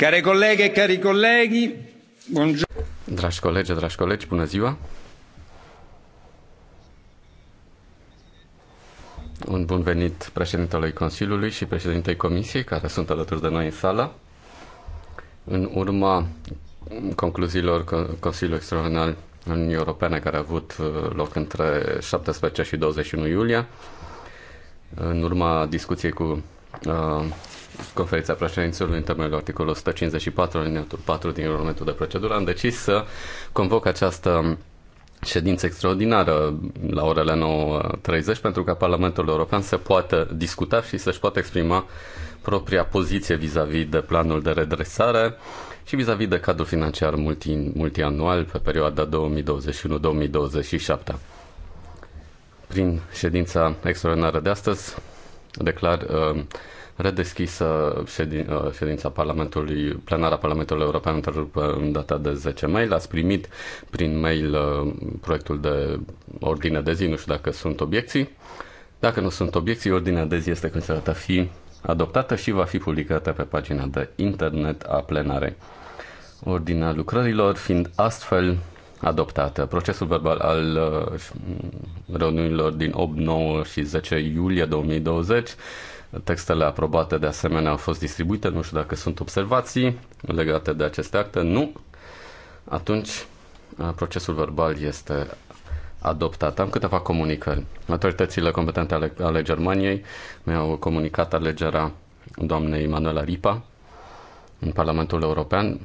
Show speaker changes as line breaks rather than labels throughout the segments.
Care colleghe, cari colleghi,
buongiorno. Dragi colegi, dragi colegi, bună ziua. Un bun venit președintelui Consiliului și președintei Comisiei, care sunt alături de noi în sală. În urma concluziilor Consiliului Extraordinar al Uniunii Europene, care a avut uh, loc între 17 și 21 iulie, în urma discuției cu uh, conferința președinților în termenul articolul 154 alineatul 4 din regulamentul de procedură am decis să convoc această ședință extraordinară la orele 9.30 pentru ca Parlamentul European să poată discuta și să-și poată exprima propria poziție vis-a-vis -vis de planul de redresare și vis-a-vis -vis de cadrul financiar multi, multianual pe perioada 2021-2027. Prin ședința extraordinară de astăzi declar uh, redeschisă ședin, uh, ședința Parlamentului, plenara Parlamentului European întrerupă în data de 10 mai. L-ați primit prin mail uh, proiectul de ordine de zi, nu știu dacă sunt obiecții. Dacă nu sunt obiecții, ordinea de zi este considerată fi adoptată și va fi publicată pe pagina de internet a plenarei. Ordinea lucrărilor fiind astfel adoptată. Procesul verbal al uh, reuniunilor din 8, 9 și 10 iulie 2020 Textele aprobate de asemenea au fost distribuite. Nu știu dacă sunt observații legate de aceste acte. Nu. Atunci, procesul verbal este adoptat. Am câteva comunicări. Autoritățile competente ale, ale Germaniei mi-au comunicat alegerea doamnei Manuela Ripa în Parlamentul European,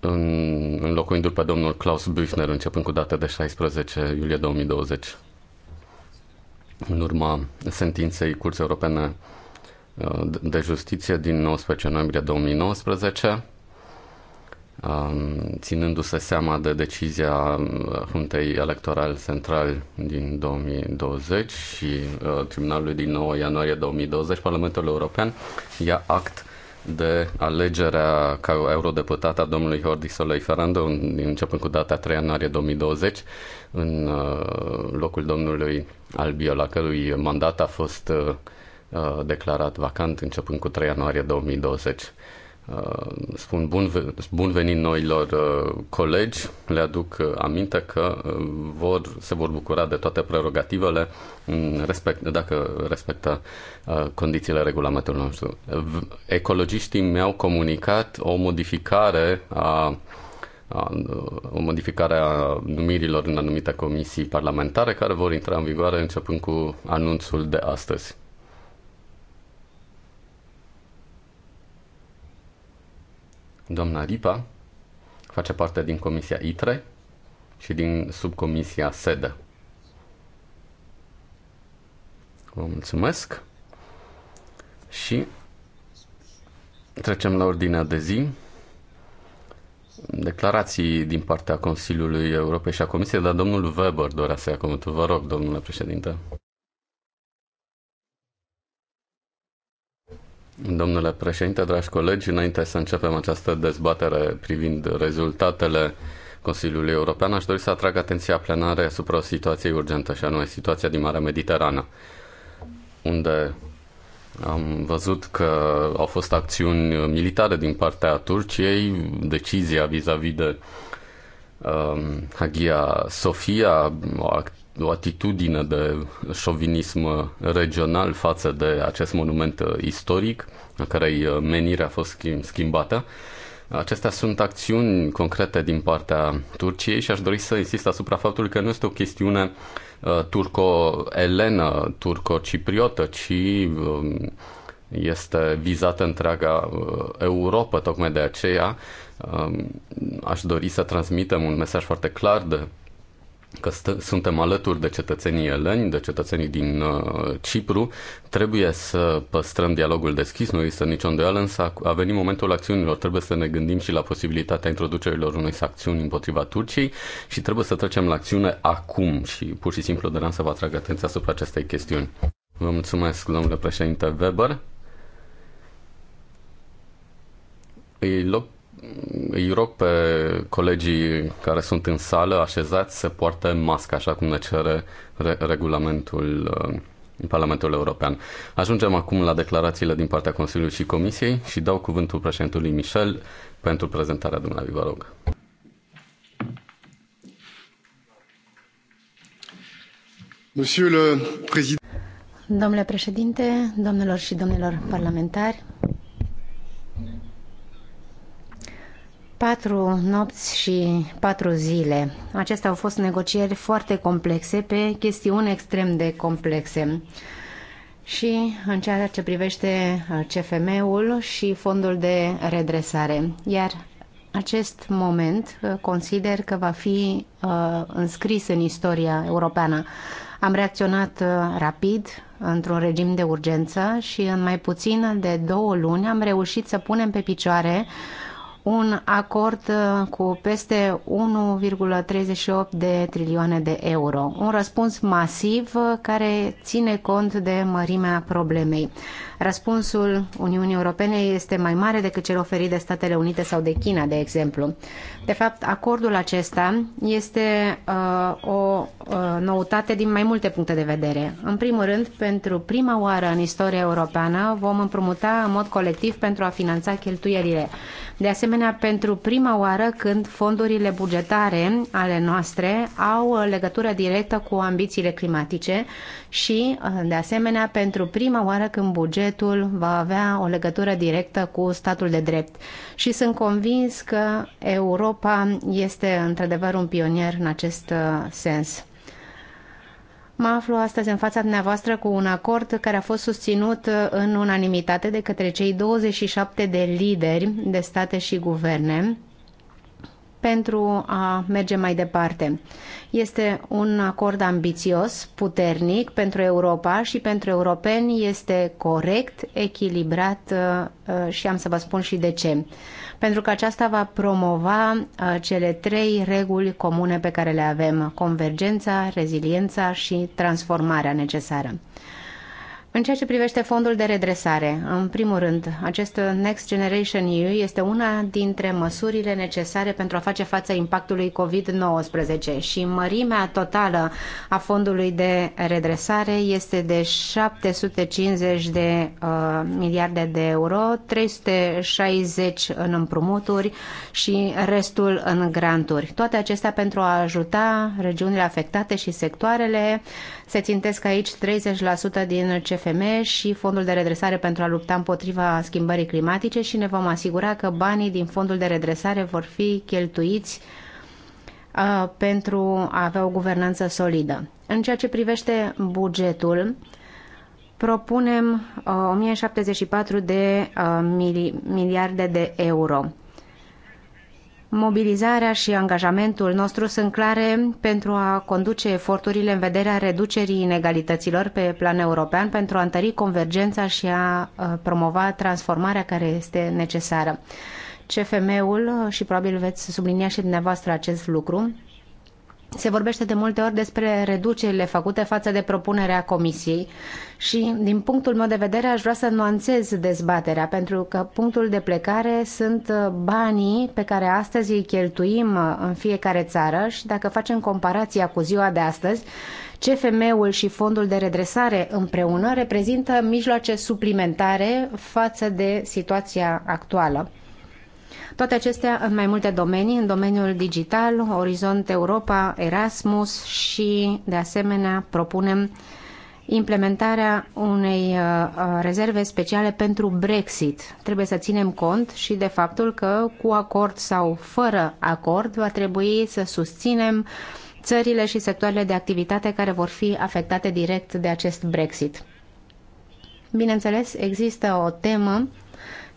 în, înlocuindu-l pe domnul Klaus Büchner, începând cu data de 16 iulie 2020 în urma sentinței Curții Europene uh, de Justiție din 19 noiembrie 2019, um, ținându-se seama de decizia uh, Huntei Electoral Central din 2020 și uh, Tribunalului din 9 ianuarie 2020, Parlamentul European ia act de alegerea ca eurodeputat a domnului Hordi Solei Ferrando, începând cu data 3 ianuarie 2020, în uh, locul domnului Albio, la cărui mandat a fost uh, uh, declarat vacant începând cu 3 ianuarie 2020. Uh, spun bun, bun venit noilor uh, colegi, le aduc uh, aminte că vor, se vor bucura de toate prerogativele respect, dacă respectă condițiile regulamentului nostru. Ecologiștii mi-au comunicat o modificare a o modificare a numirilor în anumite comisii parlamentare care vor intra în vigoare începând cu anunțul de astăzi. Doamna Ripa face parte din Comisia ITRE și din subcomisia SEDA. Vă mulțumesc și trecem la ordinea de zi. Declarații din partea Consiliului Europei și a Comisiei, dar domnul Weber dorea să ia cuvântul. Vă rog, domnule președinte. Domnule președinte, dragi colegi, înainte să începem această dezbatere privind rezultatele Consiliului European, aș dori să atrag atenția plenare asupra situației urgente, și anume situația din Marea Mediterană, unde am văzut că au fost acțiuni militare din partea Turciei, decizia vis-a-vis -vis de um, Hagia Sofia, o act- o atitudine de șovinism regional față de acest monument istoric, a cărei menire a fost schimbată. Acestea sunt acțiuni concrete din partea Turciei și aș dori să insist asupra faptului că nu este o chestiune uh, turco-elenă, turco-cipriotă, ci um, este vizată întreaga uh, Europa, tocmai de aceea um, aș dori să transmitem un mesaj foarte clar de că stă, suntem alături de cetățenii eleni, de cetățenii din uh, Cipru, trebuie să păstrăm dialogul deschis, nu există nicio îndoială, însă a venit momentul acțiunilor, trebuie să ne gândim și la posibilitatea introducerilor unei sancțiuni împotriva Turciei și trebuie să trecem la acțiune acum și pur și simplu doream să vă atrag atenția asupra acestei chestiuni. Vă mulțumesc, domnule președinte Weber. Îi loc îi rog pe colegii care sunt în sală așezați să poartă masca, așa cum ne cere regulamentul în uh, Parlamentul European. Ajungem acum la declarațiile din partea Consiliului și Comisiei și dau cuvântul președintelui Michel pentru prezentarea dumneavoastră. Vă rog.
Monsieur le Président. Domnule președinte, domnilor și domnilor parlamentari, Patru nopți și patru zile. Acestea au fost negocieri foarte complexe pe chestiuni extrem de complexe. Și în ceea ce privește uh, CFM-ul și fondul de redresare. Iar acest moment uh, consider că va fi uh, înscris în istoria europeană. Am reacționat uh, rapid, într-un regim de urgență și în mai puțin de două luni am reușit să punem pe picioare uh, un acord uh, cu peste 1,38 de trilioane de euro. Un răspuns masiv uh, care ține cont de mărimea problemei. Răspunsul Uniunii Europene este mai mare decât cel oferit de Statele Unite sau de China, de exemplu. De fapt, acordul acesta este uh, o uh, noutate din mai multe puncte de vedere. În primul rând, pentru prima oară în istoria europeană vom împrumuta în mod colectiv pentru a finanța cheltuielile. De asemenea, pentru prima oară când fondurile bugetare ale noastre au legătură directă cu ambițiile climatice și, uh, de asemenea, pentru prima oară când bugetul bugetul va avea o legătură directă cu statul de drept. Și sunt convins că Europa este într-adevăr un pionier în acest uh, sens. Mă aflu astăzi în fața dumneavoastră cu un acord care a fost susținut uh, în unanimitate de către cei 27 de lideri de state și guverne pentru a merge mai departe. Este un acord ambițios, puternic pentru Europa și pentru europeni este corect, echilibrat uh, uh, și am să vă spun și de ce. Pentru că aceasta va promova uh, cele trei reguli comune pe care le avem, convergența, reziliența și transformarea necesară. În ceea ce privește fondul de redresare, în primul rând, acest Next Generation EU este una dintre măsurile necesare pentru a face față impactului COVID-19 și mărimea totală a fondului de redresare este de 750 de uh, miliarde de euro, 360 în împrumuturi și restul în granturi. Toate acestea pentru a ajuta regiunile afectate și sectoarele se țintesc aici 30% din CFM și fondul de redresare pentru a lupta împotriva schimbării climatice și ne vom asigura că banii din fondul de redresare vor fi cheltuiți uh, pentru a avea o guvernanță solidă. În ceea ce privește bugetul, propunem uh, 1074 de uh, mili miliarde de euro Mobilizarea și angajamentul nostru sunt clare pentru a conduce eforturile în vederea reducerii inegalităților pe plan european, pentru a întări convergența și a uh, promova transformarea care este necesară. CFM-ul, uh, și probabil veți sublinia și dumneavoastră acest lucru, se vorbește de multe ori despre reducerile făcute față de propunerea Comisiei și din punctul meu de vedere aș vrea să nuanțez dezbaterea, pentru că punctul de plecare sunt uh, banii pe care astăzi îi cheltuim uh, în fiecare țară și dacă facem comparația cu ziua de astăzi, CFM-ul și fondul de redresare împreună reprezintă mijloace suplimentare față de situația actuală. Toate acestea în mai multe domenii, în domeniul digital, Orizont Europa, Erasmus și, de asemenea, propunem uh, implementarea unei uh, uh, rezerve speciale pentru Brexit. Trebuie să ținem cont și de faptul că cu acord sau fără acord va trebui să susținem țările și sectoarele de activitate care vor fi afectate direct de acest Brexit. Bineînțeles, există o temă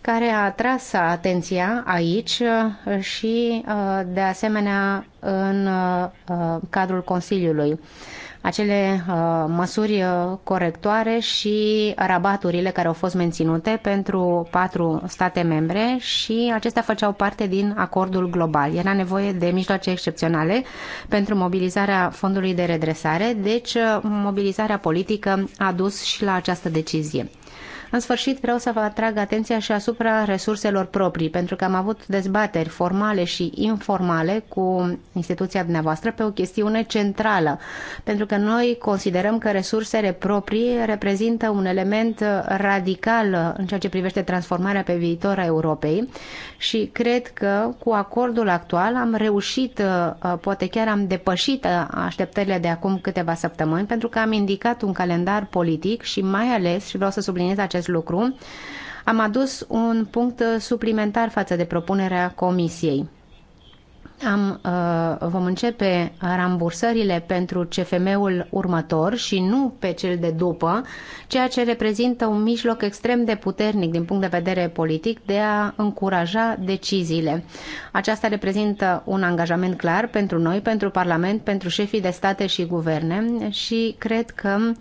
care a atras atenția aici uh, și de asemenea în cadrul Consiliului acele uh, măsuri uh, corectoare și rabaturile care au fost menținute pentru patru state membre și acestea făceau parte din acordul global. Era nevoie de mijloace excepționale pentru mobilizarea fondului de redresare, deci uh, mobilizarea politică a dus și la această decizie. În sfârșit, vreau să vă atrag atenția și asupra resurselor proprii, pentru că am avut dezbateri formale și informale cu instituția dumneavoastră pe o chestiune centrală, pentru că noi considerăm că resursele proprii reprezintă un element radical în ceea ce privește transformarea pe viitor a Europei și cred că cu acordul actual am reușit, uh, poate chiar am depășit uh, așteptările de acum câteva săptămâni, pentru că am indicat un calendar politic și mai ales, și vreau să subliniez acest acest lucru, am adus un punct suplimentar față de propunerea Comisiei am, uh, vom începe rambursările pentru CFM-ul următor și nu pe cel de după, ceea ce reprezintă un mijloc extrem de puternic din punct de vedere politic de a încuraja deciziile. Aceasta reprezintă un angajament clar pentru noi, pentru Parlament, pentru șefii de state și guverne și cred că uh,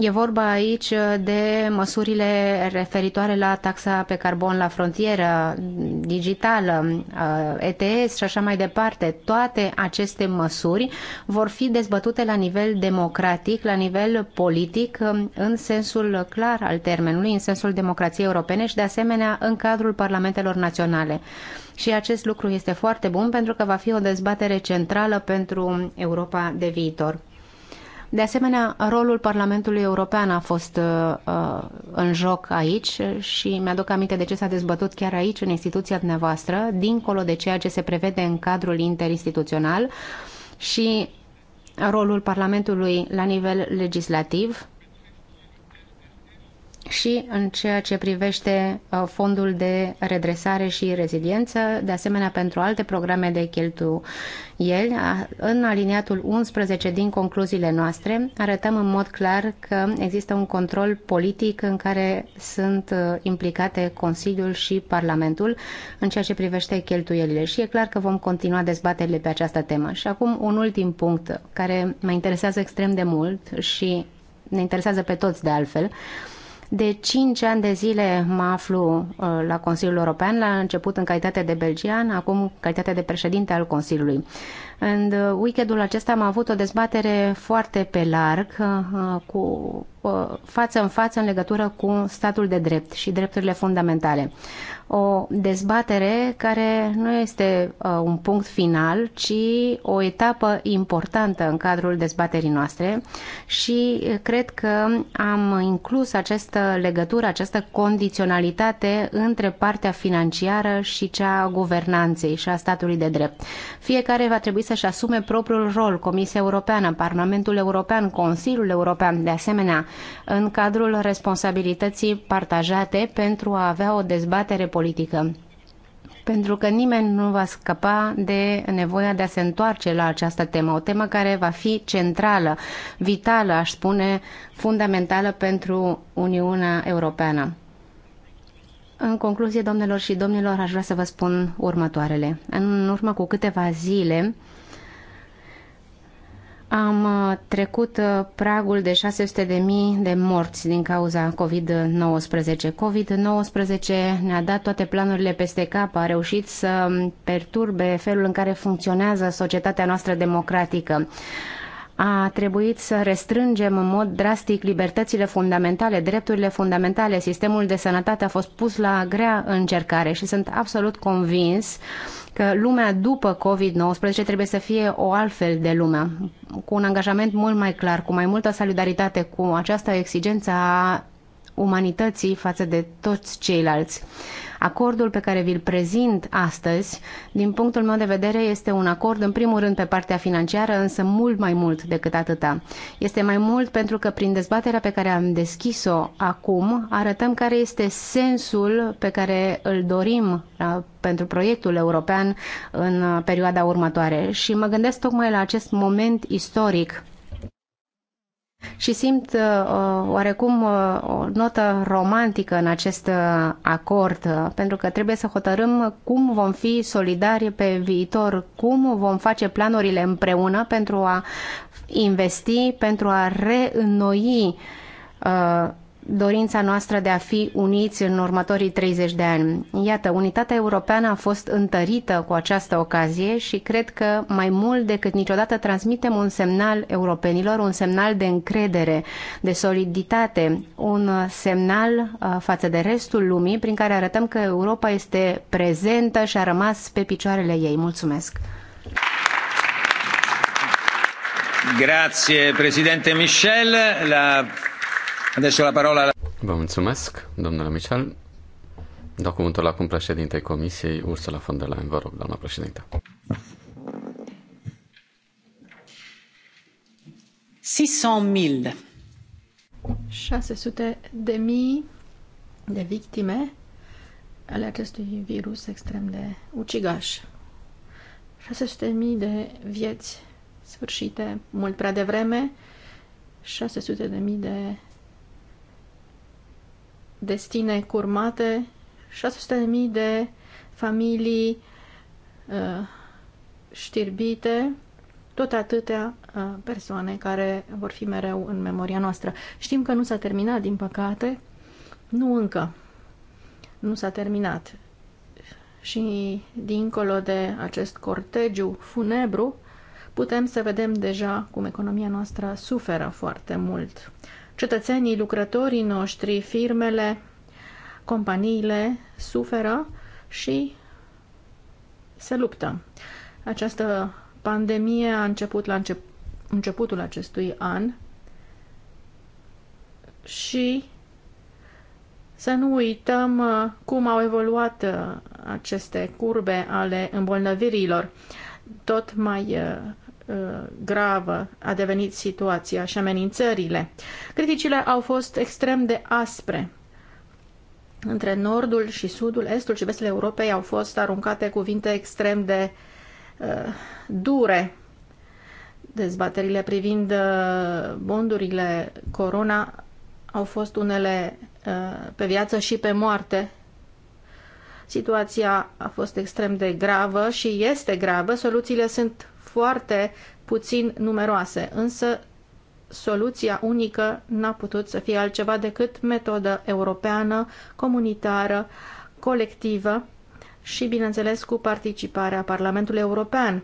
E vorba aici de măsurile referitoare la taxa pe carbon la frontieră, digitală, uh, ETS și așa mai departe. Toate aceste măsuri vor fi dezbătute la nivel democratic, la nivel politic, um, în sensul clar al termenului, în sensul democrației europene și, de asemenea, în cadrul parlamentelor naționale. Și acest lucru este foarte bun pentru că va fi o dezbatere centrală pentru Europa de viitor. De asemenea, rolul Parlamentului European a fost uh, uh, în joc aici și mi-aduc aminte de ce s-a dezbătut chiar aici, în instituția dumneavoastră, dincolo de ceea ce se prevede în cadrul interinstituțional și rolul Parlamentului la nivel legislativ și în ceea ce privește uh, fondul de redresare și reziliență, de asemenea pentru alte programe de cheltuieli. În aliniatul 11 din concluziile noastre arătăm în mod clar că există un control politic în care sunt uh, implicate Consiliul și Parlamentul în ceea ce privește cheltuielile și e clar că vom continua dezbaterile pe această temă. Și acum un ultim punct care mă interesează extrem de mult și ne interesează pe toți de altfel, de 5 ani de zile mă aflu uh, la Consiliul European, la început în calitate de belgian, acum în calitate de președinte al Consiliului. În uh, weekendul acesta am avut o dezbatere foarte pe larg uh, cu uh, față în față în legătură cu statul de drept și drepturile fundamentale. O dezbatere care nu este un punct final, ci o etapă importantă în cadrul dezbaterii noastre și cred că am inclus această legătură, această condiționalitate între partea financiară și cea a guvernanței și a statului de drept. Fiecare va trebui să-și asume propriul rol, Comisia Europeană, Parlamentul European, Consiliul European, de asemenea, în cadrul responsabilității partajate pentru a avea o dezbatere politică pentru că nimeni nu va scăpa de nevoia de a se întoarce la această temă, o temă care va fi centrală, vitală, aș spune, fundamentală pentru Uniunea Europeană. În concluzie, domnilor și domnilor, aș vrea să vă spun următoarele. În urmă cu câteva zile, am uh, trecut uh, pragul de 600.000 de morți din cauza COVID-19. COVID-19 ne-a dat toate planurile peste cap, a reușit să perturbe felul în care funcționează societatea noastră democratică a trebuit să restrângem în mod drastic libertățile fundamentale, drepturile fundamentale. Sistemul de sănătate a fost pus la grea încercare și sunt absolut convins că lumea după COVID-19 trebuie să fie o altfel de lume, cu un angajament mult mai clar, cu mai multă solidaritate, cu această exigență a umanității față de toți ceilalți. Acordul pe care vi-l prezint astăzi, din punctul meu de vedere, este un acord în primul rând pe partea financiară, însă mult mai mult decât atâta. Este mai mult pentru că prin dezbaterea pe care am deschis-o acum, arătăm care este sensul pe care îl dorim uh, pentru proiectul european în uh, perioada următoare. Și mă gândesc tocmai la acest moment istoric și simt uh, uh, oarecum uh, o notă romantică în acest uh, acord, uh, pentru că trebuie să hotărâm cum vom fi solidari pe viitor, cum vom face planurile împreună pentru a investi, pentru a reînnoi uh, dorința noastră de a fi uniți în următorii 30 de ani. Iată, unitatea europeană a fost întărită cu această ocazie și cred că mai mult decât niciodată transmitem un semnal europenilor, un semnal de încredere, de soliditate, un semnal uh, față de restul lumii prin care arătăm că Europa este prezentă și a rămas pe picioarele ei. Mulțumesc!
Grazie, președinte Michel. La deci la parola...
Vă mulțumesc, domnule Michel. Dau cuvântul acum președintei Comisiei, Ursula von der Leyen. Vă rog, doamna președinte.
mil. 600 de mii de victime ale acestui virus extrem de ucigaș. 600 mii de vieți sfârșite mult prea devreme, 600 de mii de destine curmate, 600.000 de familii uh, știrbite, tot atâtea uh, persoane care vor fi mereu în memoria noastră. Știm că nu s-a terminat, din păcate, nu încă. Nu s-a terminat. Și dincolo de acest cortegiu funebru, putem să vedem deja cum economia noastră suferă foarte mult cetățenii, lucrătorii noștri, firmele, companiile suferă și se luptă. Această pandemie a început la încep începutul acestui an și să nu uităm uh, cum au evoluat uh, aceste curbe ale îmbolnăvirilor. Tot mai uh, Uh, gravă a devenit situația și amenințările. Criticile au fost extrem de aspre. Între nordul și sudul, estul și vestul Europei au fost aruncate cuvinte extrem de uh, dure. Dezbaterile privind uh, bondurile corona au fost unele uh, pe viață și pe moarte Situația a fost extrem de gravă și este gravă. Soluțiile sunt foarte puțin numeroase, însă soluția unică n-a putut să fie altceva decât metodă europeană, comunitară, colectivă și, bineînțeles, cu participarea Parlamentului European.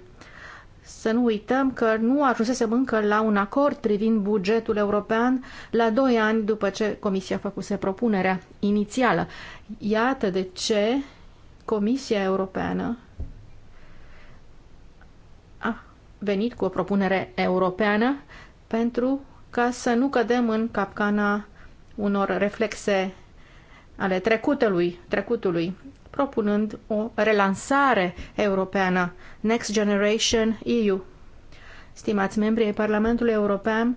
Să nu uităm că nu ajunsesem încă la un acord privind bugetul european la doi ani după ce Comisia a făcuse propunerea inițială. Iată de ce Comisia Europeană venit cu o propunere europeană pentru ca să nu cădem în capcana unor reflexe ale trecutului, trecutului propunând o relansare europeană, Next Generation EU. Stimați membri ai Parlamentului European,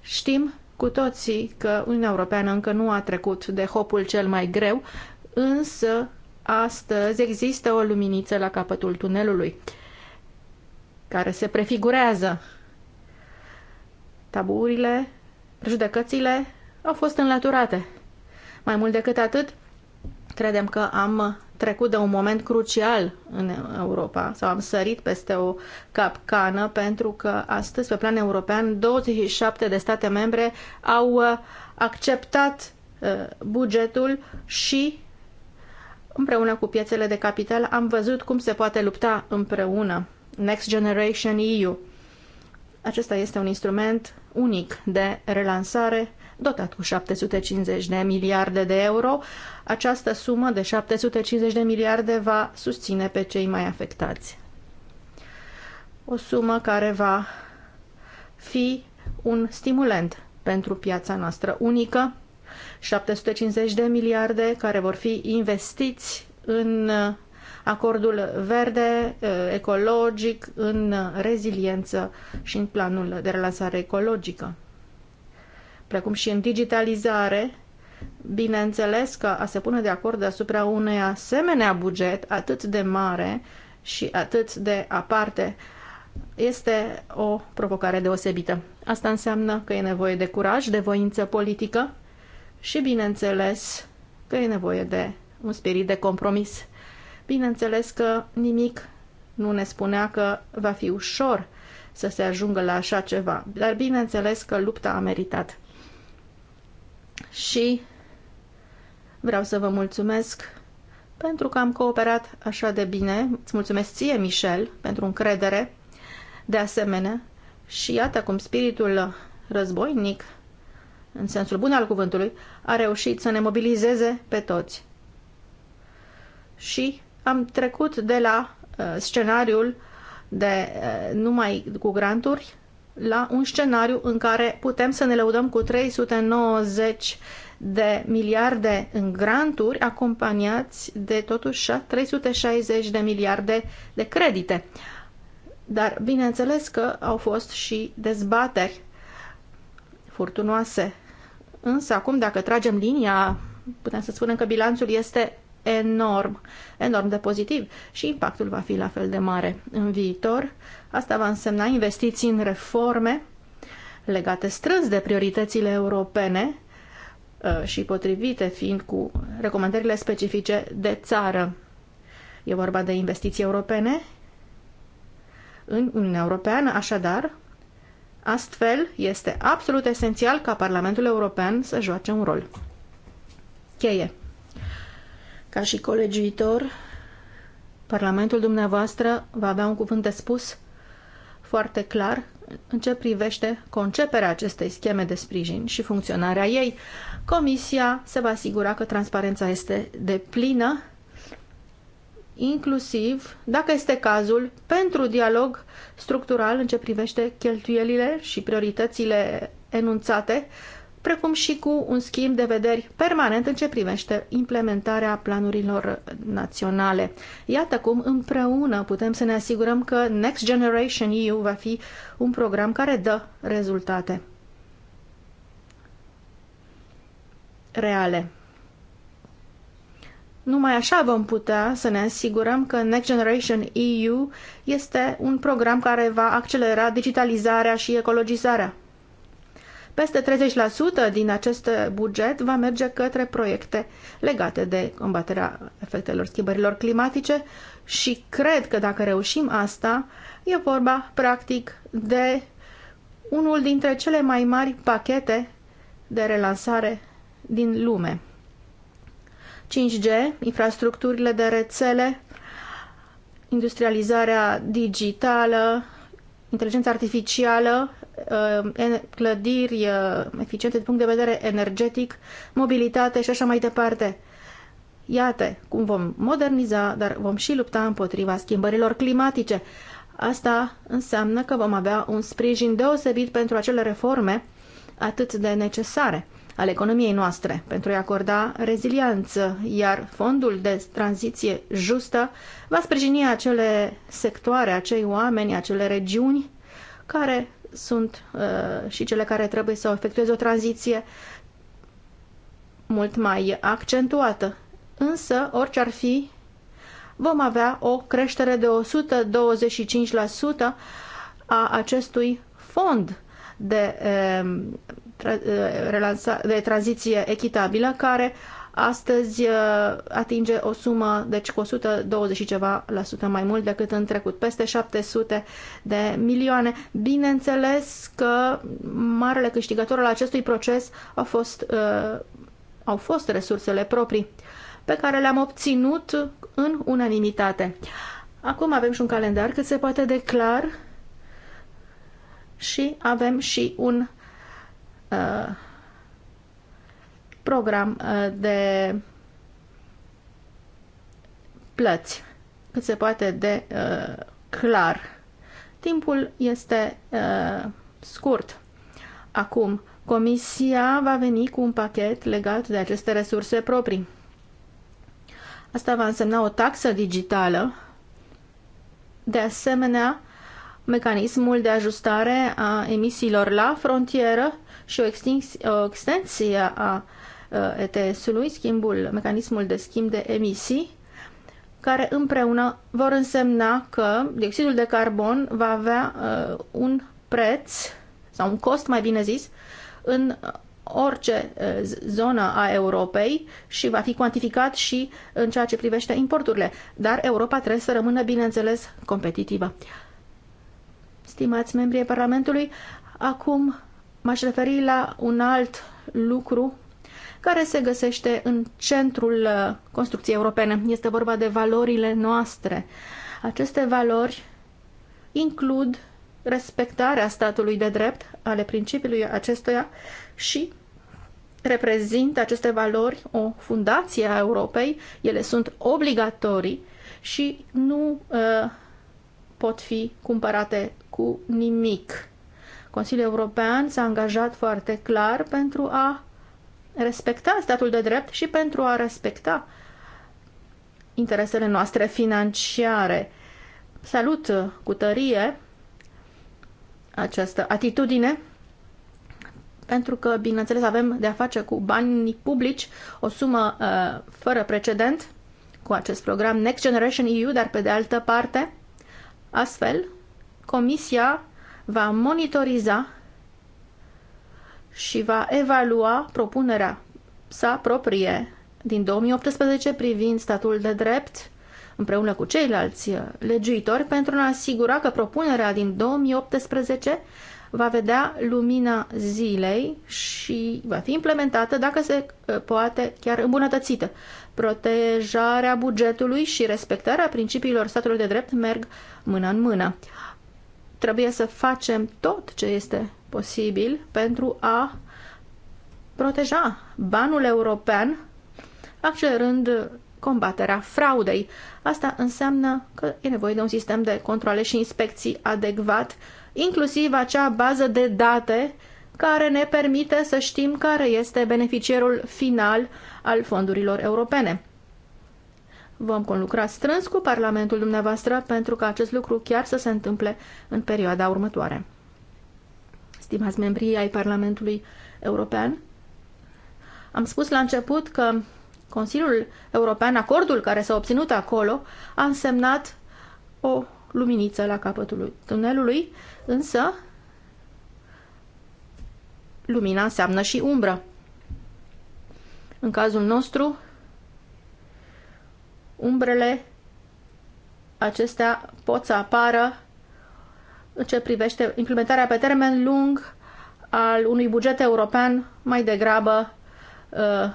știm cu toții că Uniunea Europeană încă nu a trecut de hopul cel mai greu, însă astăzi există o luminiță la capătul tunelului care se prefigurează. Taburile, judecățile au fost înlăturate. Mai mult decât atât, credem că am trecut de un moment crucial în Europa sau am sărit peste o capcană pentru că astăzi, pe plan european, 27 de state membre au uh, acceptat uh, bugetul și împreună cu piețele de capital am văzut cum se poate lupta împreună Next Generation EU. Acesta este un instrument unic de relansare dotat cu 750 de miliarde de euro. Această sumă de 750 de miliarde va susține pe cei mai afectați. O sumă care va fi un stimulant pentru piața noastră unică, 750 de miliarde care vor fi investiți în acordul verde, eh, ecologic, în reziliență și în planul de relansare ecologică. Precum și în digitalizare, bineînțeles că a se pune de acord asupra unei asemenea buget atât de mare și atât de aparte este o provocare deosebită. Asta înseamnă că e nevoie de curaj, de voință politică și, bineînțeles, că e nevoie de un spirit de compromis. Bineînțeles că nimic nu ne spunea că va fi ușor să se ajungă la așa ceva, dar bineînțeles că lupta a meritat. Și vreau să vă mulțumesc pentru că am cooperat așa de bine. Îți mulțumesc ție, Michel, pentru încredere, de asemenea. Și iată cum spiritul războinic, în sensul bun al cuvântului, a reușit să ne mobilizeze pe toți. Și am trecut de la uh, scenariul de uh, numai cu granturi la un scenariu în care putem să ne lăudăm cu 390 de miliarde în granturi, acompaniați de totuși 360 de miliarde de credite. Dar bineînțeles că au fost și dezbateri furtunoase. Însă acum, dacă tragem linia, putem să spunem că bilanțul este enorm, enorm de pozitiv și impactul va fi la fel de mare în viitor. Asta va însemna investiții în reforme legate strâns de prioritățile europene uh, și potrivite fiind cu recomandările specifice de țară. E vorba de investiții europene în Uniunea Europeană, așadar, astfel este absolut esențial ca Parlamentul European să joace un rol. Cheie. Ca și viitor, Parlamentul dumneavoastră va avea un cuvânt de spus foarte clar în ce privește conceperea acestei scheme de sprijin și funcționarea ei. Comisia se va asigura că transparența este de plină, inclusiv, dacă este cazul, pentru dialog structural în ce privește cheltuielile și prioritățile enunțate precum și cu un schimb de vederi permanent în ce privește implementarea planurilor naționale. Iată cum împreună putem să ne asigurăm că Next Generation EU va fi un program care dă rezultate reale. Numai așa vom putea să ne asigurăm că Next Generation EU este un program care va accelera digitalizarea și ecologizarea peste 30% din acest buget va merge către proiecte legate de combaterea efectelor schimbărilor climatice și cred că dacă reușim asta, e vorba practic de unul dintre cele mai mari pachete de relansare din lume. 5G, infrastructurile de rețele, industrializarea digitală, inteligența artificială Uh, clădiri uh, eficiente din punct de vedere energetic, mobilitate și așa mai departe. Iată cum vom moderniza, dar vom și lupta împotriva schimbărilor climatice. Asta înseamnă că vom avea un sprijin deosebit pentru acele reforme atât de necesare ale economiei noastre pentru a-i acorda rezilianță, iar fondul de tranziție justă va sprijini acele sectoare, acei oameni, acele regiuni care sunt uh, și cele care trebuie să efectueze o tranziție mult mai accentuată. Însă, orice ar fi, vom avea o creștere de 125% a acestui fond de, uh, uh, de tranziție echitabilă care astăzi uh, atinge o sumă, deci cu 120 și ceva la sută mai mult decât în trecut, peste 700 de milioane. Bineînțeles că marele câștigător al acestui proces au fost, uh, au fost resursele proprii pe care le-am obținut în unanimitate. Acum avem și un calendar cât se poate de clar și avem și un uh, program uh, de plăți cât se poate de uh, clar. Timpul este uh, scurt. Acum, Comisia va veni cu un pachet legat de aceste resurse proprii. Asta va însemna o taxă digitală, de asemenea, mecanismul de ajustare a emisiilor la frontieră și o, o extensie a uh, Uh, ETS-ului, schimbul, mecanismul de schimb de emisii, care împreună vor însemna că dioxidul de carbon va avea uh, un preț sau un cost, mai bine zis, în orice uh, zonă a Europei și va fi cuantificat și în ceea ce privește importurile. Dar Europa trebuie să rămână, bineînțeles, competitivă. Stimați membrii Parlamentului, acum m-aș referi la un alt lucru care se găsește în centrul uh, construcției europene. Este vorba de valorile noastre. Aceste valori includ respectarea statului de drept, ale principiului acestuia și reprezintă aceste valori o fundație a Europei, ele sunt obligatorii și nu uh, pot fi cumpărate cu nimic. Consiliul European s-a angajat foarte clar pentru a respecta statul de drept și pentru a respecta interesele noastre financiare. Salut cu tărie această atitudine pentru că, bineînțeles, avem de a face cu banii publici o sumă uh, fără precedent cu acest program Next Generation EU, dar pe de altă parte, astfel, Comisia va monitoriza și va evalua propunerea sa proprie din 2018 privind statul de drept împreună cu ceilalți uh, legiuitori pentru a asigura că propunerea din 2018 va vedea lumina zilei și va fi implementată, dacă se uh, poate, chiar îmbunătățită. Protejarea bugetului și respectarea principiilor statului de drept merg mână în mână. Trebuie să facem tot ce este posibil pentru a proteja banul european, accelerând combaterea fraudei. Asta înseamnă că e nevoie de un sistem de controle și inspecții adecvat, inclusiv acea bază de date care ne permite să știm care este beneficierul final al fondurilor europene. Vom conlucra strâns cu Parlamentul dumneavoastră pentru ca acest lucru chiar să se întâmple în perioada următoare stimați membrii ai Parlamentului European. Am spus la început că Consiliul European, acordul care s-a obținut acolo, a însemnat o luminiță la capătul tunelului, însă lumina înseamnă și umbră. În cazul nostru, umbrele acestea pot să apară în ce privește implementarea pe termen lung al unui buget european mai degrabă uh,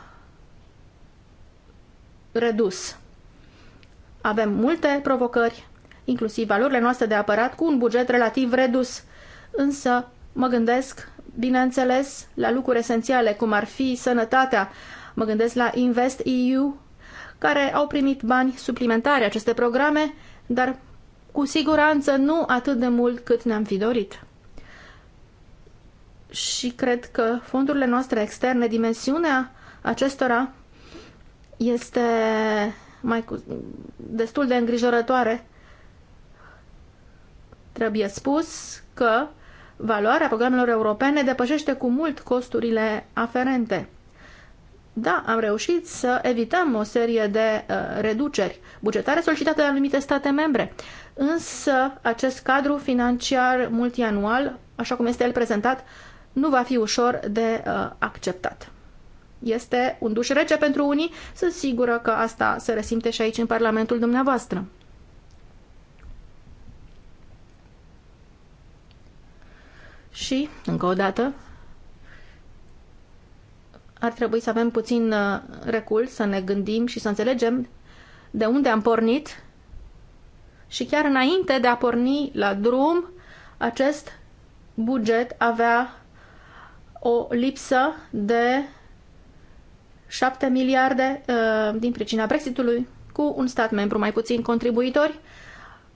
redus. Avem multe provocări, inclusiv valorile noastre de apărat, cu un buget relativ redus. Însă mă gândesc, bineînțeles, la lucruri esențiale, cum ar fi sănătatea. Mă gândesc la Invest EU, care au primit bani suplimentari aceste programe, dar cu siguranță nu atât de mult cât ne-am fi dorit. Și cred că fondurile noastre externe, dimensiunea acestora este mai cu, destul de îngrijorătoare. Trebuie spus că valoarea programelor europene depășește cu mult costurile aferente. Da, am reușit să evităm o serie de uh, reduceri bugetare solicitate de anumite state membre, însă acest cadru financiar multianual, așa cum este el prezentat, nu va fi ușor de uh, acceptat. Este un duș rece pentru unii, sunt sigură că asta se resimte și aici în Parlamentul dumneavoastră. Și, încă o dată, ar trebui să avem puțin uh, recul, să ne gândim și să înțelegem de unde am pornit și chiar înainte de a porni la drum, acest buget avea o lipsă de 7 miliarde uh, din pricina Brexitului, cu un stat membru mai puțin contribuitori,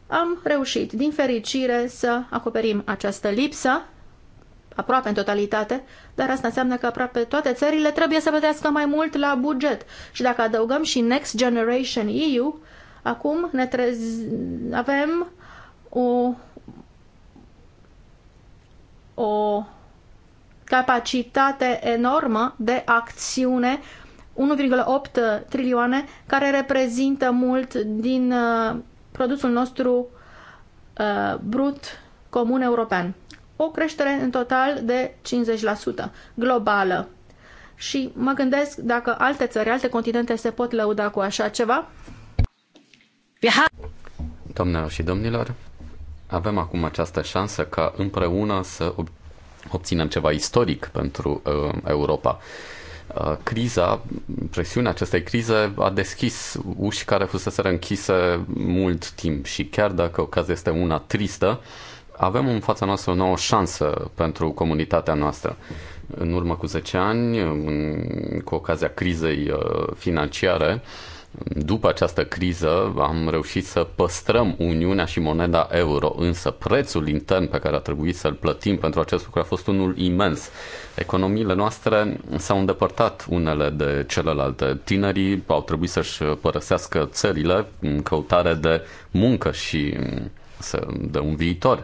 am reușit, din fericire, să acoperim această lipsă, aproape în totalitate, dar asta înseamnă că aproape toate țările trebuie să plătească mai mult la buget. Și dacă adăugăm și Next Generation EU, Acum ne trez... avem o, o capacitate enormă de acțiune 1,8 trilioane, care reprezintă mult din uh, produsul nostru uh, brut comun european. O creștere în total de 50% globală. Și mă gândesc dacă alte țări, alte continente se pot lăuda cu așa ceva.
Doamnelor și domnilor, avem acum această șansă ca împreună să obținem ceva istoric pentru uh, Europa. Uh, criza, presiunea acestei crize a deschis uși care fusese închise mult timp și chiar dacă ocazia este una tristă, avem în fața noastră o nouă șansă pentru comunitatea noastră. În urmă cu 10 ani, cu ocazia crizei uh, financiare, după această criză am reușit să păstrăm Uniunea și moneda euro, însă prețul intern pe care a trebuit să-l plătim pentru acest lucru a fost unul imens. Economiile noastre s-au îndepărtat unele de celelalte. Tinerii au trebuit să-și părăsească țările în căutare de muncă și de un viitor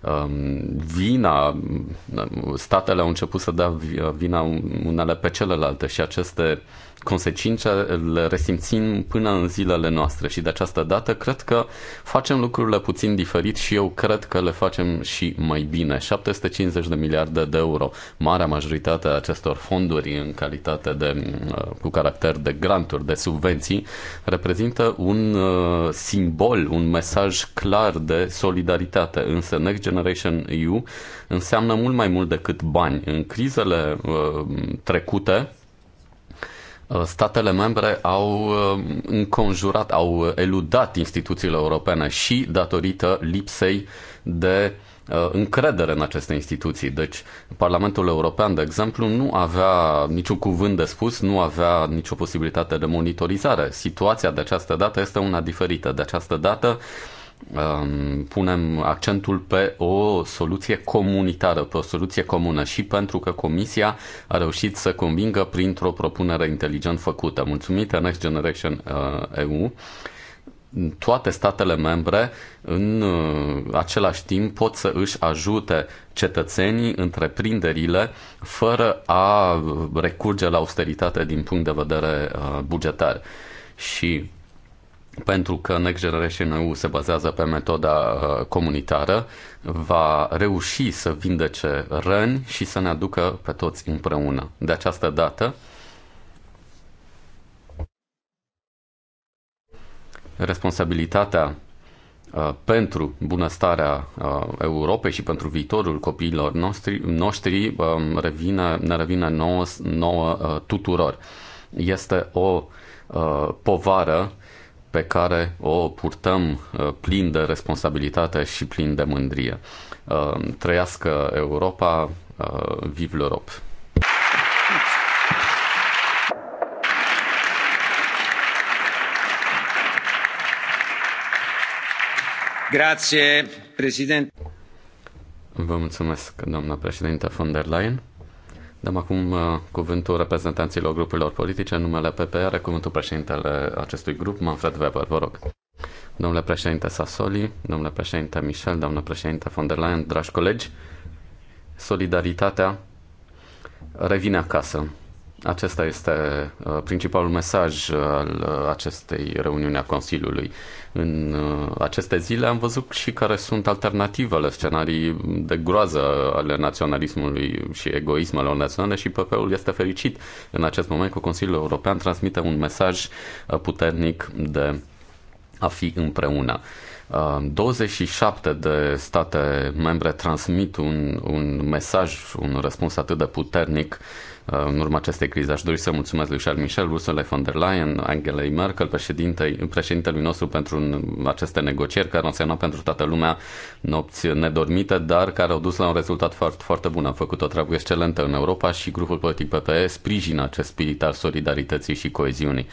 um, vina, um, statele au început să dea vina unele pe celelalte și aceste consecințe le resimțim până în zilele noastre și de această dată cred că facem lucrurile puțin diferit și eu cred că le facem și mai bine. 750 de miliarde de euro, marea majoritate a acestor fonduri în calitate de, cu caracter de granturi, de subvenții, reprezintă un uh, simbol, un mesaj clar de solidaritate, însă Next Generation EU înseamnă mult mai mult decât bani. În crizele uh, trecute, Uh, statele membre au uh, înconjurat, au eludat instituțiile europene și datorită lipsei de uh, încredere în aceste instituții. Deci, Parlamentul European, de exemplu, nu avea niciun cuvânt de spus, nu avea nicio posibilitate de monitorizare. Situația de această dată este una diferită. De această dată, uh, Um, punem accentul pe o soluție comunitară, pe o soluție comună și pentru că Comisia a reușit să convingă printr-o propunere inteligent făcută. Mulțumită Next Generation uh, EU, toate statele membre în uh, același timp pot să își ajute cetățenii, întreprinderile, fără a recurge la austeritate din punct de vedere uh, bugetar. Și pentru că Next Generation EU se bazează pe metoda uh, comunitară, va reuși să vindece răni și să ne aducă pe toți împreună. De această dată, responsabilitatea uh, pentru bunăstarea uh, Europei și pentru viitorul copiilor noștri, noștri um, revine, ne revine nouă, nouă tuturor. Este o povară pe care o purtăm uh, plin de responsabilitate și plin de mândrie. Uh, trăiască Europa, uh, vive l'Europe!
Grazie, președinte.
Vă mulțumesc, doamna președinte von der Leyen. Dăm acum uh, cuvântul reprezentanților grupurilor politice. În numele PPR are cuvântul președintele acestui grup, Manfred Weber, vă rog. Domnule președinte Sassoli, domnule președinte Michel, domnule președinte von der Leyen, dragi colegi, solidaritatea revine acasă. Acesta este uh, principalul mesaj uh, al uh, acestei reuniuni a Consiliului. În aceste zile am văzut și care sunt alternativele, scenarii de groază ale naționalismului și egoismelor naționale și PP-ul este fericit în acest moment că Consiliul European transmite un mesaj puternic de a fi împreună. 27 de state membre transmit un, un mesaj, un răspuns atât de puternic uh, în urma acestei crize. Aș dori să mulțumesc lui Charles Michel, Ursula von der Leyen, Angela Merkel, președintei, președintelui nostru pentru aceste negocieri care au însemnat pentru toată lumea nopți nedormite, dar care au dus la un rezultat foarte, foarte bun. Am făcut o treabă excelentă în Europa și grupul politic PPE sprijină acest spirit al solidarității și coeziunii.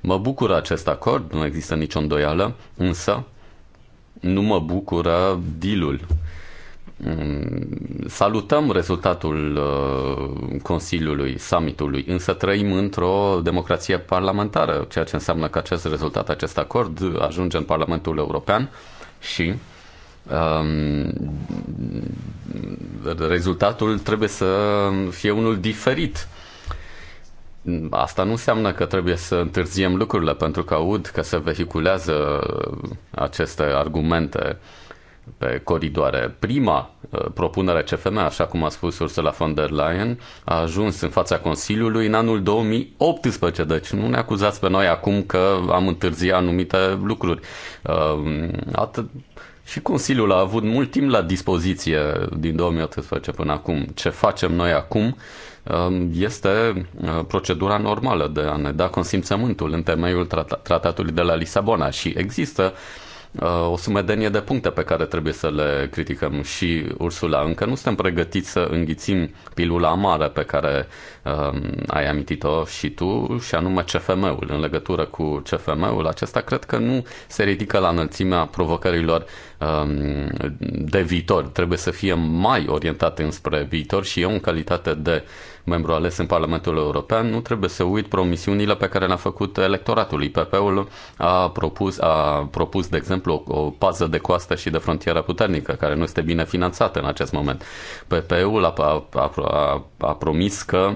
Mă bucură acest acord, nu există nicio îndoială, însă nu mă bucură dealul Mm, salutăm rezultatul uh, Consiliului, summitului, însă trăim într-o democrație parlamentară, ceea ce înseamnă că acest rezultat, acest acord ajunge în Parlamentul European și um, rezultatul trebuie să fie unul diferit Asta nu înseamnă că trebuie să întârziem lucrurile, pentru că aud că se vehiculează aceste argumente uh, pe coridoare. Prima uh, propunere CFM, așa cum a spus Ursula von der Leyen, a ajuns în fața Consiliului în anul 2018, deci nu ne acuzați pe noi acum că am întârziat anumite lucruri. Uh, atât și Consiliul a avut mult timp la dispoziție din 2018 până acum. Ce facem noi acum um, este uh, procedura normală de a ne da consimțământul în temeiul tratatului de la Lisabona și există Uh, o sumedenie de puncte pe care trebuie să le criticăm și Ursula. Încă nu suntem pregătiți să înghițim pilula amară pe care um, ai amintit-o și tu, și anume CFM-ul. În legătură cu CFM-ul acesta, cred că nu se ridică la înălțimea provocărilor um, de viitor. Trebuie să fie mai orientate înspre viitor și eu, în calitate de uh, membru ales în Parlamentul European, nu trebuie să uit promisiunile pe care le-a făcut electoratului. PP-ul a propus, a propus, de exemplu, o, o pază de coastă și de frontieră puternică, care nu este bine finanțată în acest moment. PP-ul a, a, a, a promis că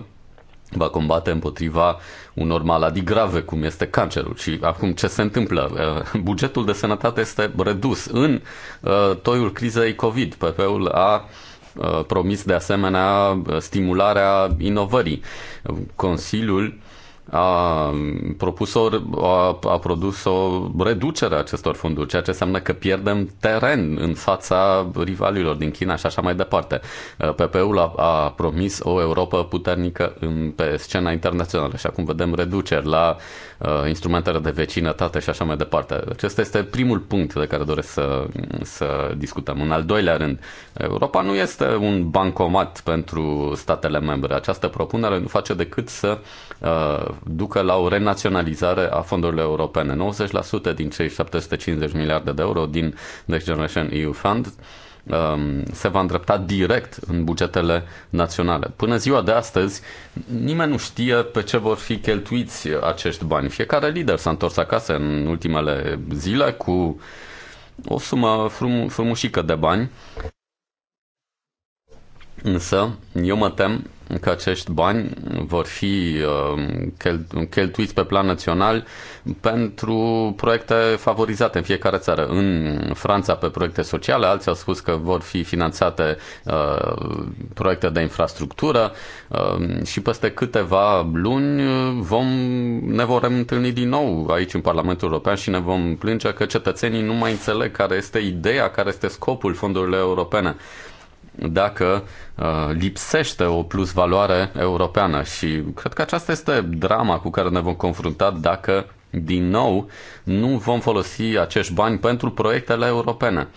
va combate împotriva unor maladii grave, cum este cancerul. Și acum ce se întâmplă? Uh, bugetul de sănătate este redus. În uh, toiul crizei COVID, PP-ul a Uh, promis de asemenea stimularea inovării. Consiliul a propus o, a, a produs o reducere a acestor fonduri, ceea ce înseamnă că pierdem teren în fața rivalilor din China și așa mai departe. Uh, PP-ul a, a promis o Europa puternică în, pe scena internațională și acum vedem reduceri la uh, Uh, instrumentele de vecinătate și așa mai departe. Acesta este primul punct de care doresc să, să discutăm. În al doilea rând, Europa nu este un bancomat pentru statele membre. Această propunere nu face decât să uh, ducă la o renaționalizare a fondurilor europene. 90% din cei 750 miliarde de euro din Next Generation EU Fund Um, se va îndrepta direct în bugetele naționale. Până ziua de astăzi, nimeni nu știe pe ce vor fi cheltuiți acești bani. Fiecare lider s-a întors acasă în ultimele zile cu o sumă frum- frumușică de bani. Însă, eu mă tem că acești bani vor fi uh, cheltuiți pe plan național pentru proiecte favorizate în fiecare țară. În Franța pe proiecte sociale, alții au spus că vor fi finanțate uh, proiecte de infrastructură uh, și peste câteva luni vom, ne vom întâlni din nou aici în Parlamentul European și ne vom plânge că cetățenii nu mai înțeleg care este ideea, care este scopul fondurilor europene dacă uh, lipsește o plus valoare europeană și cred că aceasta este drama cu care ne vom confrunta dacă din nou nu vom folosi acești bani pentru proiectele europene,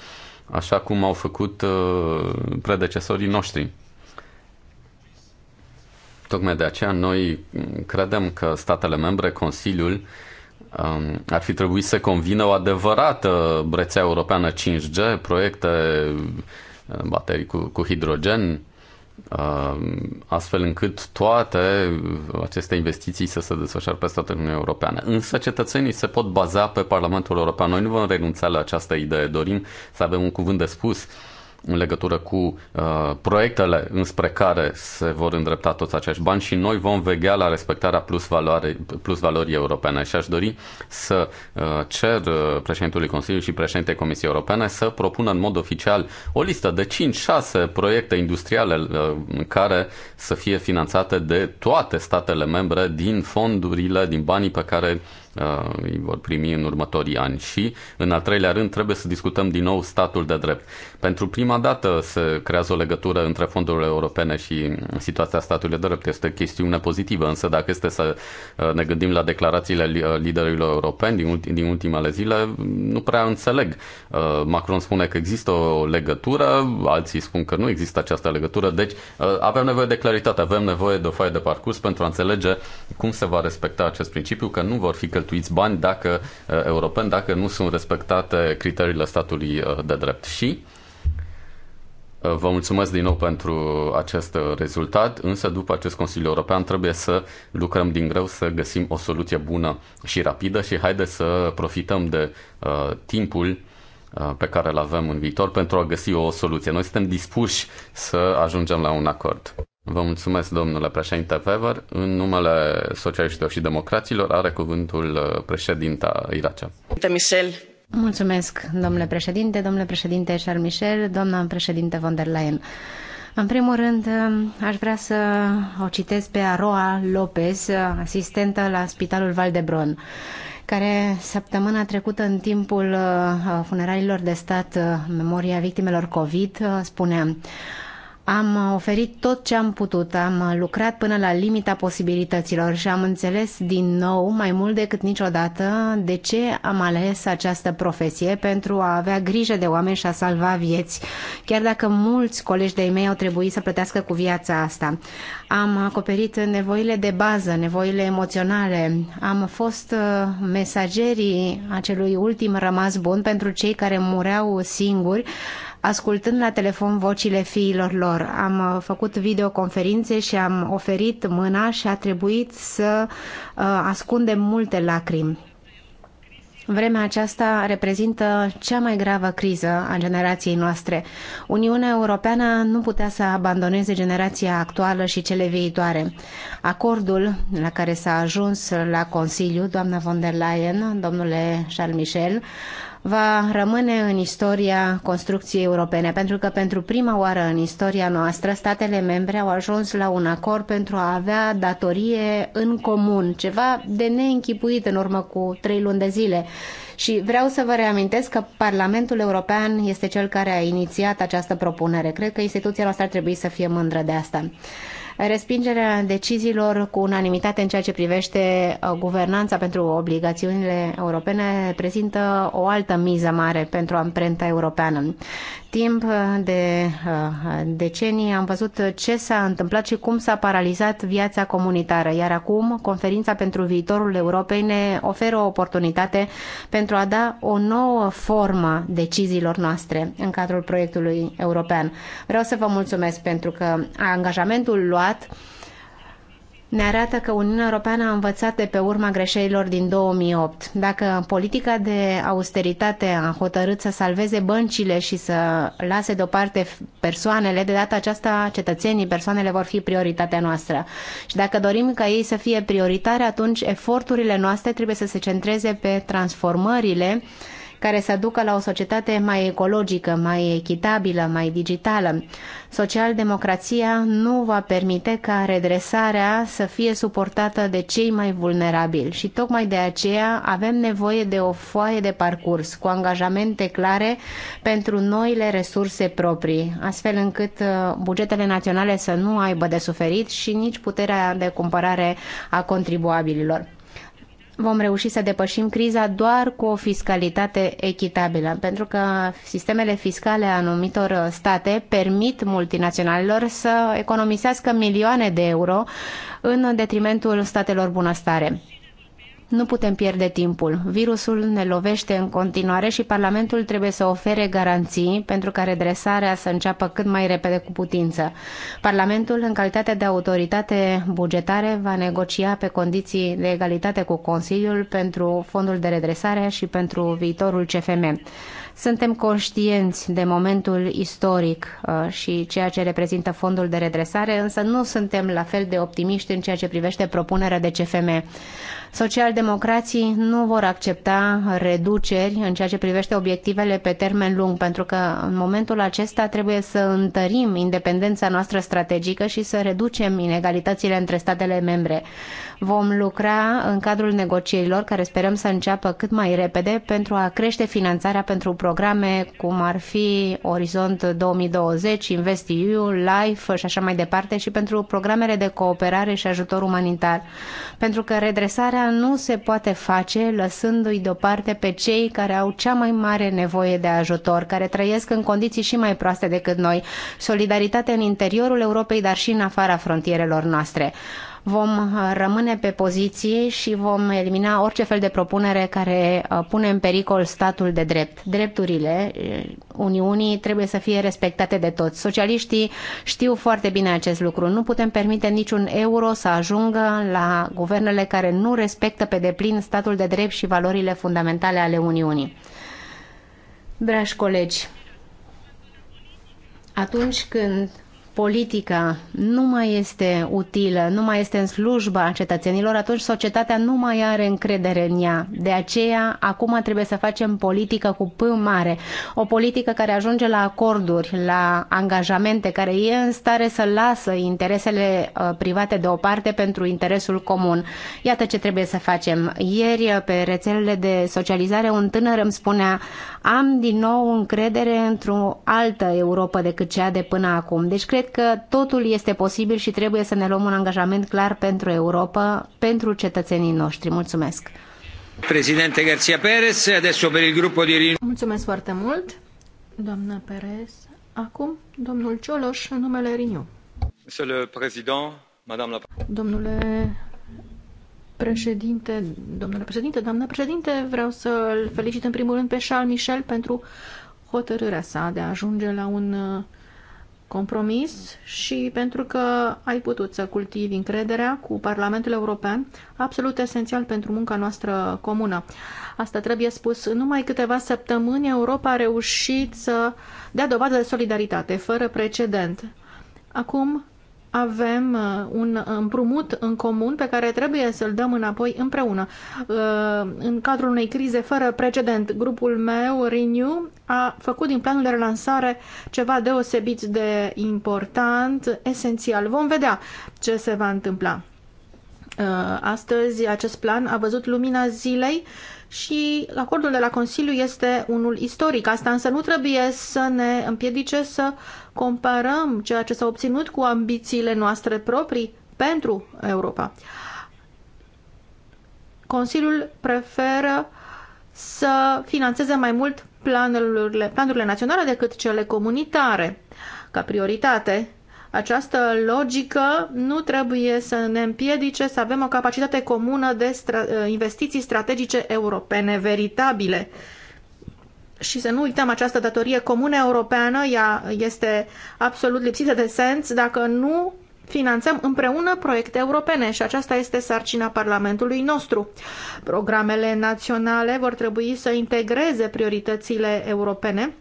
așa cum au făcut uh, predecesorii noștri. Tocmai de aceea noi credem că statele membre, Consiliul, um, ar fi trebuit să convină o adevărată rețea europeană 5G, proiecte baterii cu, cu hidrogen, um, astfel încât toate aceste investiții să se desfășoare peste toată Uniunea Europeană. Însă cetățenii se pot baza pe Parlamentul European. Noi nu vom renunța la această idee, dorim să avem un cuvânt de spus în legătură cu uh, proiectele înspre care se vor îndrepta toți acești bani și noi vom veghea la respectarea plus, valoare, plus valorii europene și aș dori să uh, cer uh, președintului Consiliului și președintei Comisiei Europene să propună în mod oficial o listă de 5-6 proiecte industriale uh, care să fie finanțate de toate statele membre din fondurile, din banii pe care Uh, îi vor primi în următorii ani. Și, în al treilea rând, trebuie să discutăm din nou statul de drept. Pentru prima dată se creează o legătură între fondurile europene și situația statului de drept. Este o chestiune pozitivă, însă dacă este să uh, ne gândim la declarațiile uh, liderilor europeni din ultimele zile, nu prea înțeleg. Macron spune că există o legătură, alții spun că nu există această legătură, deci avem nevoie de claritate, avem nevoie de o foaie de parcurs pentru a înțelege cum se va respecta acest principiu, că nu vor fi călcători cheltuiți bani dacă uh, europeni dacă nu sunt respectate criteriile statului uh, de drept. Și uh, Vă mulțumesc din nou pentru acest rezultat, însă după acest Consiliu European trebuie să lucrăm din greu să găsim o soluție bună și rapidă și haide să profităm de uh, timpul uh, pe care îl avem în viitor pentru a găsi o soluție. Noi suntem dispuși să ajungem la un acord. Vă mulțumesc, domnule președinte Weber. În numele Socialiștilor și Democraților are cuvântul uh, președinta Iracea.
Michel. Mulțumesc, domnule președinte, domnule președinte Charles Michel, doamna președinte von der Leyen. În primul rând, uh, aș vrea să o citesc pe Aroa Lopez, uh, asistentă la Spitalul Valdebron care săptămâna trecută în timpul funeraliilor de stat memoria victimelor COVID spunea am uh, oferit tot ce am putut, am uh, lucrat până la limita posibilităților și am înțeles din nou, mai mult decât niciodată, de ce am ales această profesie pentru a avea grijă de oameni și a salva vieți, chiar dacă mulți colegi de-ai mei au trebuit să plătească cu viața asta. Am acoperit nevoile de bază, nevoile emoționale, am fost uh, mesagerii acelui ultim rămas bun pentru cei care mureau singuri, ascultând la telefon vocile fiilor lor. Am uh, făcut videoconferințe și am oferit mâna și a trebuit să uh, ascundem multe lacrimi. Vremea aceasta reprezintă cea mai gravă criză a generației noastre. Uniunea Europeană nu putea să abandoneze generația actuală și cele viitoare. Acordul la care s-a ajuns la Consiliu, doamna von der Leyen, domnule Charles Michel, va rămâne în istoria construcției europene, pentru că pentru prima oară în istoria noastră statele membre au ajuns la un acord pentru a avea datorie în comun, ceva de neînchipuit în urmă cu trei luni de zile. Și vreau să vă reamintesc că Parlamentul European este cel care a inițiat această propunere. Cred că instituția noastră ar trebui să fie mândră de asta respingerea deciziilor cu unanimitate în ceea ce privește uh, guvernanța pentru obligațiunile europene prezintă o altă miză mare pentru amprenta europeană timp de uh, decenii am văzut ce s-a întâmplat și cum s-a paralizat viața comunitară, iar acum conferința pentru viitorul Europei ne oferă o oportunitate pentru a da o nouă formă deciziilor noastre în cadrul proiectului european. Vreau să vă mulțumesc pentru că angajamentul luat ne arată că Uniunea Europeană a învățat de pe urma greșelilor din 2008. Dacă politica de austeritate a hotărât să salveze băncile și să lase deoparte persoanele, de data aceasta cetățenii, persoanele vor fi prioritatea noastră. Și dacă dorim ca ei să fie prioritare, atunci eforturile noastre trebuie să se centreze pe transformările uh, care să ducă la o societate mai ecologică, mai echitabilă, mai digitală. Socialdemocrația nu va permite ca redresarea să fie suportată de cei mai vulnerabili și tocmai de aceea avem nevoie de o foaie de parcurs cu angajamente clare pentru noile resurse proprii, astfel încât uh, bugetele naționale să nu aibă de suferit și nici puterea de cumpărare a contribuabililor vom reuși să depășim criza doar cu o fiscalitate echitabilă, pentru că sistemele fiscale a anumitor state permit multinaționalilor să economisească milioane de euro în detrimentul statelor bunăstare. Nu putem pierde timpul. Virusul ne lovește în continuare și Parlamentul trebuie să ofere garanții pentru ca redresarea să înceapă cât mai repede cu putință. Parlamentul, în calitate de autoritate bugetare, va negocia pe condiții de egalitate cu Consiliul pentru fondul de redresare și pentru viitorul CFM. Suntem conștienți de momentul istoric uh, și ceea ce reprezintă fondul de redresare, însă nu suntem la fel de optimiști în ceea ce privește propunerea de CFM Socialdemocrații nu vor accepta reduceri în ceea ce privește obiectivele pe termen lung, pentru că în momentul acesta trebuie să întărim independența noastră strategică și să reducem inegalitățile între statele membre. Vom lucra în cadrul negocierilor, care sperăm să înceapă cât mai repede, pentru a crește finanțarea pentru programe cum ar fi Orizont 2020, InvestEU, LIFE și așa mai departe, și pentru programele de cooperare și ajutor umanitar. Pentru că redresarea Coordonarea nu se poate face lăsându-i deoparte pe cei care au cea mai mare nevoie de ajutor, care trăiesc în condiții și mai proaste decât noi. Solidaritate în interiorul Europei, dar și în afara frontierelor noastre vom uh, rămâne pe poziții și vom elimina orice fel de propunere care uh, pune în pericol statul de drept. Drepturile uh, Uniunii trebuie să fie respectate de toți. Socialiștii știu foarte bine acest lucru. Nu putem permite niciun euro să ajungă la guvernele care nu respectă pe deplin statul de drept și valorile fundamentale ale Uniunii. Dragi colegi, atunci când politica nu mai este utilă, nu mai este în slujba cetățenilor, atunci societatea nu mai are încredere în ea. De aceea, acum trebuie să facem politică cu P mare, o politică care ajunge la acorduri, la angajamente, care e în stare să lasă interesele uh, private deoparte pentru interesul comun. Iată ce trebuie să facem. Ieri, uh, pe rețelele de socializare, un tânăr îmi spunea am din nou încredere într-o altă Europa decât cea de până acum. Deci cred Cred că totul este posibil și trebuie să ne luăm un angajament clar pentru Europa, pentru cetățenii noștri. Mulțumesc!
Președinte Garcia Perez, adesso per il gruppo di...
Mulțumesc foarte mult, doamna Perez. Acum, domnul Cioloș, în numele Riniu.
Monsieur le Président, Madame la...
Domnule președinte, domnule președinte, doamna președinte, vreau să-l felicit în primul rând pe Charles Michel pentru hotărârea sa de a ajunge la un uh, compromis și pentru că ai putut să cultivi încrederea cu Parlamentul European, absolut esențial pentru munca noastră comună. Asta trebuie spus. În numai câteva săptămâni Europa a reușit să dea dovadă de solidaritate, fără precedent. Acum avem uh, un împrumut în comun pe care trebuie să-l dăm înapoi împreună. Uh, în cadrul unei crize fără precedent, grupul meu, Renew, a făcut din planul de relansare ceva deosebit de important, esențial. Vom vedea ce se va întâmpla. Uh, astăzi acest plan a văzut lumina zilei și acordul de la Consiliu este unul istoric. Asta însă nu trebuie să ne împiedice să comparăm ceea ce s-a obținut cu ambițiile noastre proprii pentru Europa. Consiliul preferă să financeze mai mult planurile, planurile naționale decât cele comunitare ca prioritate această logică nu trebuie să ne împiedice să avem o capacitate comună de stra- investiții strategice europene veritabile. Și să nu uităm, această datorie comună europeană ea este absolut lipsită de sens dacă nu finanțăm împreună proiecte europene și aceasta este sarcina Parlamentului nostru. Programele naționale vor trebui să integreze prioritățile europene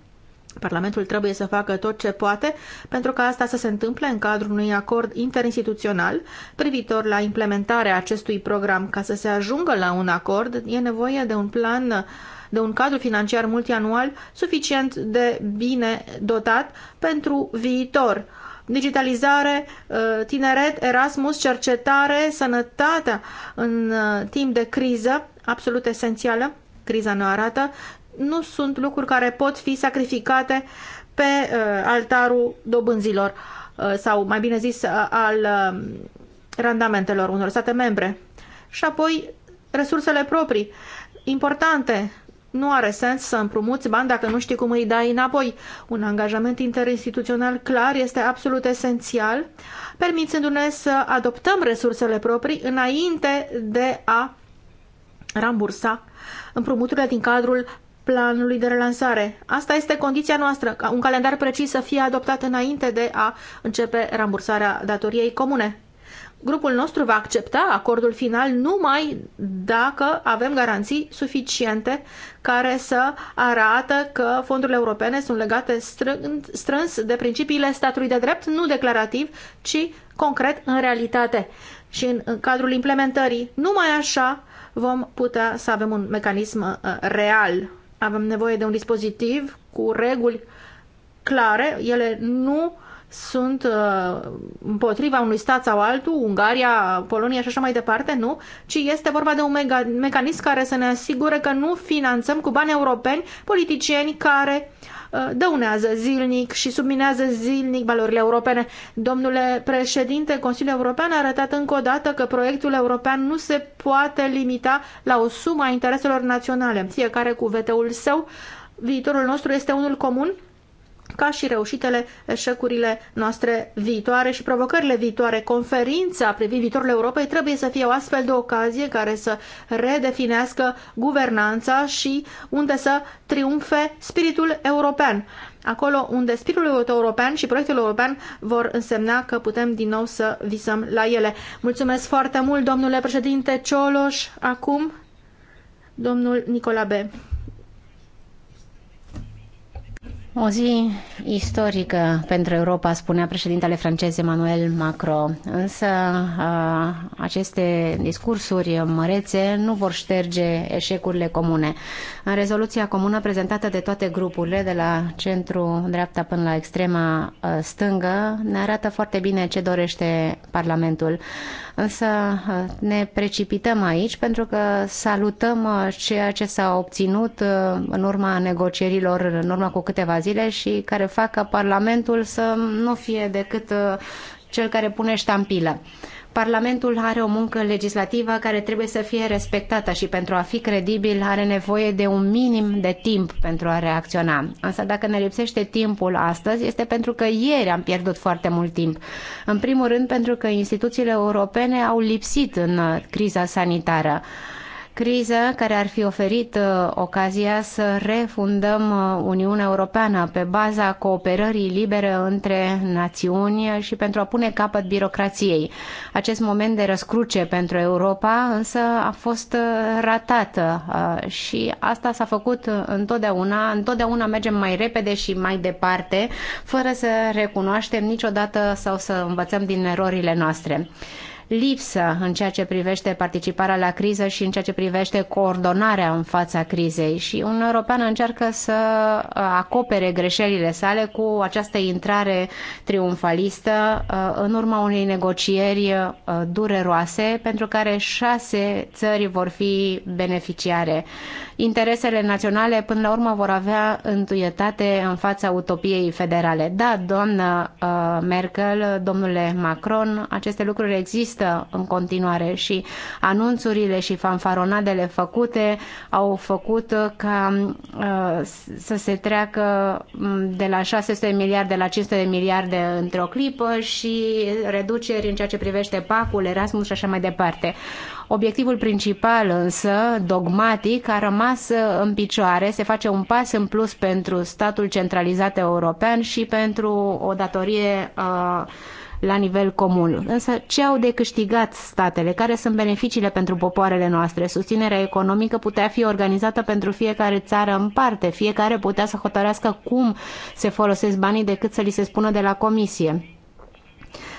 Parlamentul trebuie să facă tot ce poate pentru ca asta să se întâmple în cadrul unui acord interinstituțional privitor la implementarea acestui program. Ca să se ajungă la un acord, e nevoie de un plan de un cadru financiar multianual suficient de bine dotat pentru viitor. Digitalizare, uh, tineret, Erasmus, cercetare, sănătatea în uh, timp de criză, absolut esențială, criza ne arată nu sunt lucruri care pot fi sacrificate pe uh, altarul dobânzilor uh, sau, mai bine zis, uh, al um, randamentelor unor state membre. Și apoi, resursele proprii, importante. Nu are sens să împrumuți bani dacă nu știi cum îi dai înapoi. Un angajament interinstituțional clar este absolut esențial, permițându-ne să adoptăm resursele proprii înainte de a rambursa împrumuturile din cadrul planului de relansare. Asta este condiția noastră, ca un calendar precis să fie adoptat înainte de a începe rambursarea datoriei comune. Grupul nostru va accepta acordul final numai dacă avem garanții suficiente care să arată că fondurile europene sunt legate strâns de principiile statului de drept, nu declarativ, ci concret în realitate și în cadrul implementării. Numai așa vom putea să avem un mecanism uh, real avem nevoie de un dispozitiv cu reguli clare. Ele nu sunt uh, împotriva unui stat sau altul, Ungaria, Polonia și așa mai departe, nu, ci este vorba de un mega, mecanism care să ne asigure că nu finanțăm cu bani europeni politicieni care uh, Uh, dăunează zilnic și subminează zilnic valorile europene. Domnule președinte, Consiliul European a arătat încă o dată că proiectul european nu se poate limita la o sumă a intereselor naționale, fiecare cu veteul său. Viitorul nostru este unul comun ca și reușitele, eșecurile noastre viitoare și provocările viitoare. Conferința privind viitorul Europei trebuie să fie o astfel de ocazie care să redefinească guvernanța și unde să triumfe spiritul european. Acolo unde spiritul european și proiectul european vor însemna că putem din nou să visăm la ele. Mulțumesc foarte mult, domnule președinte Cioloș. Acum, domnul Nicolae B.
O zi istorică pentru Europa, spunea președintele francez Emmanuel Macron, însă aceste discursuri mărețe nu vor șterge eșecurile comune. În rezoluția comună prezentată de toate grupurile, de la centru-dreapta până la extrema stângă, ne arată foarte bine ce dorește Parlamentul. Însă ne precipităm aici pentru că salutăm ceea ce s-a obținut în urma negocierilor, în urma cu câteva zile zile și care fac ca Parlamentul să nu fie decât uh, cel care pune ștampilă. Parlamentul are o muncă legislativă care trebuie să fie respectată și pentru a fi credibil are nevoie de un minim de timp pentru a reacționa. Însă dacă ne lipsește timpul astăzi, este pentru că ieri am pierdut foarte mult timp. În primul rând pentru că instituțiile europene au lipsit în uh, criza sanitară. Criza care ar fi oferit uh, ocazia să refundăm uh, Uniunea Europeană pe baza cooperării libere între națiuni și pentru a pune capăt birocrației. Acest moment de răscruce pentru Europa însă a fost uh, ratată și asta s-a făcut întotdeauna. Întotdeauna mergem mai repede și mai departe, fără să recunoaștem niciodată sau să învățăm din erorile noastre lipsă în ceea ce privește participarea la criză și în ceea ce privește coordonarea în fața crizei. Și un european încearcă să uh, acopere greșelile sale cu această intrare triumfalistă uh, în urma unei negocieri uh, dureroase pentru care șase țări vor fi beneficiare. Interesele naționale până la urmă vor avea întuietate în fața utopiei federale. Da, doamnă Merkel, domnule Macron, aceste lucruri există există în continuare și anunțurile și fanfaronadele făcute au făcut ca uh, să se treacă mm, de la 600 de miliarde la 500 de miliarde într-o clipă și reduceri în ceea ce privește PAC-ul, Erasmus și așa mai departe. Obiectivul principal însă, dogmatic, a rămas în picioare, se face un pas în plus pentru statul centralizat european și pentru o datorie uh, la nivel comun. Însă ce au de câștigat statele? Care sunt beneficiile pentru popoarele noastre? Susținerea economică putea fi organizată pentru fiecare țară în parte. Fiecare putea să hotărească cum se folosesc banii decât să li se spună de la comisie.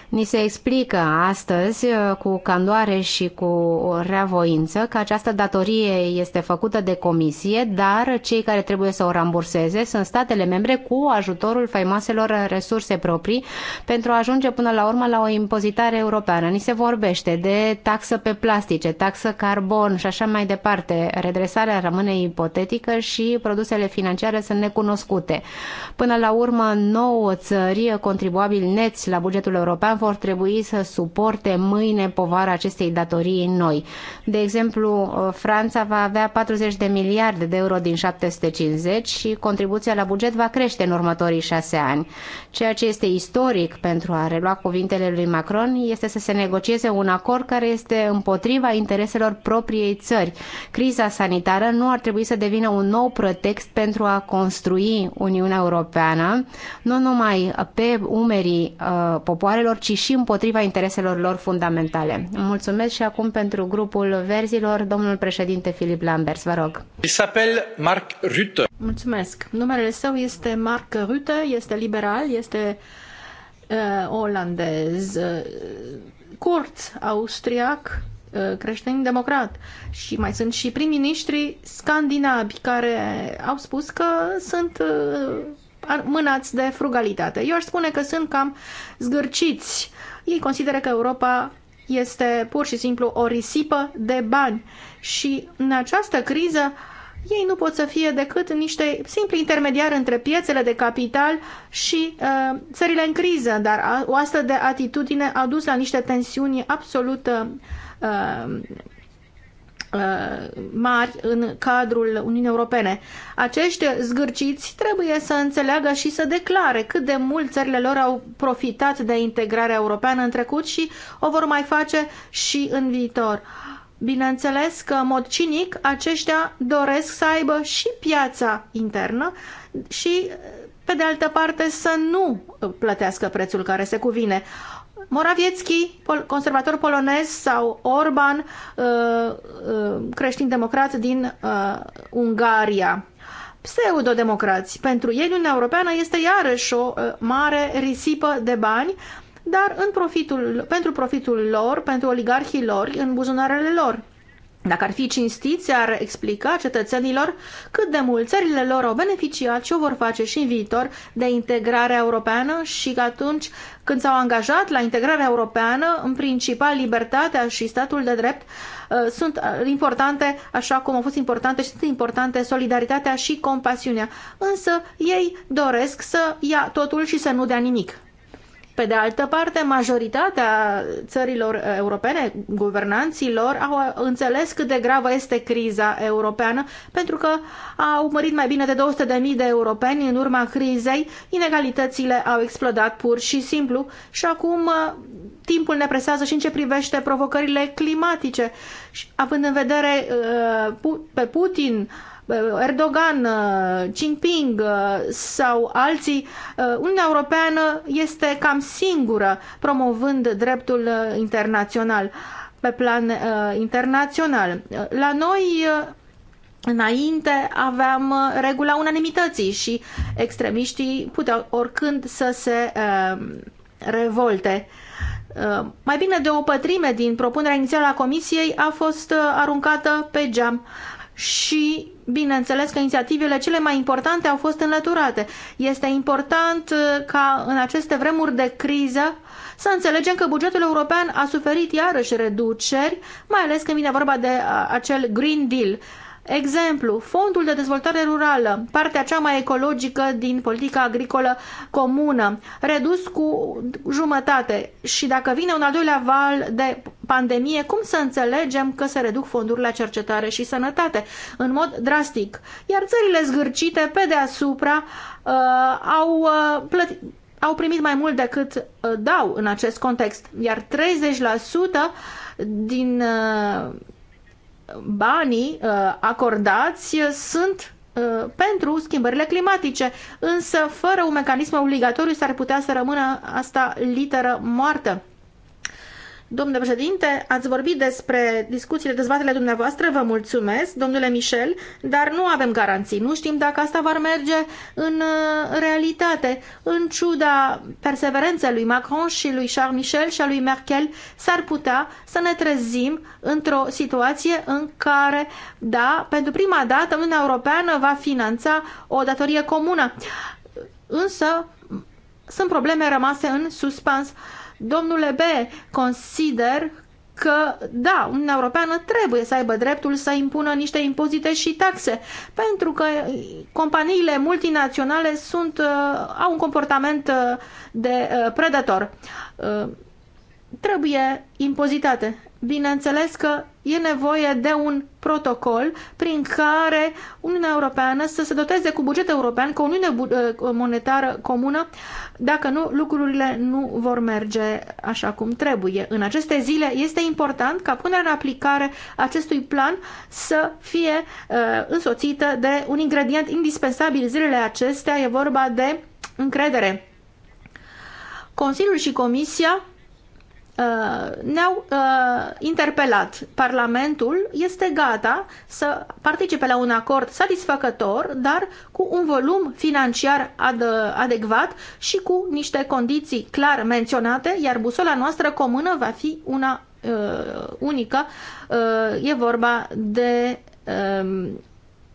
Ni se explică astăzi uh, cu candoare și cu reavoință că această datorie este făcută de comisie, dar cei care trebuie să o ramburseze sunt statele membre cu ajutorul faimoaselor resurse proprii pentru a ajunge până la urmă la o impozitare europeană. Ni se vorbește de taxă pe plastice, taxă carbon și așa mai departe. Redresarea rămâne ipotetică și produsele financiare sunt necunoscute. Până la urmă, nouă țări contribuabili neți la bugetul european vor trebui să suporte mâine povara acestei datorii noi. De exemplu, uh, Franța va avea 40 de miliarde de euro din 750 și contribuția la buget va crește în următorii șase ani. Ceea ce este istoric pentru a relua cuvintele lui Macron este să se negocieze un acord care este împotriva intereselor propriei țări. Criza sanitară nu ar trebui să devină un nou pretext pentru a construi Uniunea Europeană, nu numai pe umerii uh, popoarelor, ci și împotriva intereselor lor fundamentale. Mulțumesc și acum pentru grupul verzilor,
domnul președinte Filip Lambers, vă rog. Marc Rutte. Mulțumesc. Numele său este Marc Rutte, este liberal, este uh, olandez, uh, curt, austriac, uh, creștin-democrat și mai sunt și prim-ministri scandinavi care au spus că sunt uh, mânați de frugalitate. Eu aș spune că sunt cam zgârciți. Ei consideră că Europa este pur și simplu o risipă de bani și în această criză ei nu pot să fie decât niște simpli intermediari între piețele de capital și uh, țările în criză, dar o astfel de atitudine a dus la niște tensiuni absolut uh, uh Uh, mari în cadrul Uniunii Europene. Acești zgârciți trebuie să înțeleagă și să declare cât de mult țările lor au profitat de integrarea europeană în trecut și o vor mai face și în viitor. Bineînțeles că, în mod cinic, aceștia doresc să aibă și piața internă și, pe de altă parte, să nu plătească prețul care se cuvine. Morawiecki, pol conservator polonez, sau Orban, creștin-democrat din Ungaria. Pseudodemocrați. Pentru ei Uniunea Europeană este iarăși o mare risipă de bani, dar în profitul, pentru profitul lor, pentru oligarhii lor, în buzunarele lor. Dacă ar fi cinstiți, ar explica cetățenilor cât de mult țările lor au beneficiat și o vor face și în viitor de integrarea europeană și că atunci când s-au angajat la integrarea europeană, în principal libertatea și statul de drept uh, sunt uh, importante, așa cum au fost importante și sunt importante solidaritatea și compasiunea. Însă ei doresc să ia totul și să nu dea nimic. Pe de altă parte, majoritatea țărilor eh, europene, guvernanților, au eh, înțeles cât de gravă este criza europeană, pentru că au mărit mai bine de 200.000 de europeni în urma crizei, inegalitățile au explodat pur și simplu și acum eh, timpul ne presează și în ce privește provocările climatice. Și, având în vedere pe Putin, Erdogan, uh, Jinping uh, sau alții, uh, Uniunea Europeană este cam singură promovând dreptul internațional pe plan internațional. La noi Înainte aveam regula unanimității și extremiștii puteau oricând să se revolte. mai bine de o pătrime din propunerea inițială a comisiei a fost aruncată pe geam și, bineînțeles, că inițiativele cele mai importante au fost înlăturate. Este important uh, ca în aceste vremuri de criză să înțelegem că bugetul european a suferit iarăși reduceri, mai ales când vine vorba de uh, acel Green Deal. Exemplu, Fondul de Dezvoltare Rurală, partea cea mai ecologică din politica agricolă comună, redus cu jumătate și dacă vine un al doilea val de pandemie, cum să înțelegem că se reduc fondurile la cercetare și sănătate în mod drastic? Iar țările zgârcite pe deasupra uh, au uh, plătit au primit mai mult decât uh, dau în acest context, iar 30% din uh, banii uh, acordați uh, sunt uh, pentru schimbările climatice, însă fără un mecanism obligatoriu s-ar putea să rămână asta literă moartă. Domnule președinte, ați vorbit despre discuțiile, dezbaterile dumneavoastră, vă mulțumesc, domnule Michel, dar nu avem garanții. Nu știm dacă asta va merge în uh, realitate. În ciuda perseverenței lui Macron și lui Charles Michel și a lui Merkel, s-ar putea să ne trezim într-o situație în care, da, pentru prima dată Uniunea Europeană va finanța o datorie comună. Însă sunt probleme rămase în suspans. Domnule B, consider că, da, Uniunea Europeană trebuie să aibă dreptul să impună niște impozite și taxe, pentru că companiile multinaționale sunt, uh, au un comportament uh, de uh, predator. Trebuie impozitate bineînțeles că e nevoie de un protocol prin care Uniunea Europeană să se doteze cu buget european, cu o Uniune eh, Monetară Comună, dacă nu, lucrurile nu vor merge așa cum trebuie. În aceste zile este important ca punerea în aplicare acestui plan să fie uh, însoțită de un ingredient indispensabil zilele acestea, e vorba de încredere. Consiliul și Comisia Uh, ne-au uh, interpelat. Parlamentul este gata să participe la un acord satisfăcător, dar cu un volum financiar ad adecvat și cu niște condiții clar menționate, iar busola noastră comună va fi una uh, unică. e vorba de um,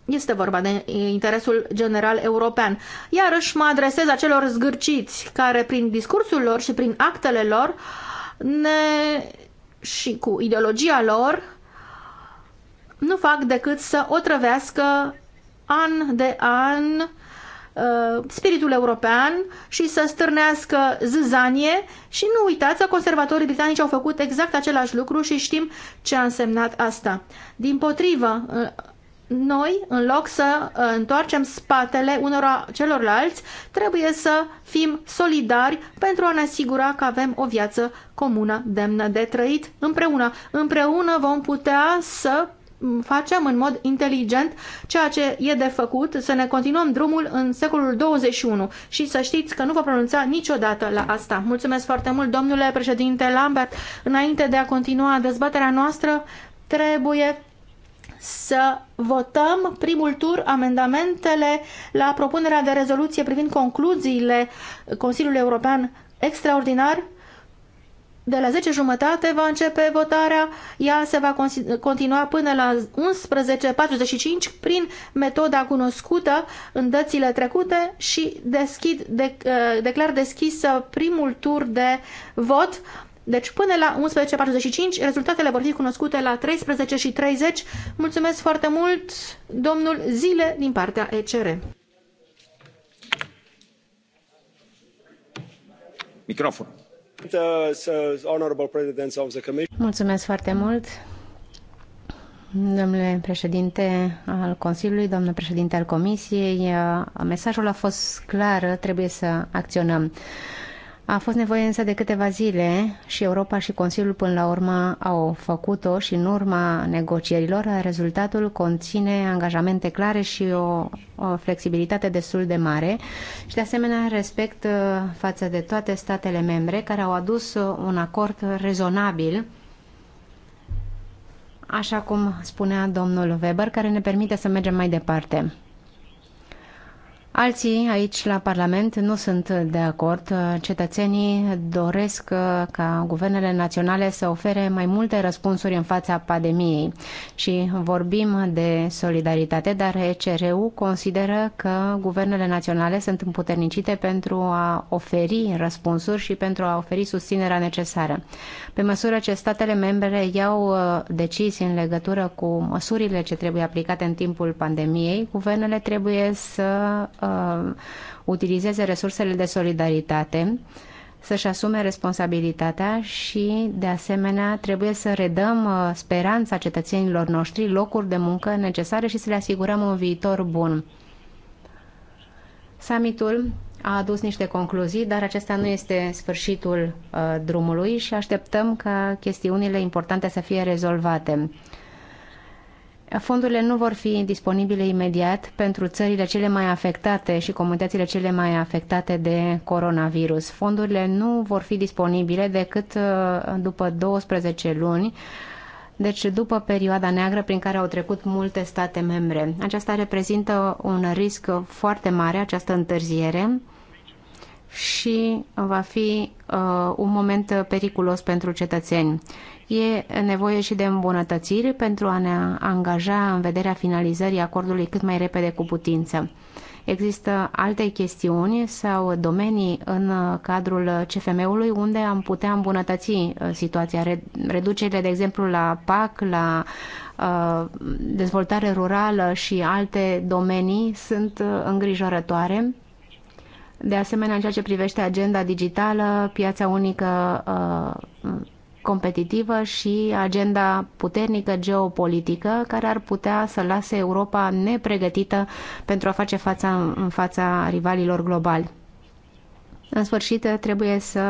este vorba de interesul general european. Iarăși mă adresez acelor zgârciți care prin discursul lor și prin actele lor uh, ne, și cu ideologia lor nu fac decât să otrăvească an de an uh, spiritul european și să stârnească zâzanie și nu uitați că conservatorii britanici au făcut exact același lucru și știm ce a însemnat asta. Din potrivă, uh, noi, în loc să uh, întoarcem spatele unora celorlalți, trebuie să fim solidari pentru a ne asigura că avem o viață comună, demnă de trăit împreună. Împreună vom putea să mm, facem în mod inteligent ceea ce e de făcut, să ne continuăm drumul în secolul 21 și să știți că nu vă pronunța niciodată la asta. Mulțumesc foarte mult, domnule președinte Lambert. Înainte de a continua dezbaterea noastră, trebuie să votăm primul tur amendamentele la propunerea de rezoluție privind concluziile Consiliului European extraordinar. De la 10 jumătate va începe votarea, ea se va continua până la 11.45 prin metoda cunoscută în dățile trecute și deschid, uh, declar deschisă primul tur de vot deci până la 11.45 rezultatele vor fi cunoscute la 13 și Mulțumesc foarte mult, domnul Zile, din partea ECR.
Microfon. Uh, uh,
Mulțumesc foarte mult, domnule președinte al Consiliului, domnule președinte al Comisiei. Mesajul a fost clar, trebuie să acționăm. A fost nevoie însă de câteva zile și Europa și Consiliul până la urmă au făcut-o și în urma negocierilor rezultatul conține angajamente clare și o, o flexibilitate destul de mare și de asemenea respect uh, față de toate statele membre care au adus uh, un acord rezonabil așa cum spunea domnul Weber, care ne permite să mergem mai departe. Alții aici la Parlament nu sunt de acord. Cetățenii doresc ca guvernele naționale să ofere mai multe răspunsuri în fața pandemiei și vorbim de solidaritate, dar ECRU consideră că guvernele naționale sunt împuternicite pentru a oferi răspunsuri și pentru a oferi susținerea necesară. Pe măsură ce statele membre iau uh, decizii în legătură cu măsurile ce trebuie aplicate în timpul pandemiei, guvernele trebuie să uh, utilizeze resursele de solidaritate, să-și asume responsabilitatea și, de asemenea, trebuie să redăm uh, speranța cetățenilor noștri, locuri de muncă necesare și să le asigurăm un viitor bun. Summitul a adus niște concluzii, dar acesta nu este sfârșitul uh, drumului și așteptăm ca chestiunile importante să fie rezolvate. Fondurile nu vor fi disponibile imediat pentru țările cele mai afectate și comunitățile cele mai afectate de coronavirus. Fondurile nu vor fi disponibile decât uh, după 12 luni, deci după perioada neagră prin care au trecut multe state membre. Aceasta reprezintă un risc foarte mare, această întârziere, și va fi uh, un moment periculos pentru cetățeni. E nevoie și de îmbunătățiri pentru a ne angaja în vederea finalizării acordului cât mai repede cu putință. Există alte chestiuni sau domenii în cadrul CFM-ului unde am putea îmbunătăți uh, situația. Reducerile, de exemplu, la PAC, la uh, dezvoltare rurală și alte domenii sunt uh, îngrijorătoare de asemenea, în ceea ce privește agenda digitală, piața unică uh, competitivă și agenda puternică geopolitică care ar putea să lase Europa nepregătită pentru a face fața în fața rivalilor globali. În sfârșit, trebuie să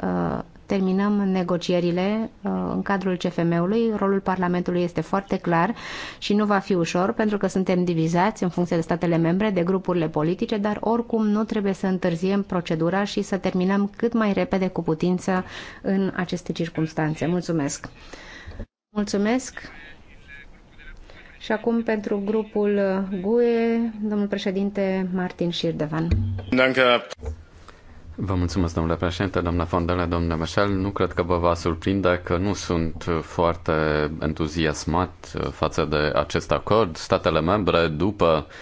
uh, terminăm negocierile uh, în cadrul CFM-ului. Rolul Parlamentului este foarte clar și nu va fi ușor pentru că suntem divizați în funcție de statele membre, de grupurile politice, dar oricum nu trebuie să întârziem procedura și să terminăm cât mai repede cu putință în aceste circunstanțe. Mulțumesc! Mulțumesc! Și acum pentru grupul GUE, domnul președinte Martin Șirdevan.
Danke. Vă mulțumesc, domnule președinte, doamna Fondele, domnule Mășel. Nu cred că vă va surprinde că nu sunt foarte entuziasmat uh, față de acest acord. Statele membre, după uh,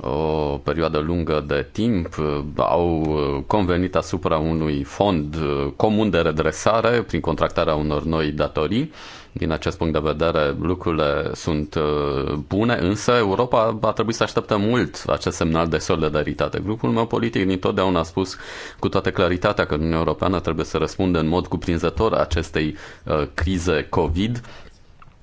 o perioadă lungă de timp uh, au uh, convenit asupra unui fond uh, comun de redresare prin contractarea unor noi datorii. Din acest punct de vedere, lucrurile sunt bune, însă Europa va trebui să aștepte mult acest semnal de solidaritate. Grupul meu politic dintotdeauna a spus cu toată claritatea că Uniunea Europeană trebuie să răspundă în mod cuprinzător acestei crize COVID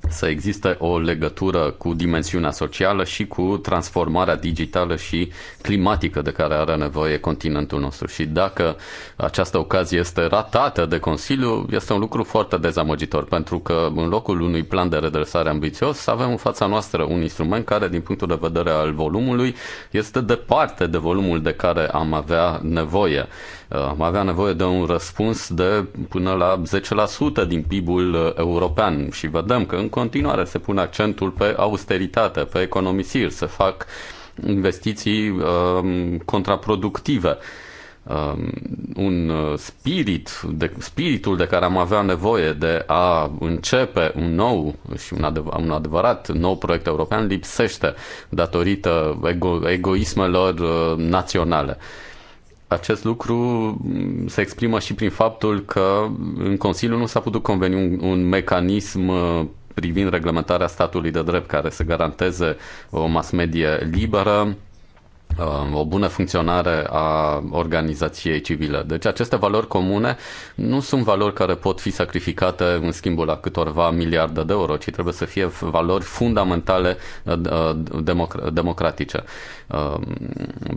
să existe o legătură cu dimensiunea socială și cu transformarea digitală și climatică de care are nevoie continentul nostru. Și dacă această ocazie este ratată de Consiliu, este un lucru foarte dezamăgitor, pentru că în locul unui plan de redresare ambițios avem în fața noastră un instrument care, din punctul de vedere al volumului, este departe de volumul de care am avea nevoie. Uh, avea nevoie de un răspuns de până la 10% din PIB-ul uh, european și vedem că în continuare se pune accentul pe austeritate, pe economisiri, se fac investiții um, contraproductive. Um, un uh, spirit, de, spiritul de care am avea nevoie de a începe un nou și un, adev- un adevărat nou proiect european lipsește datorită ego- egoismelor uh, naționale. Uh, acest lucru mm, se exprimă și prin faptul că în Consiliu nu s-a putut conveni un, un mecanism uh, privind reglementarea statului de drept care să garanteze o mass medie liberă, Um, o bună funcționare a organizației civile. Deci aceste valori comune nu sunt valori care pot fi sacrificate în schimbul a câtorva miliarde de euro, ci trebuie să fie valori fundamentale uh, uh, democratice. Um,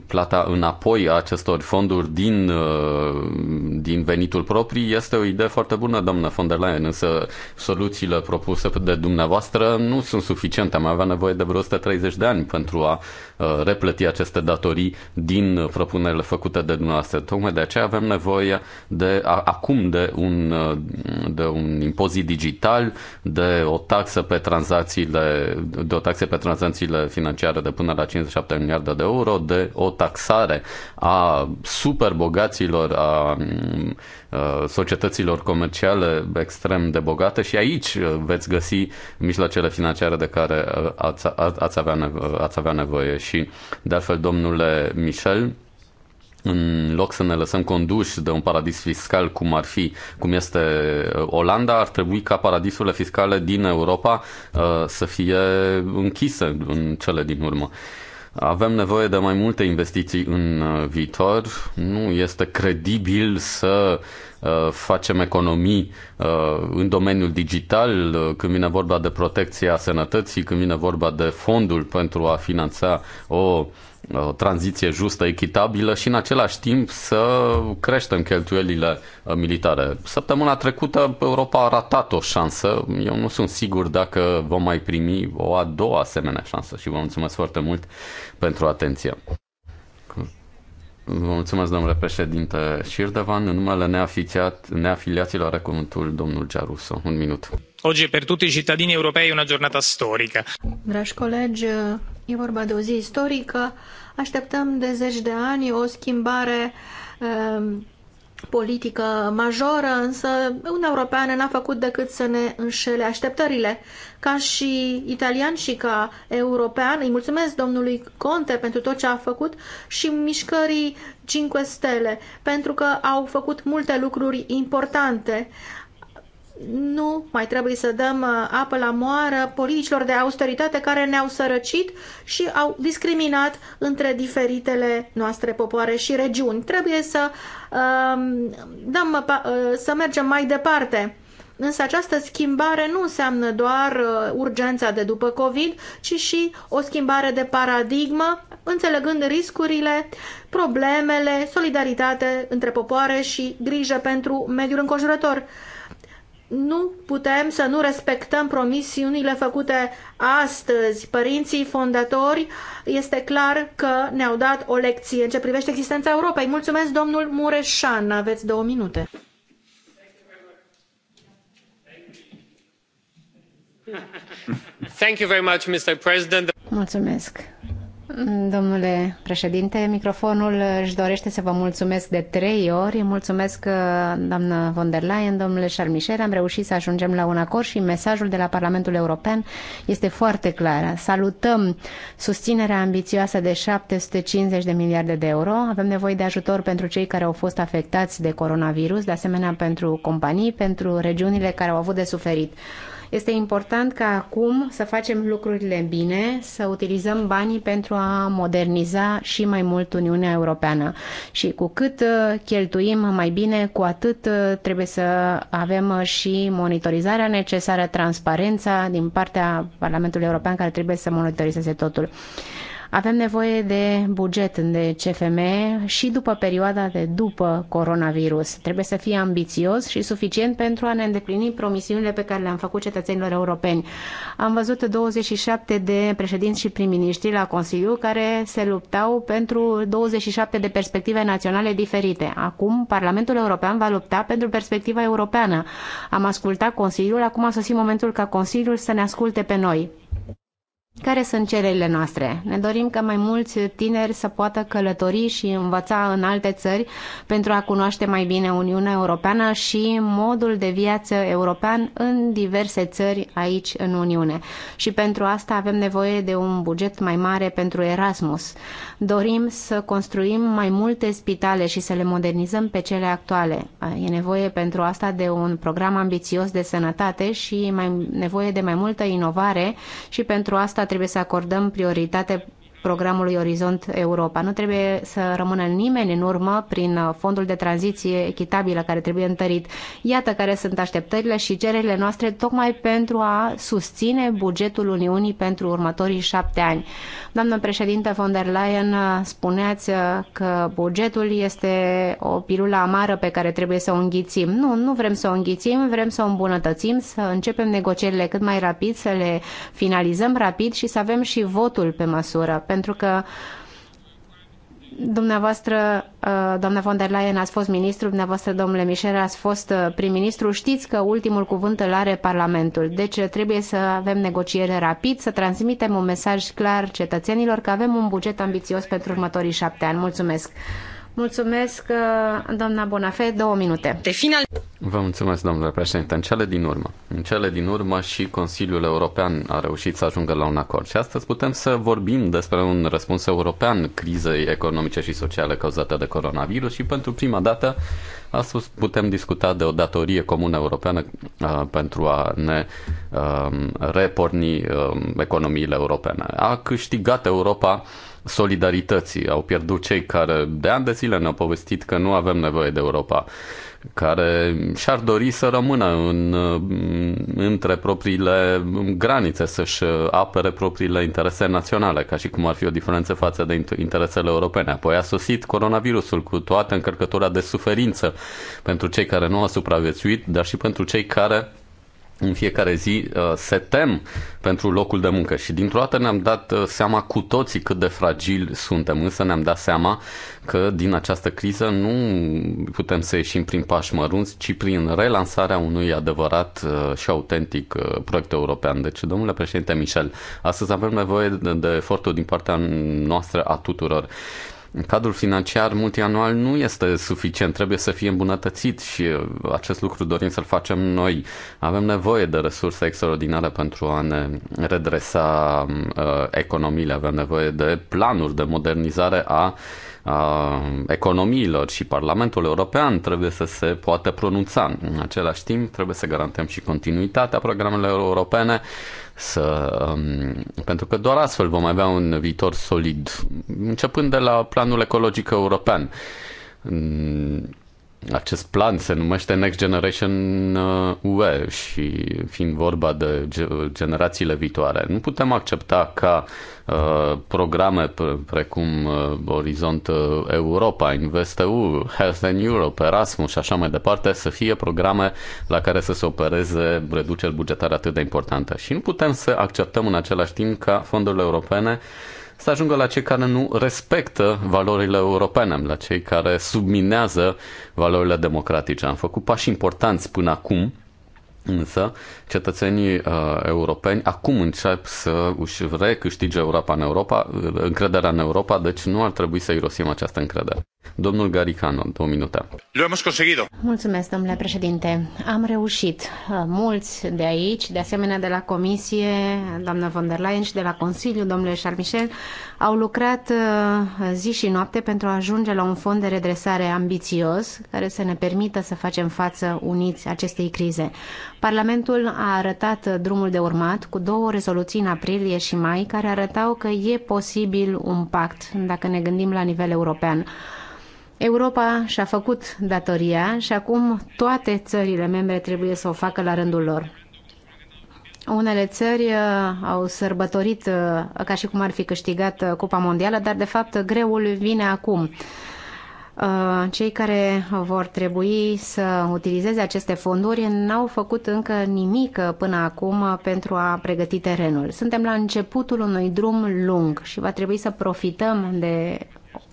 plata înapoi a acestor fonduri din, uh, din venitul propriu este o idee foarte bună, doamnă von der Leyen, însă soluțiile propuse de dumneavoastră nu sunt suficiente. Am avea nevoie de vreo 130 de ani pentru a Uh, replăti aceste datorii din propunerile făcute de dumneavoastră. Tocmai de aceea avem nevoie de a, acum de un, uh, de un impozit digital, de o taxă pe tranzacțiile, de o taxă pe tranzacțiile financiare de până la 57 miliarde de euro, de o taxare a superbogaților, a Uh, societăților comerciale extrem de bogate și aici uh, veți găsi mijloacele financiare de care uh, ați, avea, nevoie, ați avea nevoie și de altfel, domnule Michel, în loc să ne lăsăm conduși de un paradis fiscal cum ar fi, cum este Olanda, ar trebui ca paradisurile fiscale din Europa să fie închise în cele din urmă. Avem nevoie de mai multe investiții în uh, viitor. Nu este credibil să uh, Uh, facem economii uh, în domeniul digital, uh, când vine vorba de protecția sănătății, când vine vorba de fondul pentru a finanța o o tranziție justă, echitabilă și în același timp să creștem cheltuielile militare. Săptămâna trecută Europa a ratat o șansă. Eu nu sunt sigur dacă vom mai primi o a doua asemenea șansă și vă mulțumesc foarte mult pentru atenție. Vă mulțumesc, domnule președinte Șirdevan. În numele neafiliat, neafiliaților are cuvântul domnul Giaruso. Un minut. Oggi per tutti i cittadini europei una giornata storica.
Dragi colegi, e vorba de o zi istorică. Așteptăm de zeci de ani o schimbare ehm, politică majoră, însă un european n-a făcut decât să ne înșele așteptările. Ca și italian și ca european, îi mulțumesc domnului Conte pentru tot ce a făcut și mișcării 5 stele, pentru că au făcut multe lucruri importante nu mai trebuie să dăm uh, apă la moară politicilor de austeritate care ne-au sărăcit și au discriminat între diferitele noastre popoare și regiuni. Trebuie să, um, dăm, uh, uh, să mergem mai departe. Însă această schimbare nu înseamnă doar urgența de după COVID, ci și o schimbare de paradigmă, înțelegând riscurile, problemele, solidaritate între popoare și grijă pentru mediul înconjurător nu putem să nu respectăm promisiunile făcute astăzi. Părinții fondatori este clar că ne-au dat o lecție în ce privește existența Europei. Mulțumesc, domnul Mureșan. Aveți două minute.
Mulțumesc. Domnule președinte, microfonul își dorește să vă mulțumesc de trei ori. Mulțumesc, uh, doamnă von der Leyen, domnule Charles Michel. Am reușit să ajungem la un acord și mesajul de la Parlamentul European este foarte clar. Salutăm susținerea ambițioasă de 750 de miliarde de euro. Avem nevoie de ajutor pentru cei care au fost afectați de coronavirus, de asemenea pentru companii, pentru regiunile care au avut de suferit. Este important ca acum să facem lucrurile bine, să utilizăm banii pentru a moderniza și mai mult Uniunea Europeană. Și cu cât uh, cheltuim mai bine, cu atât uh, trebuie să avem și monitorizarea necesară, transparența din partea Parlamentului European care trebuie să monitorizeze totul. Avem nevoie de buget de CFM și după perioada de după coronavirus. Trebuie să fie ambițios și suficient pentru a ne îndeplini promisiunile pe care le-am făcut cetățenilor europeni. Am văzut 27 de președinți și prim-ministri la Consiliu care se luptau pentru 27 de perspective naționale diferite. Acum Parlamentul European va lupta pentru perspectiva europeană. Am ascultat Consiliul, acum a sosit momentul ca Consiliul să ne asculte pe noi. Care sunt cererile noastre? Ne dorim ca mai mulți tineri să poată călători și învăța în alte țări pentru a cunoaște mai bine Uniunea Europeană și modul de viață european în diverse țări aici în Uniune. Și pentru asta avem nevoie de un buget mai mare pentru Erasmus. Dorim să construim mai multe spitale și să le modernizăm pe cele actuale. E nevoie pentru asta de un program ambițios de sănătate și mai nevoie de mai multă inovare și pentru asta trebuie să acordăm prioritate programului Orizont Europa. Nu trebuie să rămână nimeni în urmă prin fondul de tranziție echitabilă care trebuie întărit. Iată care sunt așteptările și cererile noastre tocmai pentru a susține bugetul Uniunii pentru următorii șapte ani. Doamnă președinte von der Leyen, spuneați că bugetul este o pilulă amară pe care trebuie să o înghițim. Nu, nu vrem să o înghițim, vrem să o îmbunătățim, să începem negocierile cât mai rapid, să le finalizăm rapid și să avem și votul pe măsură pentru că dumneavoastră, uh, doamna von der Leyen, ați fost ministru, dumneavoastră, domnule Mișel, ați fost uh, prim-ministru. Știți că ultimul cuvânt îl are Parlamentul. Deci uh, trebuie să avem negociere rapid, să transmitem un mesaj clar cetățenilor că avem un buget ambițios pentru următorii șapte ani. Mulțumesc! Mulțumesc, uh, doamna Bonafe, două minute. De final.
Vă mulțumesc, domnule președinte. În cele din urmă, în cele din urmă și Consiliul European a reușit să ajungă la un acord. Și astăzi putem să vorbim despre un răspuns european crizei economice și sociale cauzate de coronavirus și pentru prima dată astăzi putem discuta de o datorie comună europeană uh, pentru a ne uh, reporni uh, economiile europene. A câștigat Europa uh, solidarității. Au pierdut cei care de ani de zile ne-au povestit că nu avem nevoie de Europa, care și-ar dori să rămână în, mm, între propriile granițe, să-și apere propriile interese naționale, ca și cum ar fi o diferență față de interesele europene. Apoi a sosit coronavirusul cu toată încărcătura de suferință pentru cei care nu au supraviețuit, dar și pentru cei care în fiecare zi uh, se tem pentru locul de muncă și dintr-o dată ne-am dat uh, seama cu toții cât de fragili suntem, însă ne-am dat seama că din această criză nu putem să ieșim prin pași mărunți, ci prin relansarea unui adevărat uh, și autentic proiect european. Deci, domnule președinte Michel, astăzi avem nevoie de, de efortul din partea noastră a tuturor cadrul financiar multianual nu este suficient, trebuie să fie îmbunătățit și uh, acest lucru dorim să-l facem noi. Avem nevoie de resurse extraordinare pentru a ne redresa uh, economiile, avem nevoie de planuri de modernizare a uh, economiilor și Parlamentul European trebuie să se poată pronunța. În același timp, trebuie să garantăm și continuitatea programelor europene, să, um, pentru că doar astfel vom avea un viitor solid, începând de la planul ecologic european acest plan se numește Next Generation UE uh, și fiind vorba de generațiile viitoare, nu putem accepta ca uh, programe precum uh, Orizont Europa, InvestEU, Health and Europe, Erasmus și așa mai departe să fie programe la care să se opereze reduceri bugetare atât de importante. Și nu putem să acceptăm în același timp ca fondurile europene să ajungă la cei care nu respectă valorile europene, la cei care subminează valorile democratice. Am făcut pași importanți până acum Însă, cetățenii uh, europeni acum încep să își recâștige Europa în Europa, încrederea în Europa, deci nu ar trebui să irosim această încredere. Domnul Garicano, două minute. Lo
hemos conseguido.
Mulțumesc, domnule președinte. Am reușit. Uh, mulți de aici, de asemenea de la Comisie, doamna von der Leyen și de la Consiliu, domnule Charles Michel, au lucrat uh, zi și noapte pentru a ajunge la un fond de redresare ambițios care să ne permită să facem față uniți acestei crize. Parlamentul a arătat drumul de urmat cu două rezoluții în aprilie și mai care arătau că e posibil un pact dacă ne gândim la nivel european. Europa și-a făcut datoria și acum toate țările membre trebuie să o facă la rândul lor. Unele țări uh, au sărbătorit uh, ca și cum ar fi câștigat uh, Cupa Mondială, dar de fapt greul vine acum. Uh, cei care vor trebui să utilizeze aceste fonduri n-au făcut încă nimic până acum pentru a pregăti terenul. Suntem la începutul unui drum lung și va trebui să profităm de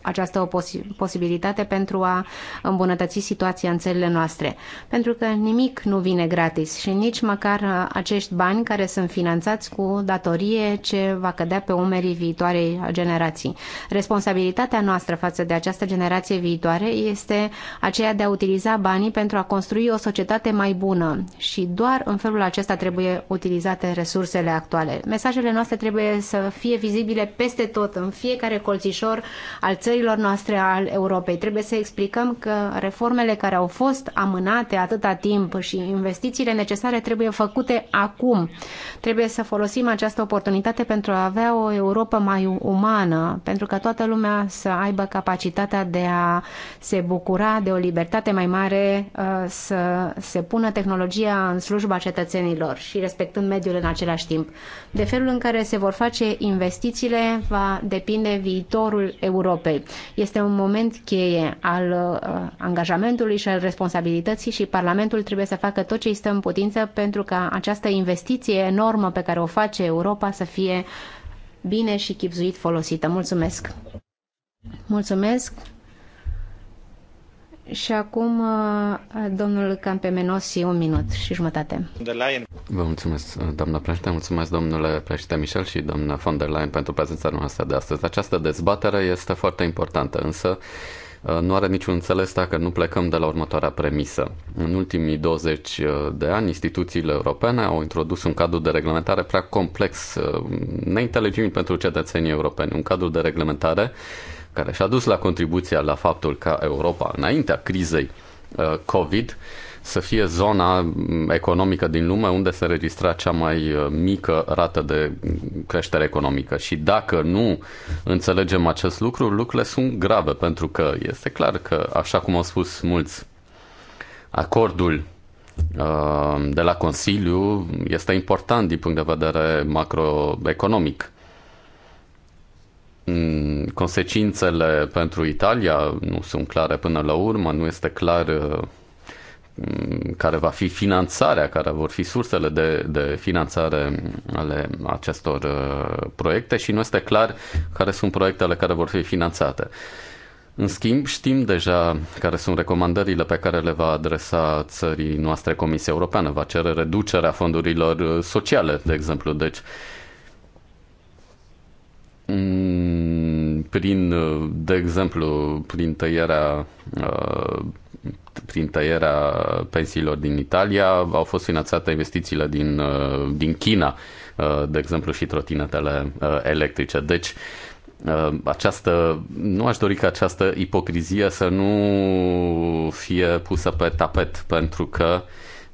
această posibilitate pentru a îmbunătăți situația în țările noastre. Pentru că nimic nu vine gratis și nici măcar uh, acești bani care sunt finanțați cu datorie ce va cădea pe umerii viitoarei generații. Responsabilitatea noastră față de această generație viitoare este aceea de a utiliza banii pentru a construi o societate mai bună și doar în felul acesta trebuie utilizate resursele actuale. Mesajele noastre trebuie să fie vizibile peste tot, în fiecare colțișor al țărilor noastre, al Europei. Trebuie să explicăm că reformele care au fost amânate atâta timp și investițiile necesare trebuie făcute acum. Trebuie să folosim această oportunitate pentru a avea o Europa mai umană, pentru ca toată lumea să aibă capacitatea de a se bucura de o libertate mai mare, uh, să se pună tehnologia în slujba cetățenilor și respectând mediul în același timp. De felul în care se vor face investițiile va depinde viitorul Europei. Europei. Este un moment cheie al uh, angajamentului și al responsabilității și Parlamentul trebuie să facă tot ce îi stă în putință pentru ca această investiție enormă pe care o face Europa să fie bine și chipzuit folosită. Mulțumesc! Mulțumesc! Și acum, uh, domnul Campemenosi, un minut și jumătate.
Vă mulțumesc, uh, doamna președinte, mulțumesc domnule președinte Michel și doamna von der Leyen pentru prezența noastră de astăzi. Această dezbatere este foarte importantă, însă uh, nu are niciun înțeles dacă nu plecăm de la următoarea premisă. În ultimii 20 de ani, instituțiile europene au introdus un cadru de reglementare prea complex, neinteligibil pentru cetățenii europeni, un cadru de reglementare care și-a dus la contribuția la faptul că Europa, înaintea crizei uh, COVID, să fie zona mm, economică din lume unde se registra cea mai uh, mică rată de mm, creștere economică. Și dacă nu înțelegem acest lucru, lucrurile sunt grave, pentru că este clar că, așa cum au spus mulți, acordul uh, de la Consiliu este important din punct de vedere macroeconomic. Mm, consecințele pentru Italia nu sunt clare până la urmă, nu este clar uh, mm, care va fi finanțarea, care vor fi sursele de, de finanțare ale acestor uh, proiecte și nu este clar care sunt proiectele care vor fi finanțate. În schimb, știm deja care sunt recomandările pe care le va adresa țării noastre Comisia Europeană. Va cere reducerea fondurilor uh, sociale, de exemplu. Deci, Mm, prin, de exemplu, prin tăierea uh, prin tăierea pensiilor din Italia, au fost finanțate investițiile din, uh, din China, uh, de exemplu, și trotinetele electrice. Deci, această, nu aș dori ca această ipocrizie să nu fie pusă pe tapet, pentru că uh,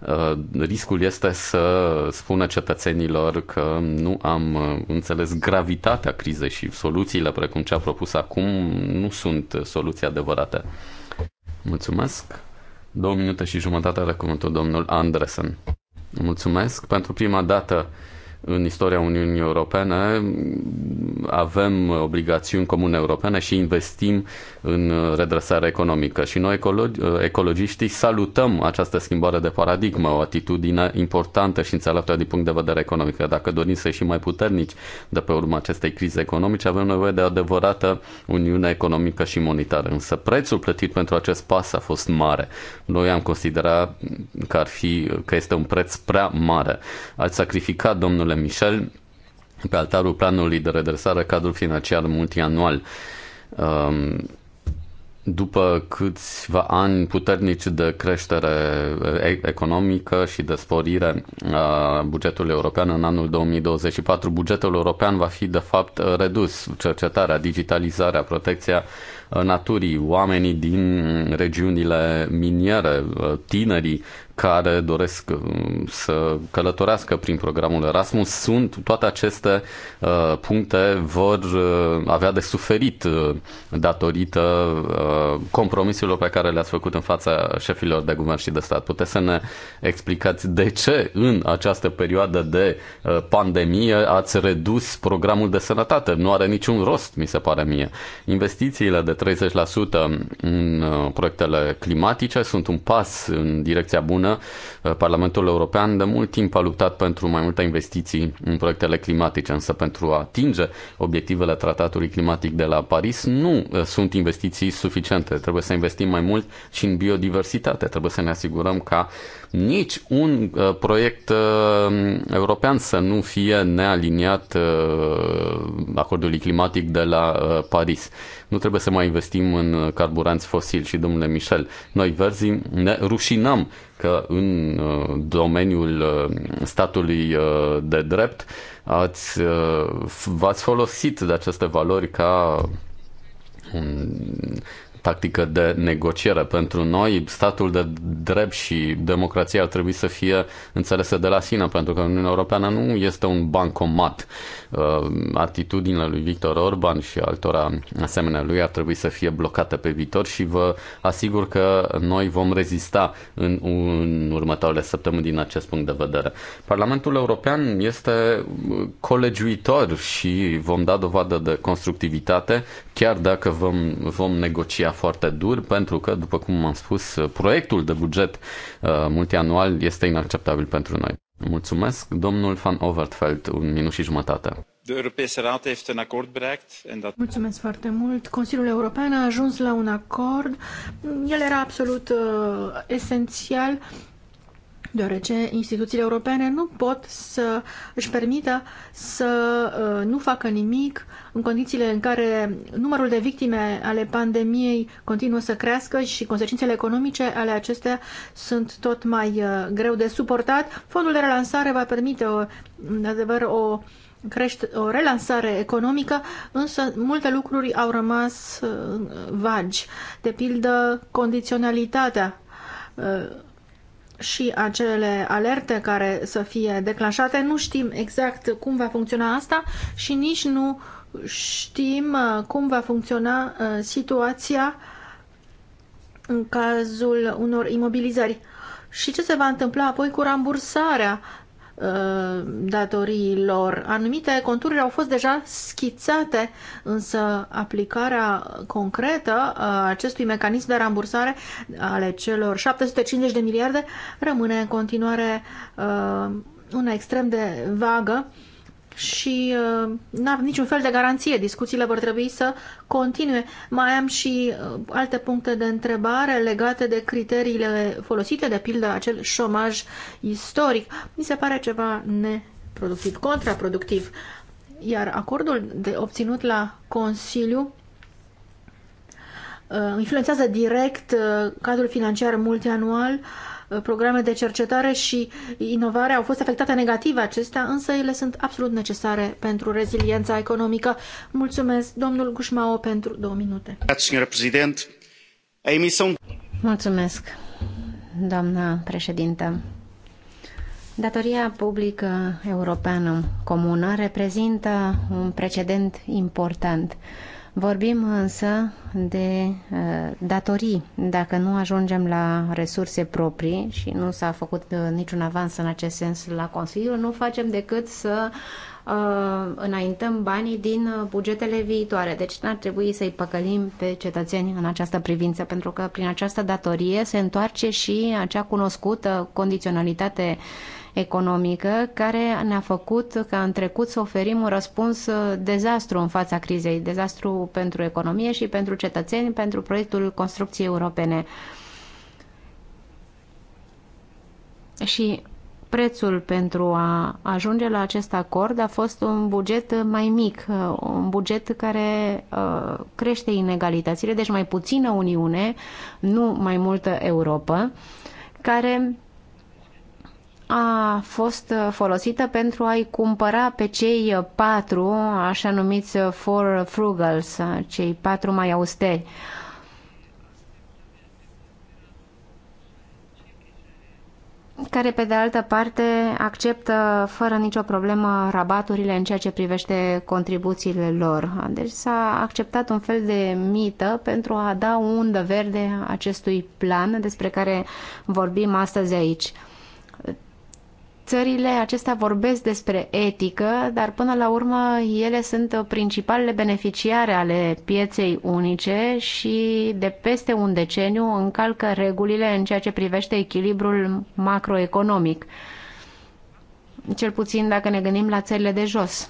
Uh, riscul este să spună cetățenilor că nu am uh, înțeles gravitatea crizei și soluțiile precum cea propusă acum nu sunt soluții adevărate. Mulțumesc. Două minute și jumătate are cuvântul domnul Andresen. Mulțumesc. Pentru prima dată în istoria Uniunii Europene avem obligațiuni comune europene și investim în redresare economică. Și noi, ecologiștii, salutăm această schimbare de paradigmă, o atitudine importantă și înțeleaptă din punct de vedere economic. Dacă dorim să ieșim mai puternici de pe urma acestei crize economice, avem nevoie de adevărată uniune economică și monetară. Însă prețul plătit pentru acest pas a fost mare. Noi am considerat că ar fi că este un preț prea mare. Ați sacrificat, domnule Charles Michel, pe altarul planului de redresare cadrul financiar multianual. Um, după câțiva ani puternici de creștere economică și de sporire a bugetului european în anul 2024, bugetul european va fi de fapt redus. Cercetarea, digitalizarea, protecția uh, naturii, oamenii din regiunile miniere, uh, tinerii care doresc uh, să călătorească prin programul Erasmus sunt, toate aceste uh, puncte vor uh, avea de suferit uh, datorită uh, compromisurilor pe care le-ați făcut în fața șefilor de guvern și de stat. Puteți să ne explicați de ce în această perioadă de uh, pandemie ați redus programul de sănătate? Nu are niciun rost, mi se pare mie. Investițiile de 30% în uh, proiectele climatice sunt un pas în direcția bună Uh, Parlamentul European de mult timp a luptat pentru mai multe investiții în proiectele climatice, însă pentru a atinge obiectivele tratatului climatic de la Paris nu uh, sunt investiții suficiente. Trebuie să investim mai mult și în biodiversitate. Trebuie să ne asigurăm ca nici un uh, proiect uh, european să nu fie nealiniat uh, acordului climatic de la uh, Paris. Nu trebuie să mai investim în uh, carburanți fosili și, domnule Michel, noi verzi ne rușinăm că în uh, domeniul uh, statului uh, de drept ați, uh, v-ați folosit de aceste valori ca tactică de negociere. Pentru noi, statul de drept și democrația ar trebui să fie înțelese de la sine, pentru că Uniunea Europeană nu este un bancomat. Uh, atitudinile lui Victor Orban și altora asemenea lui ar trebui să fie blocate pe viitor și vă asigur că noi vom rezista în, în următoarele săptămâni din acest punct de vedere. Parlamentul European este colegiuitor și vom da dovadă de constructivitate chiar dacă vom, vom negocia foarte dur pentru că, după cum am spus, proiectul de buget uh, multianual este inacceptabil pentru noi. Mulțumesc, domnul Van Overtfeld, un minut și jumătate.
De Europese
Mulțumesc foarte mult. Consiliul European a ajuns la un acord. El era absolut uh, esențial deoarece instituțiile europene nu pot să își permită să uh, nu facă nimic în condițiile în care numărul de victime ale pandemiei continuă să crească și consecințele economice ale acestea sunt tot mai uh, greu de suportat. Fondul de relansare va permite, o, uh, în adevăr, o, crește, o relansare economică, însă multe lucruri au rămas vagi. De pildă, condiționalitatea și acele alerte care să fie declanșate. Nu știm exact cum va funcționa asta și nici nu știm uh, cum va funcționa uh, situația în cazul unor imobilizări. Și ce se va întâmpla apoi cu rambursarea Uh, datoriilor. Anumite contururi au fost deja schițate, însă aplicarea concretă a uh, acestui mecanism de rambursare ale celor 750 de miliarde rămâne în continuare uh, una extrem de vagă și uh, n-am niciun fel de garanție. Discuțiile vor trebui să continue. Mai am și uh, alte puncte de întrebare legate de criteriile folosite, de pildă acel șomaj istoric. Mi se pare ceva neproductiv, contraproductiv. Iar acordul de obținut la Consiliu uh, influențează direct uh, cadrul financiar multianual uh, programe de cercetare și inovare au fost afectate negativ acestea, însă ele sunt absolut necesare pentru reziliența economică. Mulțumesc, domnul Gușmao, pentru două minute. Mulțumesc, doamna președintă.
Datoria publică europeană comună reprezintă un precedent important Vorbim însă de uh, datorii. Dacă nu ajungem la resurse proprii și nu s-a făcut uh, niciun avans în acest sens la Consiliu, nu facem decât să uh, înaintăm banii din uh, bugetele viitoare. Deci n-ar trebui să-i păcălim pe cetățeni în această privință, pentru că prin această datorie se întoarce și acea cunoscută condiționalitate uh, economică care ne-a făcut ca în trecut să oferim un răspuns uh, dezastru în fața crizei, dezastru pentru economie și pentru cetățeni, pentru proiectul construcției europene. Și prețul pentru a ajunge la acest acord a fost un buget mai mic, uh, un buget care uh, crește inegalitățile, deci mai puțină Uniune, nu mai multă Europa, care a fost folosită pentru a-i cumpăra pe cei patru, așa numiți four frugals, cei patru mai austeri. care pe de altă parte acceptă fără nicio problemă rabaturile în ceea ce privește contribuțiile lor. Deci s-a acceptat un fel de mită pentru a da undă verde acestui plan despre care vorbim astăzi aici țările acestea vorbesc despre etică, dar până la urmă ele sunt principalele beneficiare ale pieței unice și de peste un deceniu încalcă regulile în ceea ce privește echilibrul macroeconomic, cel puțin dacă ne gândim la țările de jos.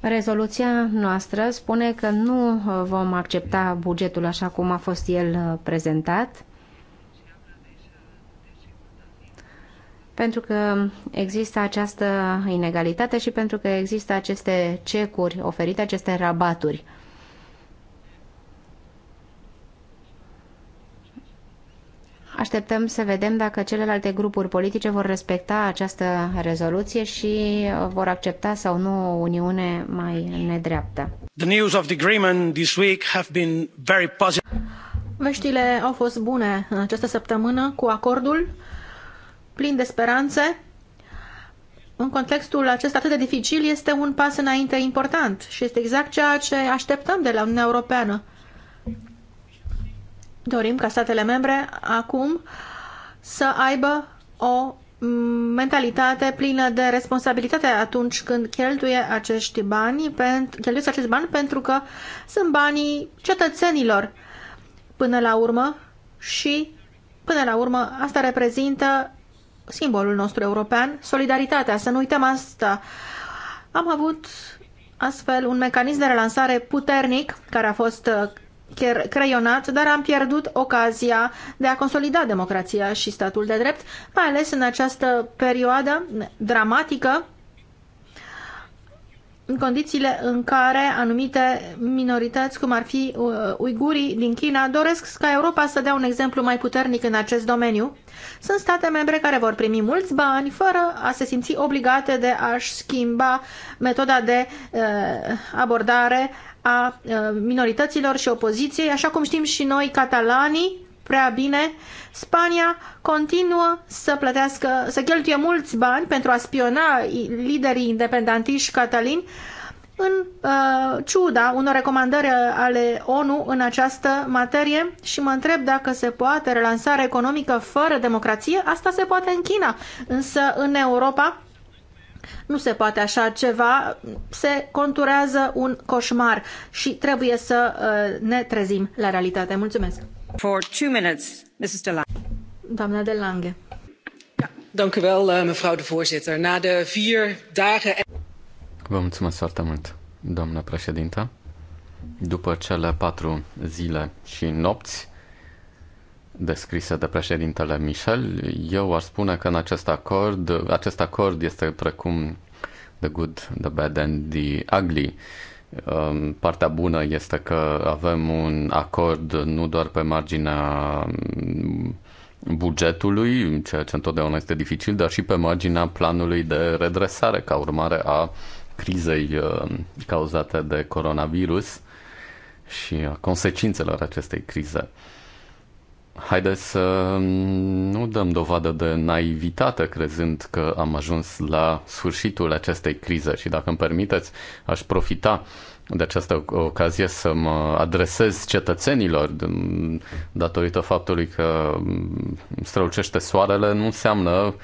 Rezoluția noastră spune că nu vom accepta bugetul așa cum a fost el prezentat, pentru că există această inegalitate și pentru că există aceste cecuri oferite, aceste rabaturi. Așteptăm să vedem dacă celelalte grupuri politice vor respecta această rezoluție și vor accepta sau nu o uniune mai nedreaptă. The news of the agreement
this week have been very positive.
Veștile au fost bune în această săptămână cu acordul plin de speranțe. În contextul acesta atât de dificil, este un pas înainte important și este exact ceea ce așteptăm de la Uniunea Europeană. Dorim ca statele membre acum să aibă o mentalitate plină de responsabilitate atunci când cheltuie acești bani, cheltuie acești bani pentru că sunt banii cetățenilor până la urmă și până la urmă asta reprezintă simbolul nostru european, solidaritatea, să nu uităm asta. Am avut astfel un mecanism de relansare puternic care a fost uh, creionat, dar am pierdut ocazia de a consolida democrația și statul de drept, mai ales în această perioadă dramatică în condițiile în care anumite minorități, cum ar fi uh, uigurii din China, doresc ca Europa să dea un exemplu mai puternic în acest domeniu. Sunt state membre care vor primi mulți bani fără a se simți obligate de a-și schimba metoda de uh, abordare a uh, minorităților și opoziției, așa cum știm și noi, catalanii, prea bine, Spania continuă să plătească, să cheltuie mulți bani pentru a spiona liderii independantiști catalini în uh, ciuda unor recomandări ale ONU în această materie și mă întreb dacă se poate relansare economică fără democrație. Asta se poate în China, însă în Europa nu se poate așa ceva, se conturează un coșmar și trebuie să uh, ne trezim la realitate. Mulțumesc!
For mevrouw
de voorzitter. Na de vier
dagen...
Vă mulțumesc foarte mult, președintă. După cele patru zile și nopți descrise de președintele Michel, eu aș spune că în acest acord, acest acord este precum The Good, The Bad and The Ugly Um, partea bună este că avem un acord nu doar pe marginea um, bugetului, ceea ce întotdeauna este dificil, dar și pe marginea planului de redresare ca urmare a crizei um, cauzate de coronavirus și a consecințelor acestei crize. Haideți să nu dăm dovadă de naivitate crezând că am ajuns la sfârșitul acestei crize și dacă îmi permiteți, aș profita de această ocazie să mă adresez cetățenilor datorită faptului că strălucește soarele nu înseamnă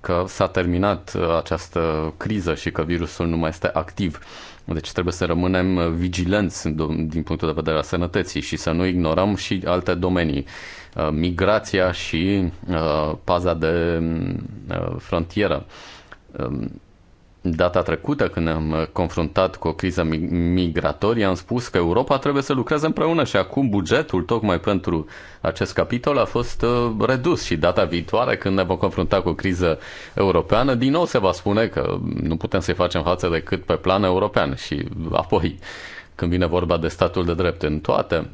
că s-a terminat această criză și că virusul nu mai este activ. Deci trebuie să rămânem vigilenți din punctul de vedere al sănătății și să nu ignorăm și alte domenii Uh, migrația și uh, paza de uh, frontieră. Um, data trecută, când ne-am confruntat cu o criză migratorie, am spus că Europa trebuie să lucreze împreună și acum bugetul tocmai pentru acest capitol a fost redus și data viitoare, când ne vom confrunta cu o criză europeană, din nou se va spune că nu putem să-i facem față decât pe plan european și apoi când vine vorba de statul de drept în toate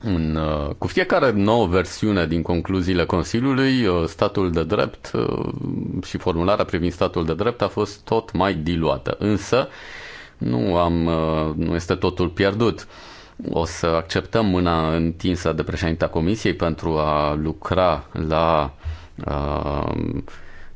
în, uh, cu fiecare nouă versiune din concluziile Consiliului, uh, statul de drept uh, și formularea privind statul de drept a fost tot mai diluată. Însă, nu, am, nu este totul pierdut. O să acceptăm mâna întinsă de președinta Comisiei pentru a lucra la uh,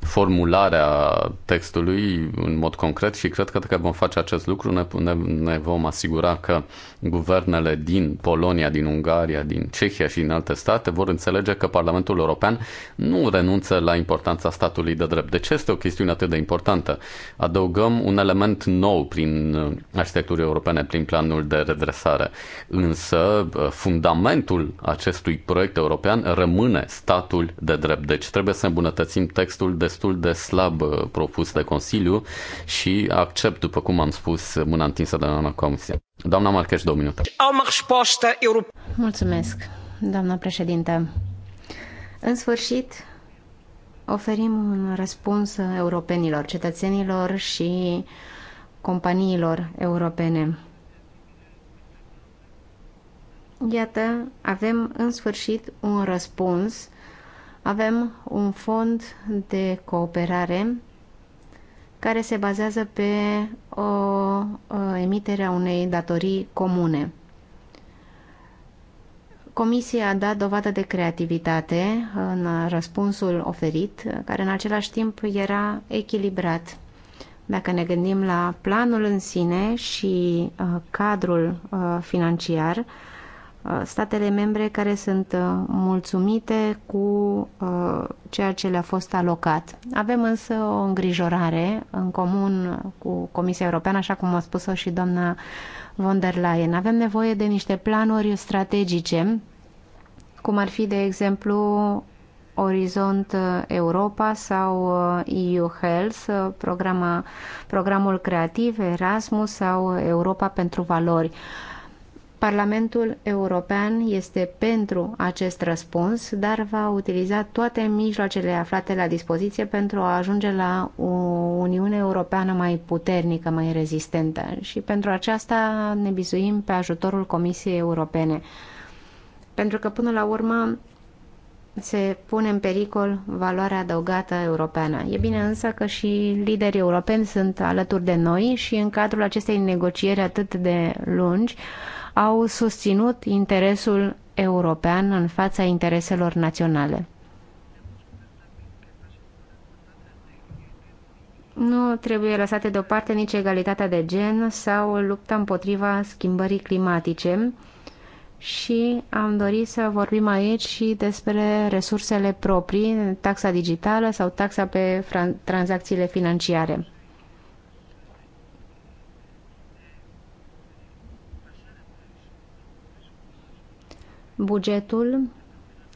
formularea textului în mod concret și cred că dacă vom face acest lucru ne, ne, ne vom asigura că guvernele din Polonia, din Ungaria, din Cehia și din alte state vor înțelege că Parlamentul European nu renunță la importanța statului de drept. De deci ce este o chestiune atât de importantă? Adăugăm un element nou prin arhitecturile europene, prin planul de redresare. Însă uh, fundamentul acestui proiect european rămâne statul de drept. Deci trebuie să îmbunătățim textul de destul de slab uh, propus de Consiliu și accept, după cum am spus, mâna întinsă de la Comisie. Doamna Marcheș, două minute.
Mulțumesc, doamna președinte. În sfârșit, oferim un răspuns europenilor, cetățenilor și companiilor europene. Iată, avem în sfârșit un răspuns avem un fond de cooperare care se bazează pe o emitere a unei datorii comune. Comisia a dat dovadă de creativitate în răspunsul oferit, care în același timp era echilibrat. Dacă ne gândim la planul în sine și uh, cadrul uh, financiar, Uh, statele membre care sunt uh, mulțumite cu uh, ceea ce le-a fost alocat. Avem însă o îngrijorare în comun cu Comisia Europeană, așa cum a spus-o și doamna von der Leyen. Avem nevoie de niște planuri strategice, cum ar fi, de exemplu, Orizont Europa sau EU Health, programa, programul creativ Erasmus sau Europa pentru valori. Uh, Parlamentul European este pentru acest răspuns, dar va utiliza toate mijloacele aflate la dispoziție pentru a ajunge la o Uniune Europeană mai puternică, mai rezistentă și pentru aceasta ne bizuim pe ajutorul Comisiei Europene. Pentru că până la urmă se pune în pericol valoarea adăugată europeană. E bine însă că și liderii europeni sunt alături de noi și în cadrul acestei negocieri atât de lungi, au susținut interesul european în fața intereselor naționale. Nu trebuie lăsate deoparte nici egalitatea de gen sau lupta împotriva schimbării climatice și am dorit să vorbim aici și despre resursele proprii, taxa digitală sau taxa pe tranzacțiile financiare. Bugetul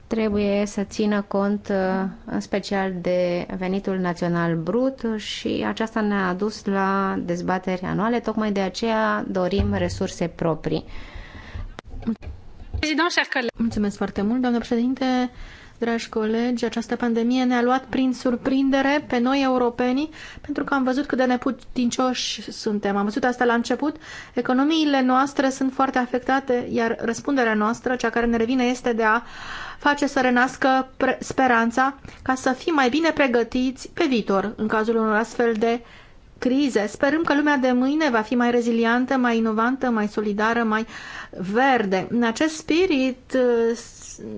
trebuie să țină cont uh, în special de venitul național brut și aceasta ne-a adus la dezbateri anuale, tocmai de aceea dorim resurse proprii.
Mulțumesc foarte mult, doamnă președinte, Dragi colegi, această pandemie ne-a luat prin surprindere pe noi europenii pentru că am văzut cât de neputincioși suntem. Am văzut asta la început. Economiile noastre sunt foarte afectate, iar răspunderea noastră, cea care ne revine, este de a face să renască speranța ca să fim mai bine pregătiți pe viitor în cazul unor astfel de crize. Sperăm că lumea de mâine va fi mai reziliantă, mai inovantă, mai solidară, mai verde. În acest spirit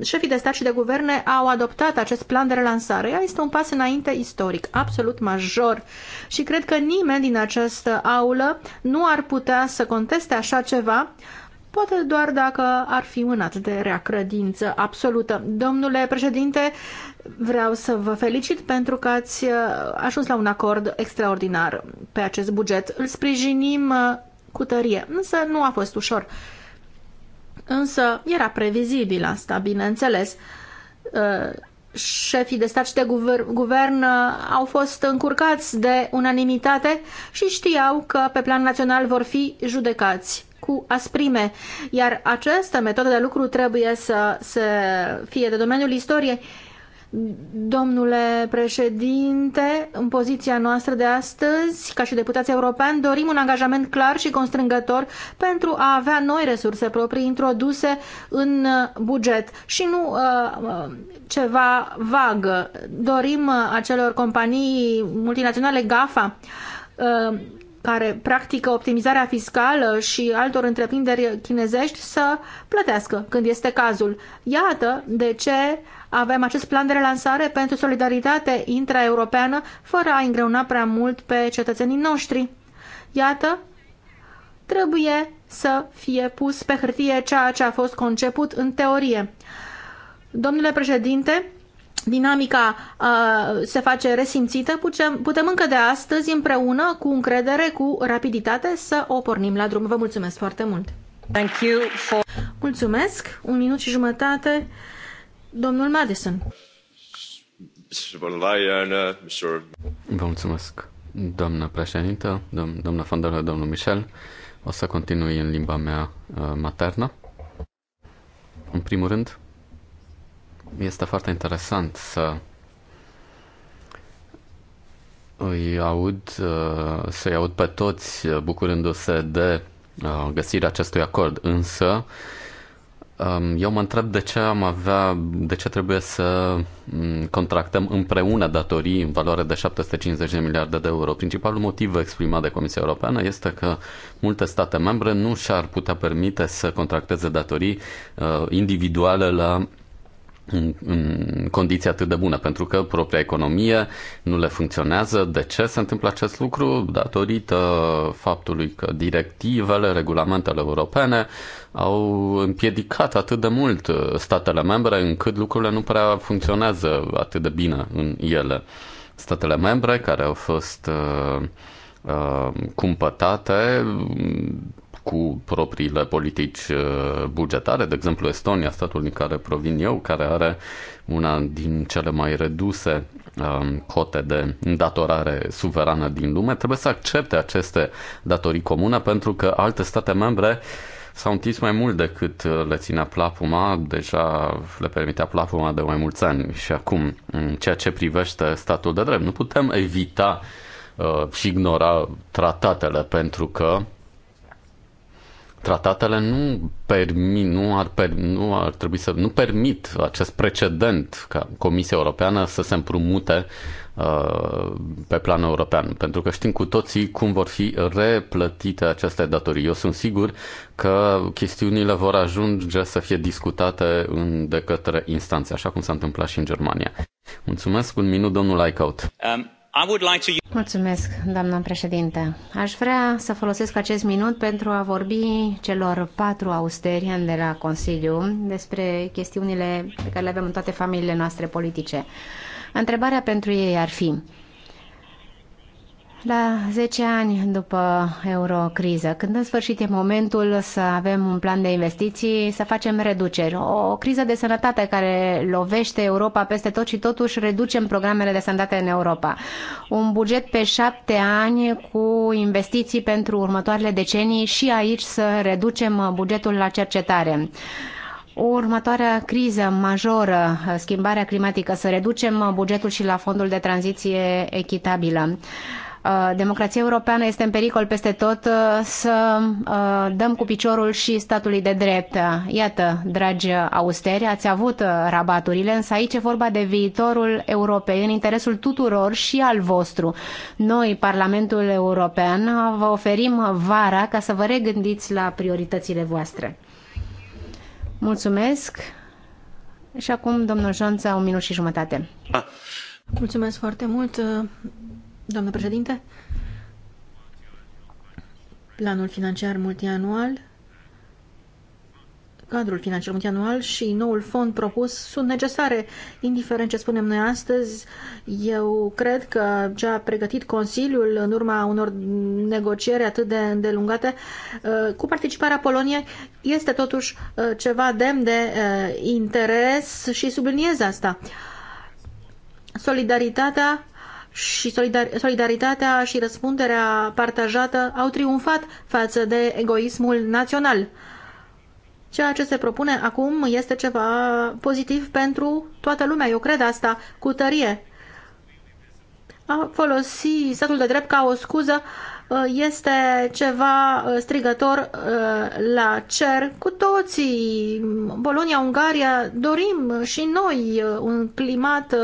șefii de stat și de guverne au adoptat acest plan de relansare. Ea este un pas înainte istoric, absolut major. Și cred că nimeni din această aulă nu ar putea să conteste așa ceva, poate doar dacă ar fi mânat de rea credință absolută. Domnule președinte, vreau să vă felicit pentru că ați uh, ajuns la un acord extraordinar pe acest buget. Îl sprijinim uh, cu tărie, însă nu a fost ușor Însă era previzibil asta, bineînțeles. Uh, șefii de stat și de guvern, guvern uh, au fost încurcați de unanimitate și știau că pe plan național vor fi judecați cu asprime, iar această metodă de lucru trebuie să, să fie de domeniul istoriei Domnule președinte, în poziția noastră de astăzi, ca și deputați europeni, dorim un angajament clar și constrângător pentru a avea noi resurse proprii introduse în uh, buget și nu uh, uh ceva vag. Dorim uh, acelor companii multinaționale GAFA uh, care practică optimizarea fiscală și altor întreprinderi chinezești să plătească când este cazul. Iată de ce avem acest plan de relansare pentru solidaritate intraeuropeană, fără a îngreuna prea mult pe cetățenii noștri. Iată, trebuie să fie pus pe hârtie ceea ce a fost conceput în teorie. Domnule președinte, dinamica uh, se face resimțită, putem, putem încă de astăzi împreună, cu încredere, cu rapiditate, să o pornim la drum. Vă mulțumesc foarte mult! Thank you for... Mulțumesc! Un minut și jumătate Domnul Madison.
Vă mulțumesc, doamna președintă, dom- doamna Fandela, domnul Michel. O să continui în limba mea uh, maternă. În primul rând, este foarte interesant să îi aud, uh, să-i aud pe toți uh, bucurându-se de găsirea acestui acord, însă Um, eu mă întreb de ce am avea, de ce trebuie să mm, contractăm împreună datorii în valoare de 750 de miliarde de euro. Principalul motiv exprimat de Comisia Europeană este că multe state membre nu și-ar putea permite să contracteze datorii uh, individuale la în, în condiții atât de bune, pentru că propria economie nu le funcționează. De ce se întâmplă acest lucru? Datorită faptului că directivele, regulamentele europene au împiedicat atât de mult statele membre încât lucrurile nu prea funcționează atât de bine în ele. Statele membre care au fost uh, uh, cumpătate cu propriile politici uh, bugetare, de exemplu Estonia, statul din care provin eu, care are una din cele mai reduse um, cote de datorare suverană din lume, trebuie să accepte aceste datorii comune pentru că alte state membre s-au întins mai mult decât le ținea plapuma, deja le permitea plapuma de mai mulți ani și acum, în ceea ce privește statul de drept, nu putem evita uh, și ignora tratatele pentru că tratatele nu, permit, nu, ar, per, nu ar trebui să nu permit acest precedent ca Comisia Europeană să se împrumute uh, pe plan european, pentru că știm cu toții cum vor fi replătite aceste datorii. Eu sunt sigur că chestiunile vor ajunge să fie discutate în, de către instanțe, așa cum s-a întâmplat și în Germania. Mulțumesc, un minut, domnul Aicaut. Um.
Mulțumesc, doamna președinte. Aș vrea să folosesc acest minut pentru a vorbi celor patru austerieni de la Consiliu despre chestiunile pe care le avem în toate familiile noastre politice. Întrebarea pentru ei ar fi, la 10 ani după eurocriză, când în sfârșit e momentul să avem un plan de investiții, să facem reduceri. O criză de sănătate care lovește Europa peste tot și totuși reducem programele de sănătate în Europa. Un buget pe 7 ani cu investiții pentru următoarele decenii și aici să reducem bugetul la cercetare. Următoarea criză majoră, schimbarea climatică, să reducem bugetul și la fondul de tranziție echitabilă. Uh, democrația europeană este în pericol peste tot, uh, să uh, dăm cu piciorul și statului de drept. Iată, dragi austeri, ați avut rabaturile, însă aici e vorba de viitorul Europei, în interesul tuturor și al vostru. Noi, Parlamentul European, vă oferim vara ca să vă regândiți la prioritățile voastre. Mulțumesc. Și acum, domnul Jonța, un minut și jumătate.
Mulțumesc foarte mult. Doamnă președinte, planul financiar multianual, cadrul financiar multianual și noul fond propus sunt necesare. Indiferent ce spunem noi astăzi, eu cred că ce a pregătit Consiliul în urma unor negocieri atât de îndelungate uh, cu participarea Poloniei este totuși uh, ceva demn de uh, interes și subliniez asta. Solidaritatea și solidaritatea și răspunderea partajată au triumfat față de egoismul național. Ceea ce se propune acum este ceva pozitiv pentru toată lumea, eu cred asta cu tărie. A folosi statul de drept ca o scuză uh, Uh, este ceva uh, strigător uh, la cer. Cu toții, Bolonia, Ungaria, dorim și noi un climat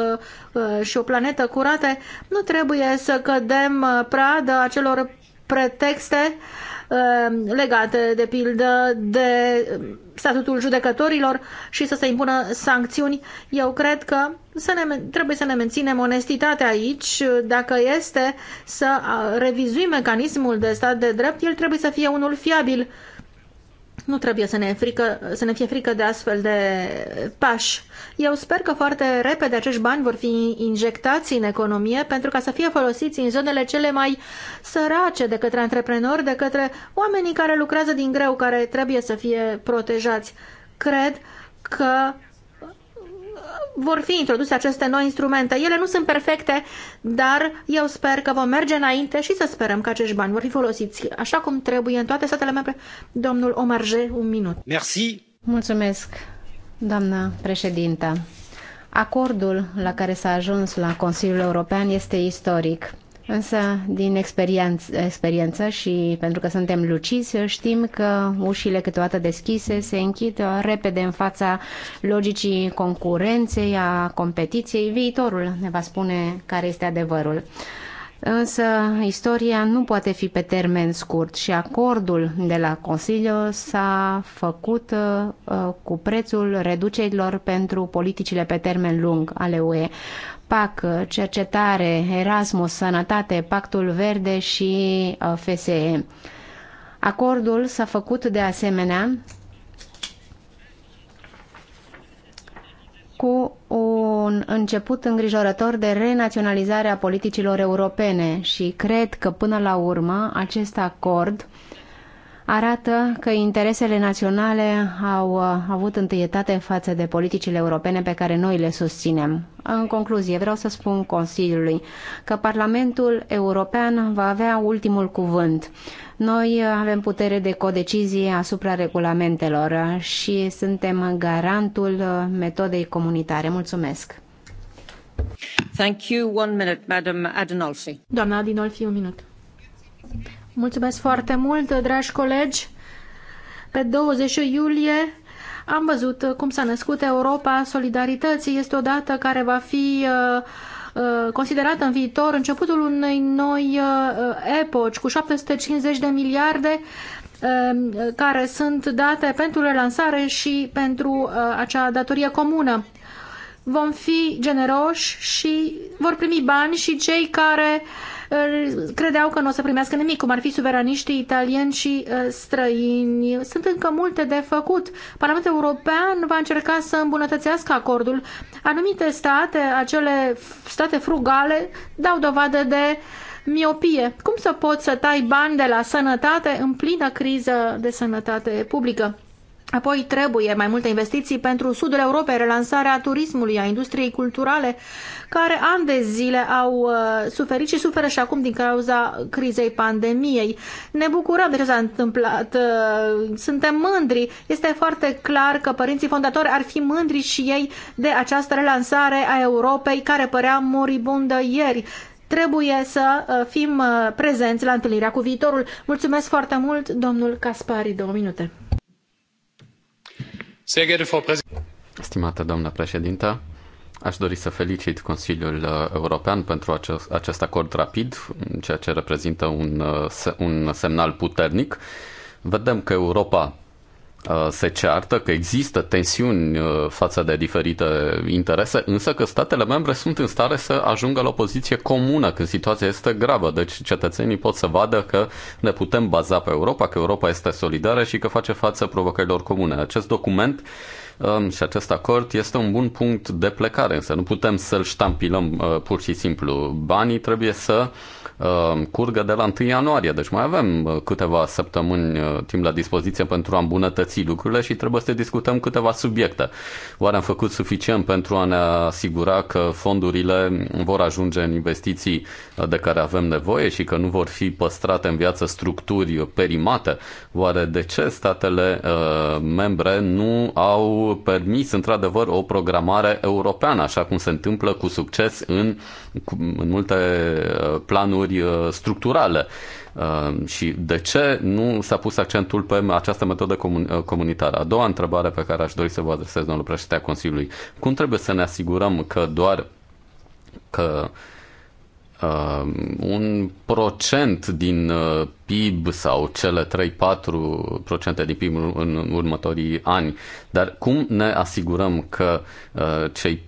și o planetă curate. Nu trebuie să cădem pradă acelor pretexte legate, de pildă, de statutul judecătorilor și să se impună sancțiuni. Eu cred că să ne, trebuie să ne menținem onestitatea aici. Dacă este să revizuim mecanismul de stat de drept, el trebuie să fie unul fiabil nu trebuie să ne, frică, să ne fie frică de astfel de pași. Eu sper că foarte repede acești bani vor fi injectați în economie pentru ca să fie folosiți în zonele cele mai sărace de către antreprenori, de către oamenii care lucrează din greu, care trebuie să fie protejați. Cred că vor fi introduse aceste noi instrumente. Ele nu sunt perfecte, dar eu sper că vom merge înainte și să sperăm că acești bani vor fi folosiți așa cum trebuie în toate statele membre. Domnul Omarje, un minut.
Merci.
Mulțumesc, doamna președintă. Acordul la care s-a ajuns la Consiliul European este istoric. Însă, din experiență, experiență și pentru că suntem lucizi, știm că ușile câteodată deschise se închid repede în fața logicii concurenței, a competiției. Viitorul ne va spune care este adevărul. Însă istoria nu poate fi pe termen scurt și acordul de la Consiliu s-a făcut uh, cu prețul reducerilor pentru politicile pe termen lung ale UE. PAC, cercetare, Erasmus, sănătate, Pactul Verde și uh, FSE. Acordul s-a făcut de asemenea cu un început îngrijorător de renaționalizare a politicilor europene și cred că până la urmă acest acord arată că interesele naționale au uh, avut întâietate față de politicile europene pe care noi le susținem. În concluzie, vreau să spun Consiliului că Parlamentul European va avea ultimul cuvânt. Noi uh, avem putere de codecizie asupra regulamentelor și suntem garantul uh, metodei comunitare. Mulțumesc!
Thank you. One minute, Madam Adinolfi. Doamna Adinolfi, un minut. Mulțumesc foarte mult, dragi colegi! Pe 20 iulie am văzut cum s-a născut Europa Solidarității. Este o dată care va fi uh, uh, considerată în viitor începutul unei noi uh, epoci cu 750 de miliarde um, care sunt date pentru relansare și pentru acea datorie comună. Vom fi generoși și vor primi bani și cei care uh, credeau că nu o să primească nimic, cum ar fi suveraniștii italieni și uh, străini. Sunt încă multe de făcut. Parlamentul European va încerca să îmbunătățească acordul. Anumite state, acele state frugale, dau dovadă de miopie. Cum să poți să tai bani de la sănătate în plină criză de sănătate publică? Apoi trebuie mai multe investiții pentru sudul Europei, relansarea turismului, a industriei culturale, care ani de zile au uh, suferit și suferă și acum din cauza crizei pandemiei. Ne bucurăm de ce s-a întâmplat, uh, suntem mândri. Este foarte clar că părinții fondatori ar fi mândri și ei de această relansare a Europei care părea moribundă ieri trebuie să uh, fim prezenți la întâlnirea cu viitorul. Mulțumesc foarte mult, domnul Caspari, două minute.
Stimată doamnă președintă, aș dori să felicit Consiliul European pentru acest, acest acord rapid, ceea ce reprezintă un, un semnal puternic. Vedem că Europa Uh, se ceartă, că există tensiuni uh, față de diferite interese, însă că statele membre sunt în stare să ajungă la o poziție comună când situația este gravă. Deci cetățenii pot să vadă că ne putem baza pe Europa, că Europa este solidară și că face față provocărilor comune. Acest document um, și acest acord este un bun punct de plecare, însă nu putem să-l ștampilăm uh, pur și simplu. Banii trebuie să Ehm, curgă de la 1 ianuarie, deci mai avem uh, câteva săptămâni uh, timp la dispoziție pentru a îmbunătăți lucrurile și trebuie să discutăm câteva subiecte. Oare am făcut suficient pentru a ne asigura că fondurile vor ajunge în investiții uh, de care avem nevoie și că nu vor fi păstrate în viață structuri perimate? Oare de ce statele membre nu au permis într-adevăr o programare europeană, așa cum se întâmplă cu succes în uh, în multe uh, planuri uh, structurale. Uh, și de ce nu s-a pus accentul pe această metodă comunitară? A doua întrebare pe care aș dori să vă adresez, domnul președinte Consiliului. Cum trebuie să ne asigurăm că doar că uh, un procent din uh, PIB sau cele 3-4% din PIB în următorii ani. Dar cum ne asigurăm că uh, cei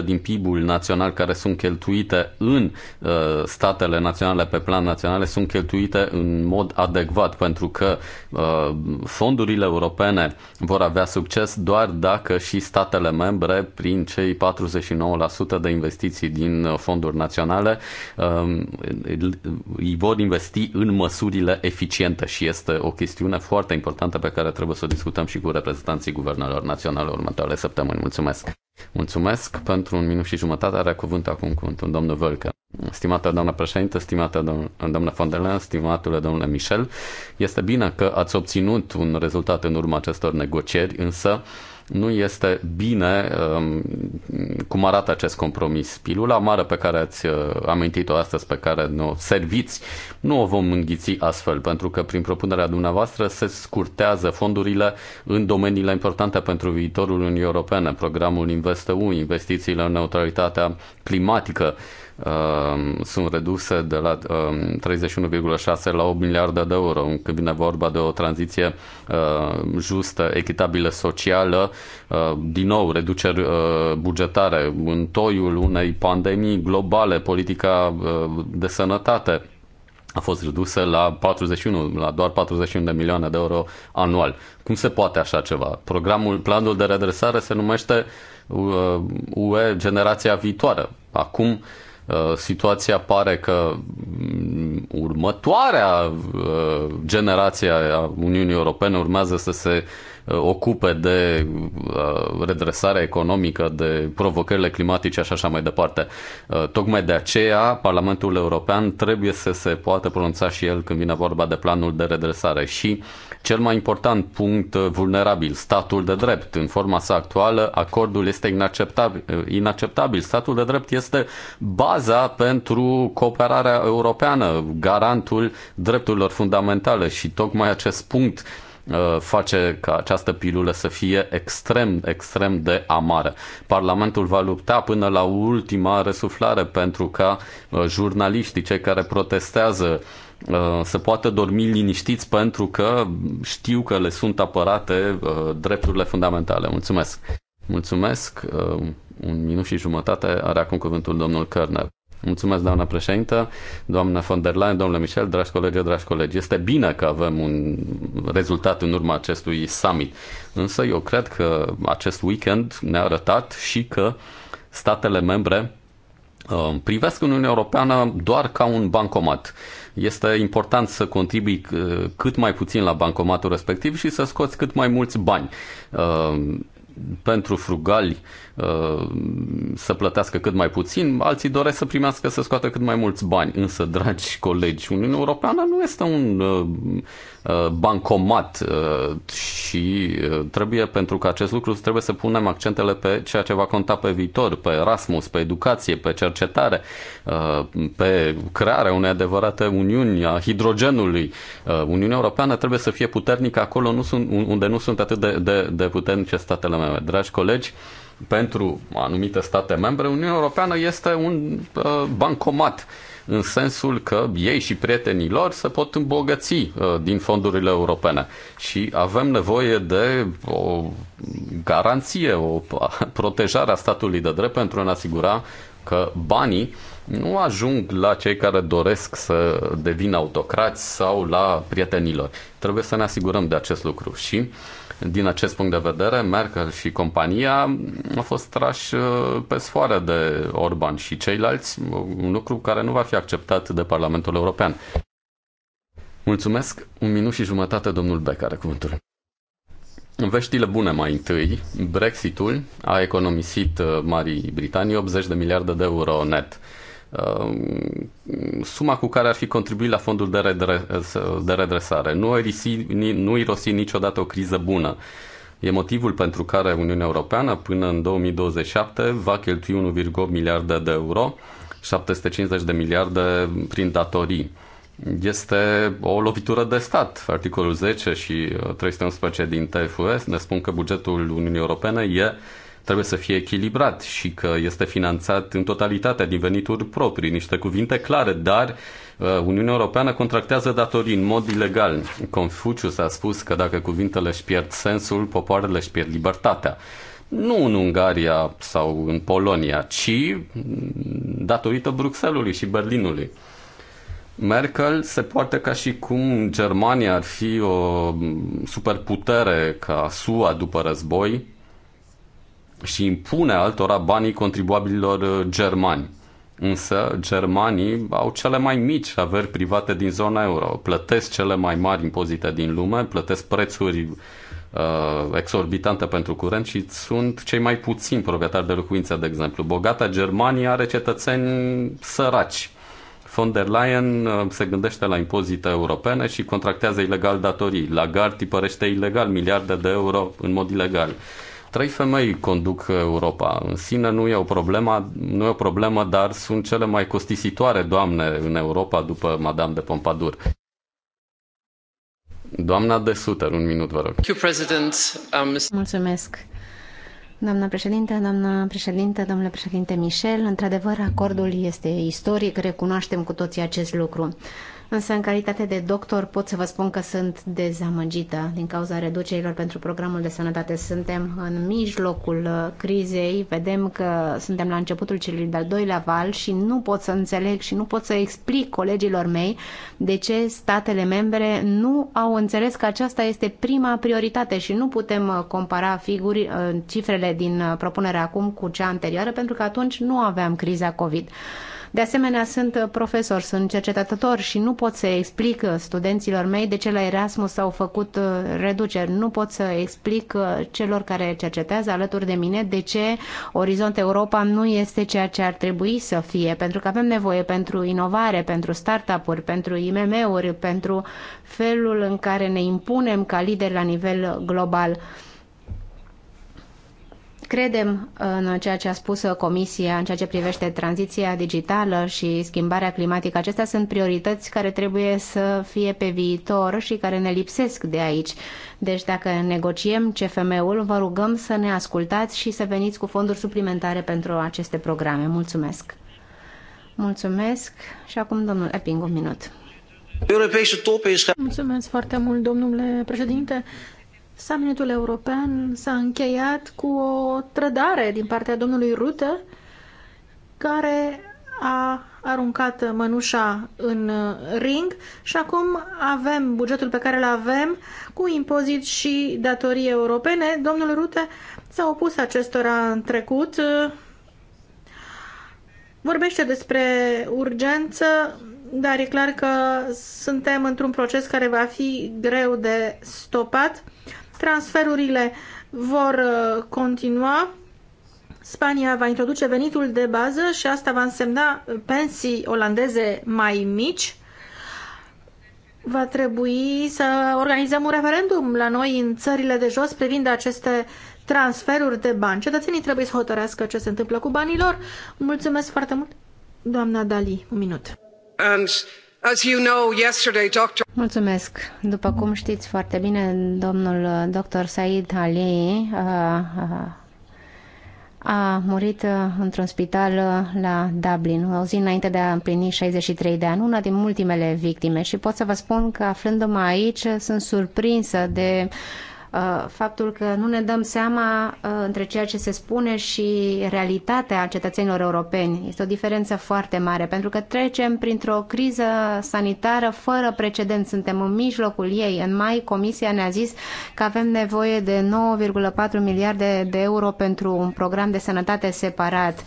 49% din PIB-ul național care sunt cheltuite în uh, statele naționale pe plan național sunt cheltuite în mod adecvat? Pentru că uh, fondurile europene vor avea succes doar dacă și statele membre, prin cei 49% de investiții din uh, fonduri naționale, um, îi vor investi în măsurile eficiente și este o chestiune foarte importantă pe care trebuie să o discutăm și cu reprezentanții guvernelor naționale următoarele săptămâni. Mulțumesc! Mulțumesc pentru un minut și jumătate. Are cuvânt acum un domnul Vălcă. Stimată doamnă președinte, stimată doamnă von der Leyen, stimatule domnule Michel, este bine că ați obținut un rezultat în urma acestor negocieri, însă nu este bine um, cum arată acest compromis. Pilula mare pe care ați uh, amintit-o astăzi, pe care o serviți, nu o vom înghiți astfel, pentru că prin propunerea dumneavoastră se scurtează fondurile în domeniile importante pentru viitorul Uniunii Europene, programul InvestEU, investițiile în neutralitatea climatică, Ehm, sunt reduse de la ehm, uh, 31,6 la 8 miliarde de euro. Când vine vorba de o tranziție uh, justă, echitabilă, socială, uh, din nou reduceri uh, bugetare în toiul unei pandemii globale, politica uh, de sănătate a fost redusă la 41, la doar 41 de milioane de euro anual. Cum se poate așa ceva? Programul, planul de redresare se numește UE Generația Viitoare. Acum uh, Uh, situația pare că mm, următoarea uh, generație a Uniunii Europene urmează să se Uh, ocupe de uh, redresarea economică, de provocările climatice și așa mai departe. Uh, tocmai de aceea Parlamentul European trebuie să se poată pronunța și el când vine vorba de planul de redresare și cel mai important punct vulnerabil, statul de drept. În forma sa actuală, acordul este inacceptabil. inacceptabil. Statul de drept este baza pentru cooperarea europeană, garantul drepturilor fundamentale și tocmai acest punct Uh, face ca această pilulă să fie extrem, extrem de amară. Parlamentul va lupta până la ultima resuflare pentru ca uh, jurnaliștii, cei care protestează, uh, să poată dormi liniștiți pentru că știu că le sunt apărate drepturile fundamentale. Mulțumesc! Mulțumesc! Un minut și jumătate are acum cuvântul domnul Kerner. Mulțumesc, doamna președintă, doamna von der Leyen, domnule Michel, dragi colegi, dragi colegi. Este bine că avem un rezultat în urma acestui summit, însă eu cred că acest weekend ne-a arătat și că statele membre uh, privesc Uniunea Europeană doar ca un bancomat. Este important să contribui uh, cât mai puțin la bancomatul respectiv și să scoți cât mai mulți bani. Uh, pentru frugali, Uh, să plătească cât mai puțin, alții doresc să primească să scoată cât mai mulți bani. Însă, dragi colegi, Uniunea Europeană nu este un uh, uh, bancomat și trebuie, pentru că acest lucru, trebuie să punem accentele pe ceea ce va conta pe viitor, pe Erasmus, pe educație, pe cercetare, pe crearea unei adevărate uniuni a hidrogenului. Uniunea Europeană trebuie să fie puternică acolo unde nu sunt atât de, de, de puternice statele mele. Dragi colegi, pentru anumite state membre, Uniunea Europeană este un uh, bancomat în sensul că ei și prietenii lor se pot îmbogăți uh, din fondurile europene și avem nevoie de o garanție, o protejare a statului de drept pentru a ne asigura că banii nu ajung la cei care doresc să devină autocrați sau la prietenilor. Trebuie să ne asigurăm de acest lucru și uh, din acest punct de vedere, Merkel și compania au fost trași uh, pe sfoară de Orban și ceilalți, un lucru care nu va fi acceptat de Parlamentul European. Mulțumesc. Un minut și jumătate, domnul Beck are cuvântul. Veștile bune mai întâi. Brexitul a economisit uh, Marii Britanii 80 de miliarde de euro net. Um, suma cu care ar fi contribuit la fondul de, redres- de redresare. Nu, irosi nu irosi niciodată o criză bună. E motivul pentru care Uniunea Europeană până în 2027 va cheltui 1,8 miliarde de euro, 750 de miliarde prin datorii. Este o lovitură de stat. Articolul 10 și 311 uh, din TFUS ne spun că bugetul Uniunii Europene e trebuie să fie echilibrat și că este finanțat în totalitate din venituri proprii. Niște cuvinte clare, dar uh, Uniunea Europeană contractează datorii în mod ilegal. Confucius a spus că dacă cuvintele își pierd sensul, popoarele își pierd libertatea nu în Ungaria sau în Polonia, ci datorită Bruxelului și Berlinului. Merkel se poartă ca și cum Germania ar fi o superputere ca SUA după război, și impune altora banii contribuabililor uh, germani. Însă germanii au cele mai mici averi private din zona euro, plătesc cele mai mari impozite din lume, plătesc prețuri uh, exorbitante pentru curent și sunt cei mai puțini proprietari de locuințe, de exemplu. Bogata Germania are cetățeni săraci. Von der Leyen uh, se gândește la impozite europene și contractează ilegal datorii. Lagarde tipărește ilegal miliarde de euro în mod ilegal. Trei femei conduc Europa. În sine nu e o problemă, nu e o problemă, dar sunt cele mai costisitoare doamne în Europa după Madame de Pompadour. Doamna de Suter, un minut, vă rog. Um,
Mulțumesc. Doamna președinte, doamna președinte, domnule președinte Michel, într-adevăr, acordul este istoric, recunoaștem cu toții acest lucru însă în calitate de doctor pot să vă spun că sunt dezamăgită din cauza reducerilor pentru programul de sănătate. Suntem în mijlocul uh, crizei, vedem că suntem la începutul celui de-al doilea val și nu pot să înțeleg și nu pot să explic colegilor mei de ce statele membre nu au înțeles că aceasta este prima prioritate și nu putem uh, compara figuri, uh, cifrele din propunerea acum cu cea anterioară, pentru că atunci nu aveam criza COVID. De asemenea, sunt uh, profesor, sunt cercetător și nu pot să explic uh, studenților mei de ce la Erasmus s-au făcut uh, reduceri. Nu pot să explic celor care cercetează alături de mine de ce Orizont Europa nu este ceea ce ar trebui să fie, pentru că avem nevoie pentru inovare, pentru startup-uri, pentru IMM-uri, pentru felul în care ne impunem ca lideri la nivel global. Credem uh, în ceea ce a spus uh, Comisia în ceea ce privește tranziția digitală și schimbarea climatică. Acestea sunt priorități care trebuie să fie pe viitor și care ne lipsesc de aici. Deci dacă negociem CFM-ul, vă rugăm să ne ascultați și să veniți cu fonduri suplimentare pentru aceste programe. Mulțumesc! Mulțumesc și acum domnul Epping, un minut.
Mulțumesc foarte mult, domnule președinte. Summitul European s-a încheiat cu o trădare din partea domnului Rută, care a aruncat mănușa în ring și acum avem bugetul pe care îl avem cu impozit și datorii europene. Domnul Rute s-a opus acestora în trecut. Vorbește despre urgență, dar e clar că suntem într-un proces care va fi greu de stopat. Transferurile vor uh, continua. Spania va introduce venitul de bază și asta va însemna uh, pensii olandeze mai mici. Va trebui să organizăm un referendum la noi în țările de jos privind aceste transferuri de bani. Cetățenii trebuie să hotărească ce se întâmplă cu banilor. Mulțumesc foarte mult, doamna Dali. Un minut.
And As you
know, yesterday, doctor...
Mulțumesc. După cum știți foarte bine, domnul dr. Said Ali a, uh, a, uh, a murit uh, într-un spital la Dublin, o zi înainte de a împlini 63 de ani, una din ultimele victime. Și pot să vă spun că aflându-mă aici, sunt surprinsă de uh, Uh, faptul că nu ne dăm seama uh, între ceea ce se spune și realitatea cetățenilor europeni. Este o diferență foarte mare, pentru că trecem printr-o criză sanitară fără precedent. Suntem în mijlocul ei. În mai, Comisia ne-a zis că avem nevoie de 9,4 miliarde de euro pentru un program de sănătate separat.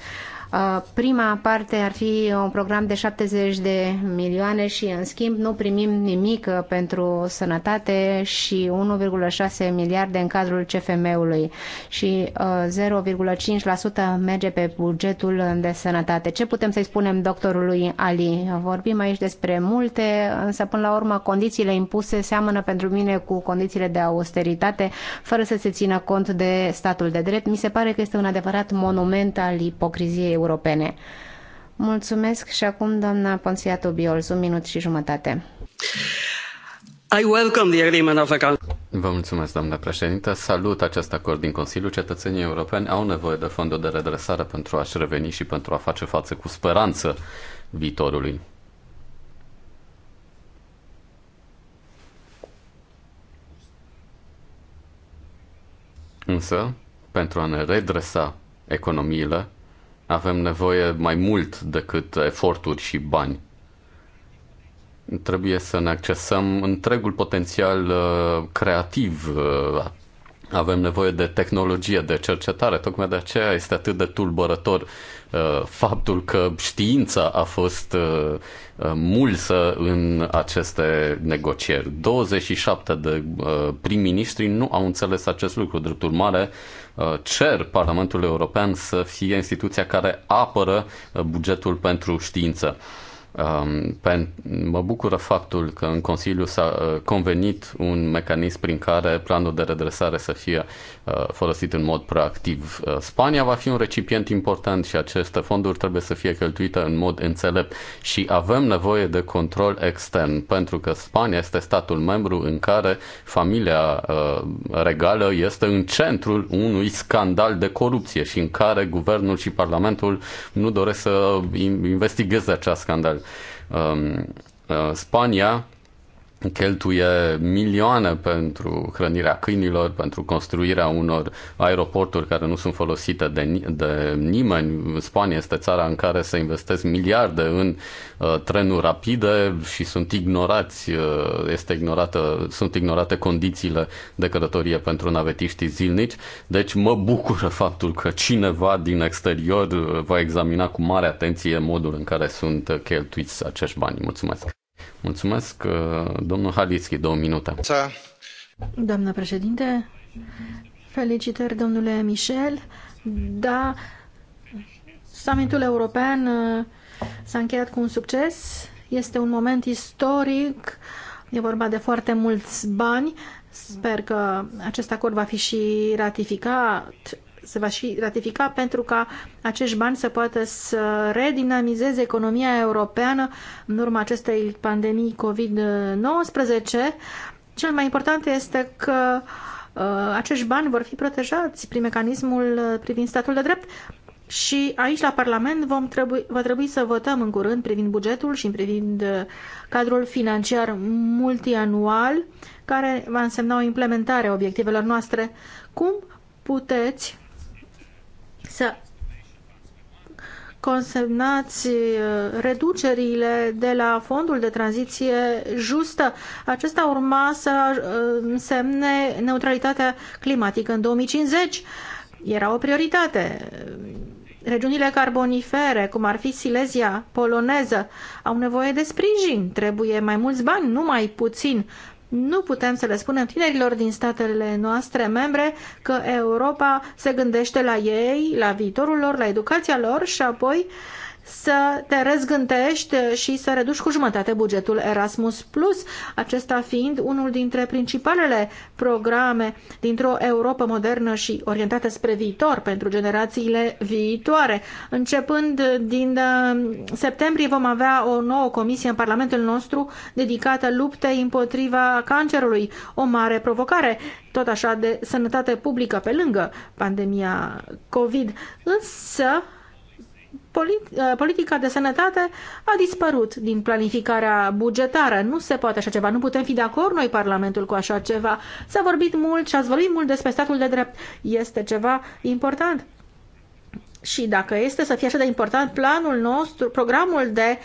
Uh, prima parte ar fi un program de 70 de milioane și în schimb nu primim nimic pentru sănătate și 1,6 miliarde în cadrul CFM-ului și 0,5% uh, merge pe bugetul de sănătate. Ce putem să-i spunem doctorului Ali? Vorbim aici despre multe, însă până la urmă condițiile impuse seamănă pentru mine cu condițiile de austeritate, fără să se țină cont de statul de drept. Mi se pare că este un adevărat monument al ipocriziei europene. Mulțumesc și acum doamna Ponția Biols, un minut și jumătate.
I welcome the agreement of Vă mulțumesc, doamna președintă. Salut acest acord din Consiliu. Cetățenii europeni au nevoie de fonduri de redresare pentru a-și reveni și pentru a face față cu speranță viitorului. Însă, pentru a ne redresa economiile, avem nevoie mai mult decât eforturi și bani. Trebuie să ne accesăm întregul potențial uh, creativ. Uh, avem nevoie de tehnologie, de cercetare. Tocmai de aceea este atât de tulburător uh, faptul că știința a fost mulsă în aceste negocieri. 27 de prim-ministri nu au înțeles acest lucru. Drept urmare, Uh, cer Parlamentului European să fie instituția care apără uh, bugetul pentru știință. Um, mă bucură faptul că în Consiliu s-a uh, convenit un mecanism prin care planul de redresare să fie uh, folosit în mod proactiv. Uh, Spania va fi un recipient important și aceste fonduri trebuie să fie cheltuite în mod înțelept și avem nevoie de control extern pentru că Spania este statul membru în care familia regală este în centrul unui scandal de corupție și în care guvernul și parlamentul nu doresc să investigheze acest scandal Spania cheltuie milioane pentru hrănirea câinilor, pentru construirea unor aeroporturi care nu sunt folosite de, de nimeni. Spania este țara în care se investesc miliarde în uh, trenuri rapide și sunt ignorați, uh, este ignorată, sunt ignorate condițiile de călătorie pentru navetiștii zilnici. Deci mă bucură faptul că cineva din exterior uh, va examina cu mare atenție modul în care sunt uh, cheltuiți acești bani. Mulțumesc! Mulțumesc, uh, domnul Halitski, două minute.
Doamnă președinte, felicitări, domnule Michel. Da, summitul european uh, s-a încheiat cu un succes. Este un moment istoric. E vorba de foarte mulți bani. Sper că acest acord va fi și ratificat se va și ratifica pentru ca acești bani să poată să redinamizeze economia europeană în urma acestei pandemii COVID-19. Cel mai important este că uh, acești bani vor fi protejați prin mecanismul uh, privind statul de drept și aici la Parlament vom trebui, va trebui să votăm în curând privind bugetul și privind uh, cadrul financiar multianual, care va însemna o implementare a obiectivelor noastre. Cum puteți să consemnați uh, reducerile de la fondul de tranziție justă. Acesta urma să uh, însemne neutralitatea climatică în 2050. Era o prioritate. Regiunile carbonifere, cum ar fi Silezia poloneză, au nevoie de sprijin. Trebuie mai mulți bani, nu mai puțin, nu putem să le spunem tinerilor din statele noastre membre că Europa se gândește la ei, la viitorul lor, la educația lor și apoi uh, să te răzgântești și să reduci cu jumătate bugetul Erasmus+, Plus, acesta fiind unul dintre principalele programe dintr-o Europa modernă și orientată spre viitor pentru generațiile viitoare. Începând din uh, septembrie vom avea o nouă comisie în Parlamentul nostru dedicată luptei împotriva cancerului, o mare provocare, tot așa de sănătate publică pe lângă pandemia COVID. Însă, Uh, politica de sănătate a dispărut din planificarea bugetară. Nu se poate așa ceva. Nu putem fi de acord noi, Parlamentul, cu așa ceva. S-a vorbit mult și ați vorbit mult despre statul de drept. Este ceva important. Și dacă este să fie așa de important, planul nostru, programul de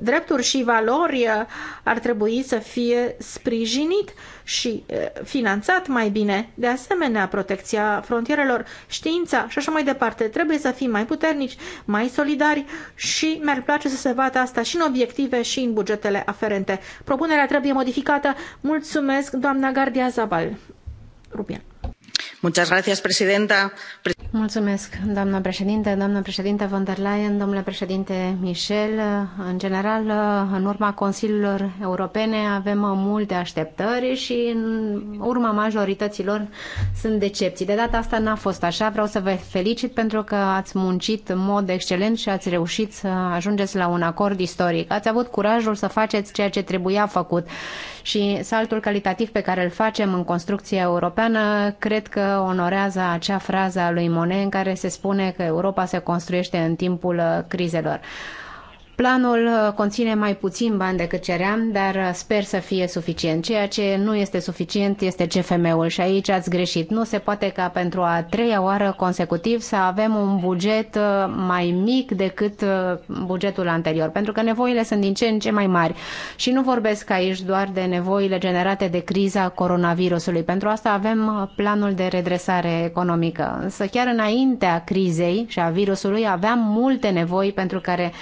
drepturi și valori uh, ar trebui să fie sprijinit și uh, finanțat mai bine. De asemenea, protecția frontierelor, știința și așa mai departe. Trebuie să fim mai puternici, mai solidari și mi-ar place să se vadă asta și în obiective și în bugetele aferente. Propunerea trebuie modificată. Mulțumesc, doamna Gardia Zabal.
Mulțumesc, doamnă președinte, doamnă președinte von der Leyen, domnule președinte Michel. În general, în urma Consiliilor Europene avem multe așteptări și în urma majorităților sunt decepții. De data asta n-a fost așa. Vreau să vă felicit pentru că ați muncit în mod excelent și ați reușit să ajungeți la un acord istoric. Ați avut curajul să faceți ceea ce trebuia făcut și saltul calitativ pe care îl facem în construcția europeană cred că onorează acea frază a lui Monet în care se spune că Europa se construiește în timpul crizelor. Planul uh, conține mai puțin bani decât ceream, dar uh, sper să fie suficient. Ceea ce nu este suficient este CFM-ul și aici ați greșit. Nu se poate ca pentru a treia oară consecutiv să avem un buget uh, mai mic decât bugetul anterior, pentru că nevoile sunt din ce în ce mai mari. Și nu vorbesc aici doar de nevoile generate de criza coronavirusului. Pentru asta avem planul de redresare economică. Însă chiar înaintea crizei și a virusului aveam multe nevoi pentru care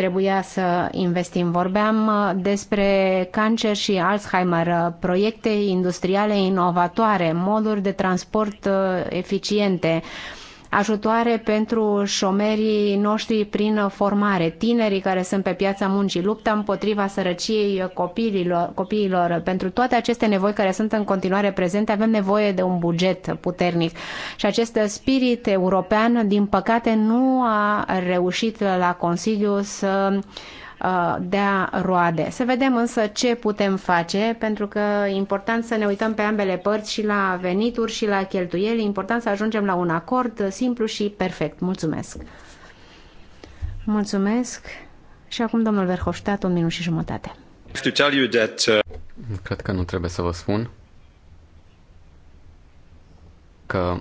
trebuia să investim. Vorbeam uh, despre cancer și Alzheimer, uh, proiecte industriale inovatoare, moduri de transport uh, eficiente, ajutoare pentru șomerii noștri prin formare, tinerii care sunt pe piața muncii, lupta împotriva sărăciei copiilor, copiilor. Pentru toate aceste nevoi care sunt în continuare prezente, avem nevoie de un buget puternic. Și acest spirit european, din păcate, nu a reușit la Consiliu să uh, Uh, dea roade. Să vedem însă ce putem face, pentru că e important să ne uităm pe ambele părți și la venituri și la cheltuieli. E important să ajungem la un acord simplu și perfect. Mulțumesc! Mulțumesc! Și acum, domnul Verhofstadt, un minut și jumătate.
Uh,
Cred că nu trebuie să vă spun că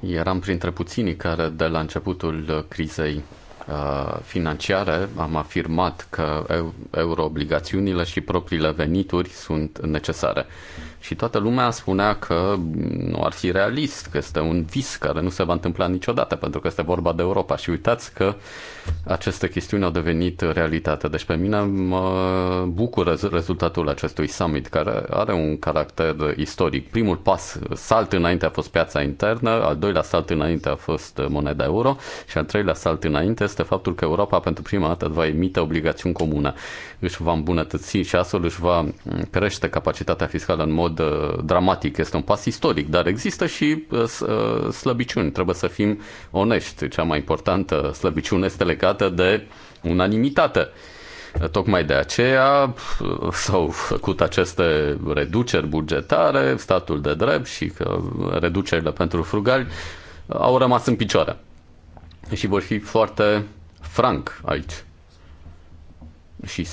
eram printre puținii care de la începutul crizei Uh, financiare, am afirmat că euroobligațiunile și propriile venituri sunt necesare. Și toată lumea spunea că nu ar fi realist, că este un vis care nu se va întâmpla niciodată, pentru că este vorba de Europa. Și uitați că aceste chestiuni au devenit realitate. Deci pe mine mă bucură rezultatul acestui summit, care are un caracter istoric. Primul pas, salt înainte a fost piața internă, al doilea salt înainte a fost moneda euro și al treilea salt înainte este faptul că Europa pentru prima dată va emite obligațiuni comune își va îmbunătăți și astfel își va crește capacitatea fiscală în mod uh, dramatic. Este un pas istoric, dar există și uh, uh, slăbiciuni. Trebuie să fim onești. Cea mai importantă slăbiciune este legată de unanimitate. Tocmai de aceea s-au făcut aceste reduceri bugetare, statul de drept și că reducerile pentru frugali au rămas în picioare. Și vor fi foarte franc aici și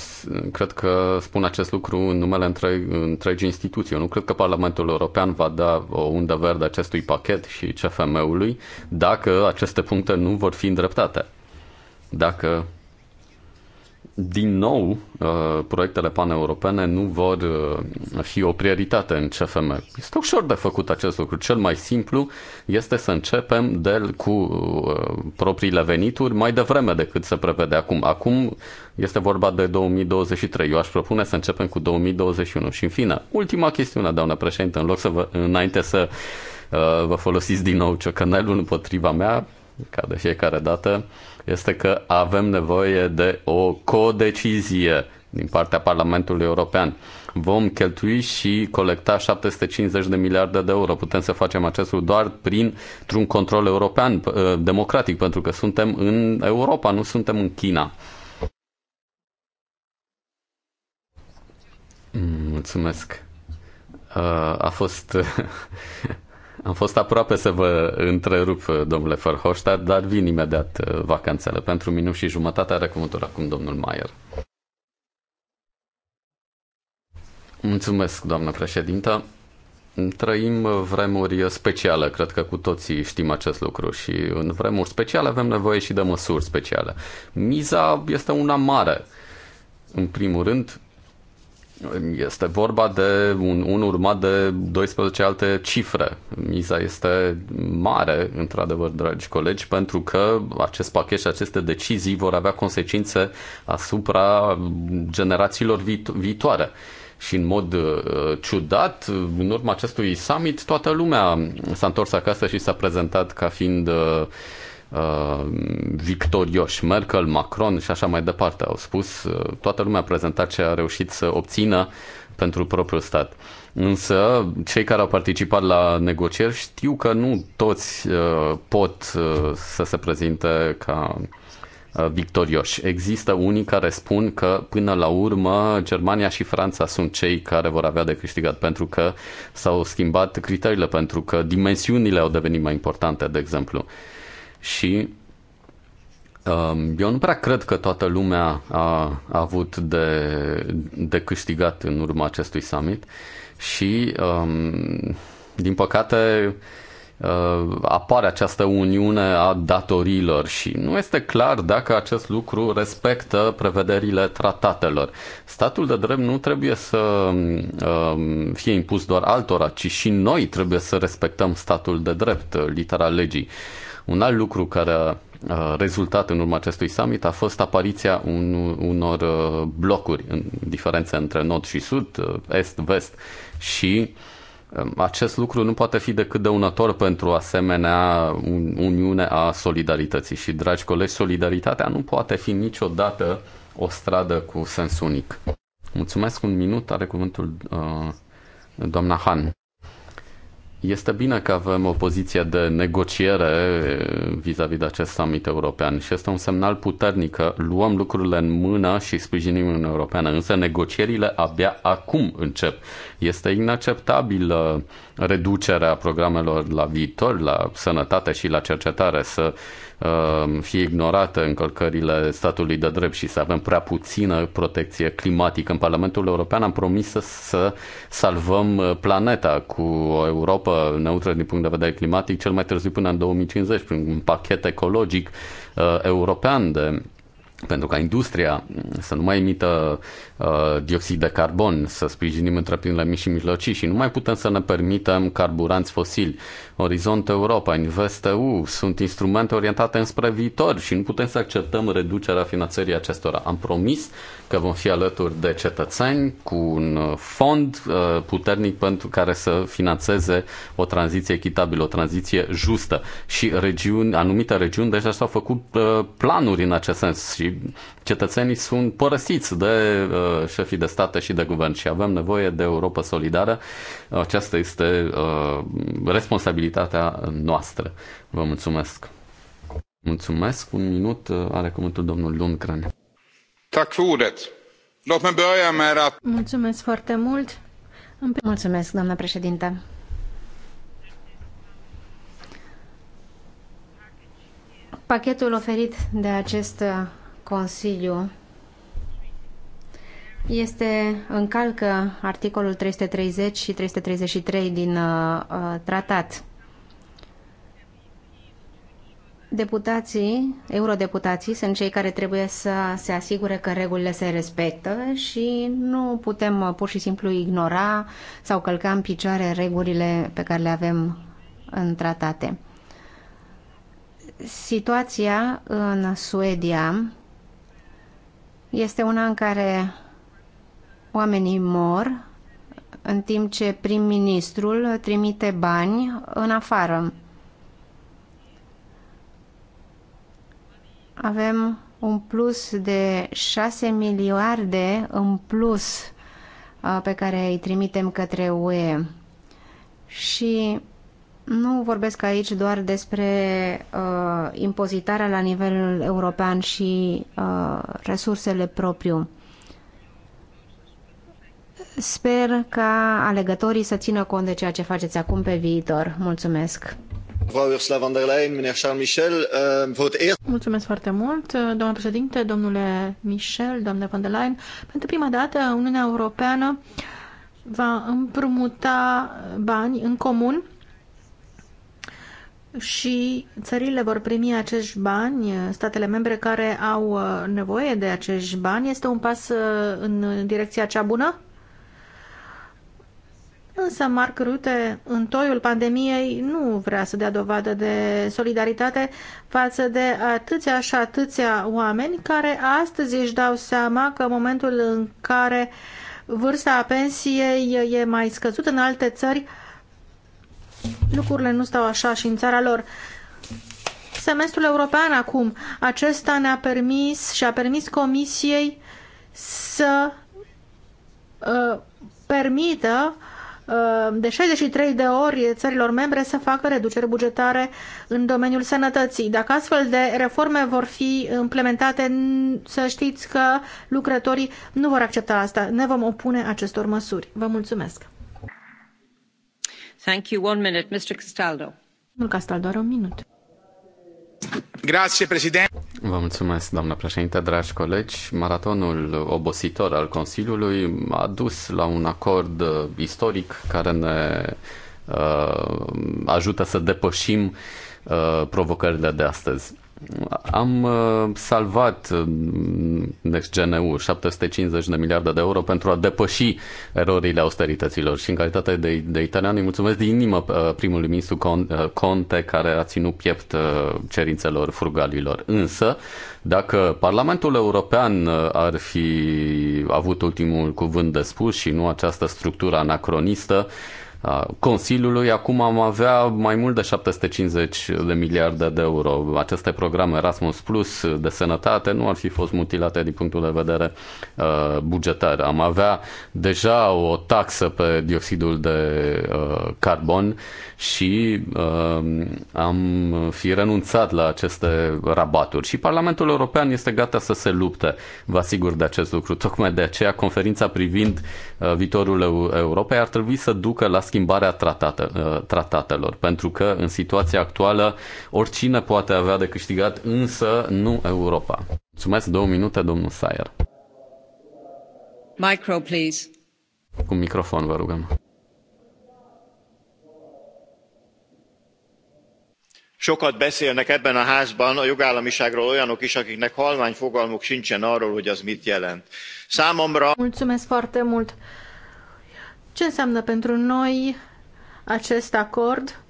cred că spun acest lucru în numele întreg, întregii instituții. Eu nu cred că Parlamentul European va da o undă verde acestui pachet și CFM-ului dacă aceste puncte nu vor fi îndreptate. Dacă din nou, uh, proiectele paneuropene nu vor uh, fi o prioritate în CFM. Este ușor de făcut acest lucru. Cel mai simplu este să începem de cu uh, propriile venituri mai devreme decât se prevede acum. Acum este vorba de 2023. Eu aș propune să începem cu 2021. Și în fine, ultima chestiune, doamnă președinte, în loc să vă, înainte să vă folosiți din nou ciocanelul împotriva mea, ca de fiecare dată, este că avem nevoie de o codecizie din partea Parlamentului European. Vom cheltui și colecta 750 de miliarde de euro. Putem să facem acest lucru doar printr-un control european uh, democratic, pentru că suntem în Europa, nu suntem în China. Mm, mulțumesc. Uh, a fost Am fost aproape să vă întrerup, domnule Verhofstadt, dar vin imediat uh, vacanțele. Pentru minut și jumătate are cuvântul acum domnul Maier. Mulțumesc, doamnă președintă. Trăim vremuri speciale, cred că cu toții știm acest lucru și în vremuri speciale avem nevoie și de măsuri speciale. Miza este una mare. În primul rând, este vorba de un, un urmat de 12 alte cifre. Miza este mare, într-adevăr, dragi colegi, pentru că acest pachet și aceste decizii vor avea consecințe asupra generațiilor viitoare. Și în mod uh, ciudat, în urma acestui summit, toată lumea s-a întors acasă și s-a prezentat ca fiind uh, Uh, victorioși. Merkel, Macron și așa mai departe au spus, uh, toată lumea a prezentat ce a reușit să obțină pentru propriul stat. Însă, cei care au participat la negocieri știu că nu toți uh, pot uh, să se prezinte ca uh, victorioși. Există unii care spun că până la urmă Germania și Franța sunt cei care vor avea de câștigat pentru că s-au schimbat criteriile, pentru că dimensiunile au devenit mai importante, de exemplu și um, eu nu prea cred că toată lumea a, avut de, de câștigat în urma acestui summit și, um, din păcate, uh, apare această uniune a datorilor și nu este clar dacă acest lucru respectă prevederile tratatelor. Statul de drept nu trebuie să um, fie impus doar altora, ci și noi trebuie să respectăm statul de drept, litera legii. Un alt lucru care a rezultat în urma acestui summit a fost apariția un, unor uh, blocuri, în diferențe între nord și sud, uh, est-vest și um, acest lucru nu poate fi decât dăunător pentru asemenea uniune a solidarității și, dragi colegi, solidaritatea nu poate fi niciodată o stradă cu sens unic. Mulțumesc un minut, are cuvântul uh, doamna Han. Este bine că avem o poziție de negociere eh, vis-a-vis -vis de acest summit european și este un semnal puternic că luăm lucrurile în mână și sprijinim Uniunea Europeană, însă negocierile abia acum încep. Este inacceptabilă reducerea programelor la viitor, la sănătate și la cercetare să uh, Um, fie ignorate încălcările statului de drept și să avem prea puțină protecție climatică. În Parlamentul European am promis să, să salvăm uh, planeta cu o Europa neutră din punct de vedere climatic cel mai târziu până în 2050 prin un pachet ecologic uh, european de pentru ca industria mm, să nu mai emită uh, dioxid de carbon, să sprijinim întreprinderile mici și mijlocii și nu mai putem să ne permitem carburanți fosili. Orizont Europa, InvestEU, sunt instrumente orientate înspre viitor și nu putem să acceptăm reducerea finanțării acestora. Am promis că vom fi alături de cetățeni cu un fond uh, puternic pentru care să finanțeze o tranziție echitabilă, o tranziție justă. Și regiuni, anumite regiuni deja s au făcut uh, planuri în acest sens și cetățenii sunt părăsiți de uh, șefii de state și de guvern și avem nevoie de Europa solidară. Aceasta este uh, responsabilitatea noastră. Vă mulțumesc. Mulțumesc. Un minut uh, are cuvântul domnul Lundgren.
Mulțumesc foarte mult. Mulțumesc, doamna președinte. Pachetul oferit de acest Consiliu este încalcă articolul 330 și 333 din uh, uh, tratat. Deputații, eurodeputații sunt cei care trebuie să se asigure că regulile se respectă și nu putem uh, pur și simplu ignora sau călca în picioare regulile pe care le avem în tratate. Situația în Suedia este una în care oamenii mor în timp ce prim-ministrul trimite bani în afară. Avem un plus de 6 miliarde în plus uh, pe care îi trimitem către UE și nu vorbesc aici doar despre uh, impozitarea la nivel european și uh, resursele propriu. Sper ca alegătorii să țină cont de ceea ce faceți acum pe
viitor. Mulțumesc! Äh, Mulțumesc foarte mult, domnule președinte, domnule Michel, doamne von der Leyen. Pentru prima dată, Uniunea Europeană va împrumuta bani în comun și țările vor primi acești bani, statele membre care au uh, nevoie de acești bani. Este un pas uh, în direcția cea bună? Însă Mark Rutte, în toiul pandemiei, nu vrea să dea dovadă de solidaritate față de atâția și atâția oameni care astăzi își dau seama că momentul în care vârsta pensiei e mai scăzută în alte țări, lucrurile nu stau așa și în țara lor. Semestrul european acum, acesta ne-a permis și a permis Comisiei să uh, permită uh, de 63 de ori țărilor membre să facă reduceri bugetare în domeniul sănătății. Dacă astfel de reforme vor fi implementate, să știți că lucrătorii nu vor accepta asta. Ne vom opune acestor măsuri. Vă mulțumesc!
mulțumesc, doamnă președinte, dragi colegi. Maratonul obositor al Consiliului a dus la un acord istoric care ne uh, ajută să depășim uh, provocările de astăzi am uh, salvat uh, Next Gen EU 750 de miliarde de euro pentru a depăși erorile austerităților și în calitate de, de italian îi mulțumesc din inimă uh, primului ministru Conte care a ținut piept cerințelor frugalilor. Însă, dacă Parlamentul European ar fi avut ultimul cuvânt de spus și nu această structură anacronistă, Consiliului, acum am avea mai mult de 750 de miliarde de euro. Aceste programe Erasmus Plus de sănătate nu ar fi fost mutilate din punctul de vedere uh, bugetar. Am avea deja o taxă pe dioxidul de uh, carbon și uh, am fi renunțat la aceste rabaturi. Și Parlamentul European este gata să se lupte, vă asigur de acest lucru. Tocmai de aceea conferința privind uh, viitorul Europei ar trebui să ducă la schimbarea tratată, uh, tratatelor, pentru că în situația actuală oricine poate avea de câștigat, însă nu Europa. Mulțumesc două minute, domnul Sayer.
Micro,
please.
Cu microfon, vă rugăm.
sokat beszélnek ebben a házban a jogállamiságról olyanok is akiknek halvány fogalmuk sincsen arról hogy az mit jelent. számomra. mulțumesc foarte mult. Ce înseamnă pentru noi acest acord?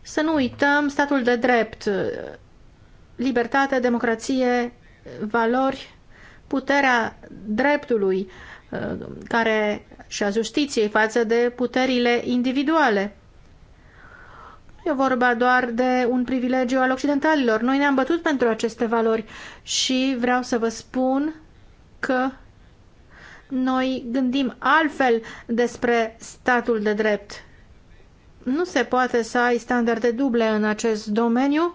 Să nu uităm statul de drept, libertate, democrație, valori, puterea dreptului uh, care și a justiției față de puterile individuale. E vorba doar de un privilegiu al occidentalilor. Noi ne-am bătut pentru aceste valori și vreau să vă spun că noi gândim altfel despre statul de drept. Nu se poate să ai standarde duble în acest domeniu,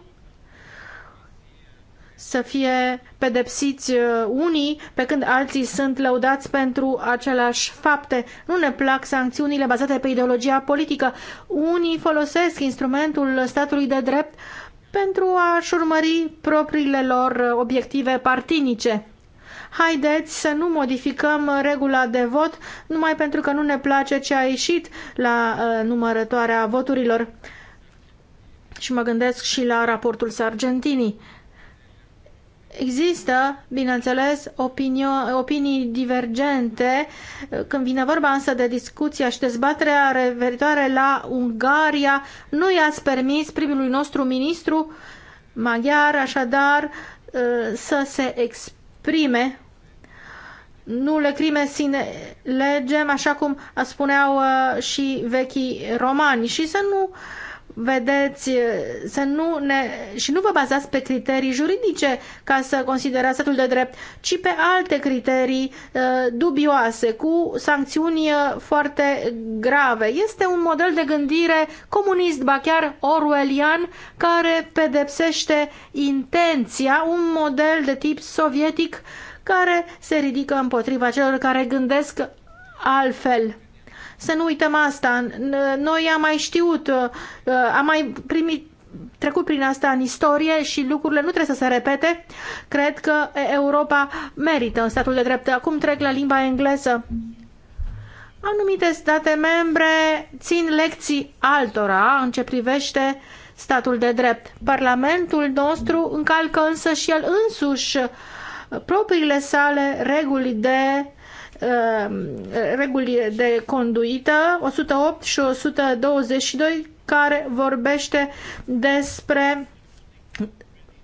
să fie pedepsiți uh, unii, pe când alții sunt lăudați pentru aceleași fapte. Nu ne plac sancțiunile bazate pe ideologia politică. Unii folosesc instrumentul statului de drept pentru a-și urmări propriile lor uh, obiective partinice haideți să nu modificăm regula de vot numai pentru că nu ne place ce a ieșit la uh, numărătoarea voturilor. Și mă gândesc și la raportul Sargentinii. Există, bineînțeles, opinio, opinii divergente când vine vorba însă de discuția și dezbaterea referitoare la Ungaria. Nu i-ați permis primului nostru ministru maghiar, așadar, uh, să se exprime prime, le crime sine legem, așa cum spuneau uh, și vechii romani, și să nu vedeți, să nu ne, și nu vă bazați pe criterii juridice ca să considerați statul de drept, ci pe alte criterii dubioase, cu sancțiuni foarte grave. Este un model de gândire comunist, ba chiar orwellian, care pedepsește intenția, un model de tip sovietic care se ridică împotriva celor care gândesc altfel. Să nu uităm asta. Noi am mai știut, uh, am mai primit trecut prin asta în istorie și lucrurile nu trebuie să se repete. Cred că Europa merită în statul de drept. Acum trec la limba engleză. Anumite state membre țin lecții altora în ce privește statul de drept. Parlamentul nostru încalcă însă și el însuși propriile sale reguli de Uh, reguli de conduită 108 și 122 care vorbește despre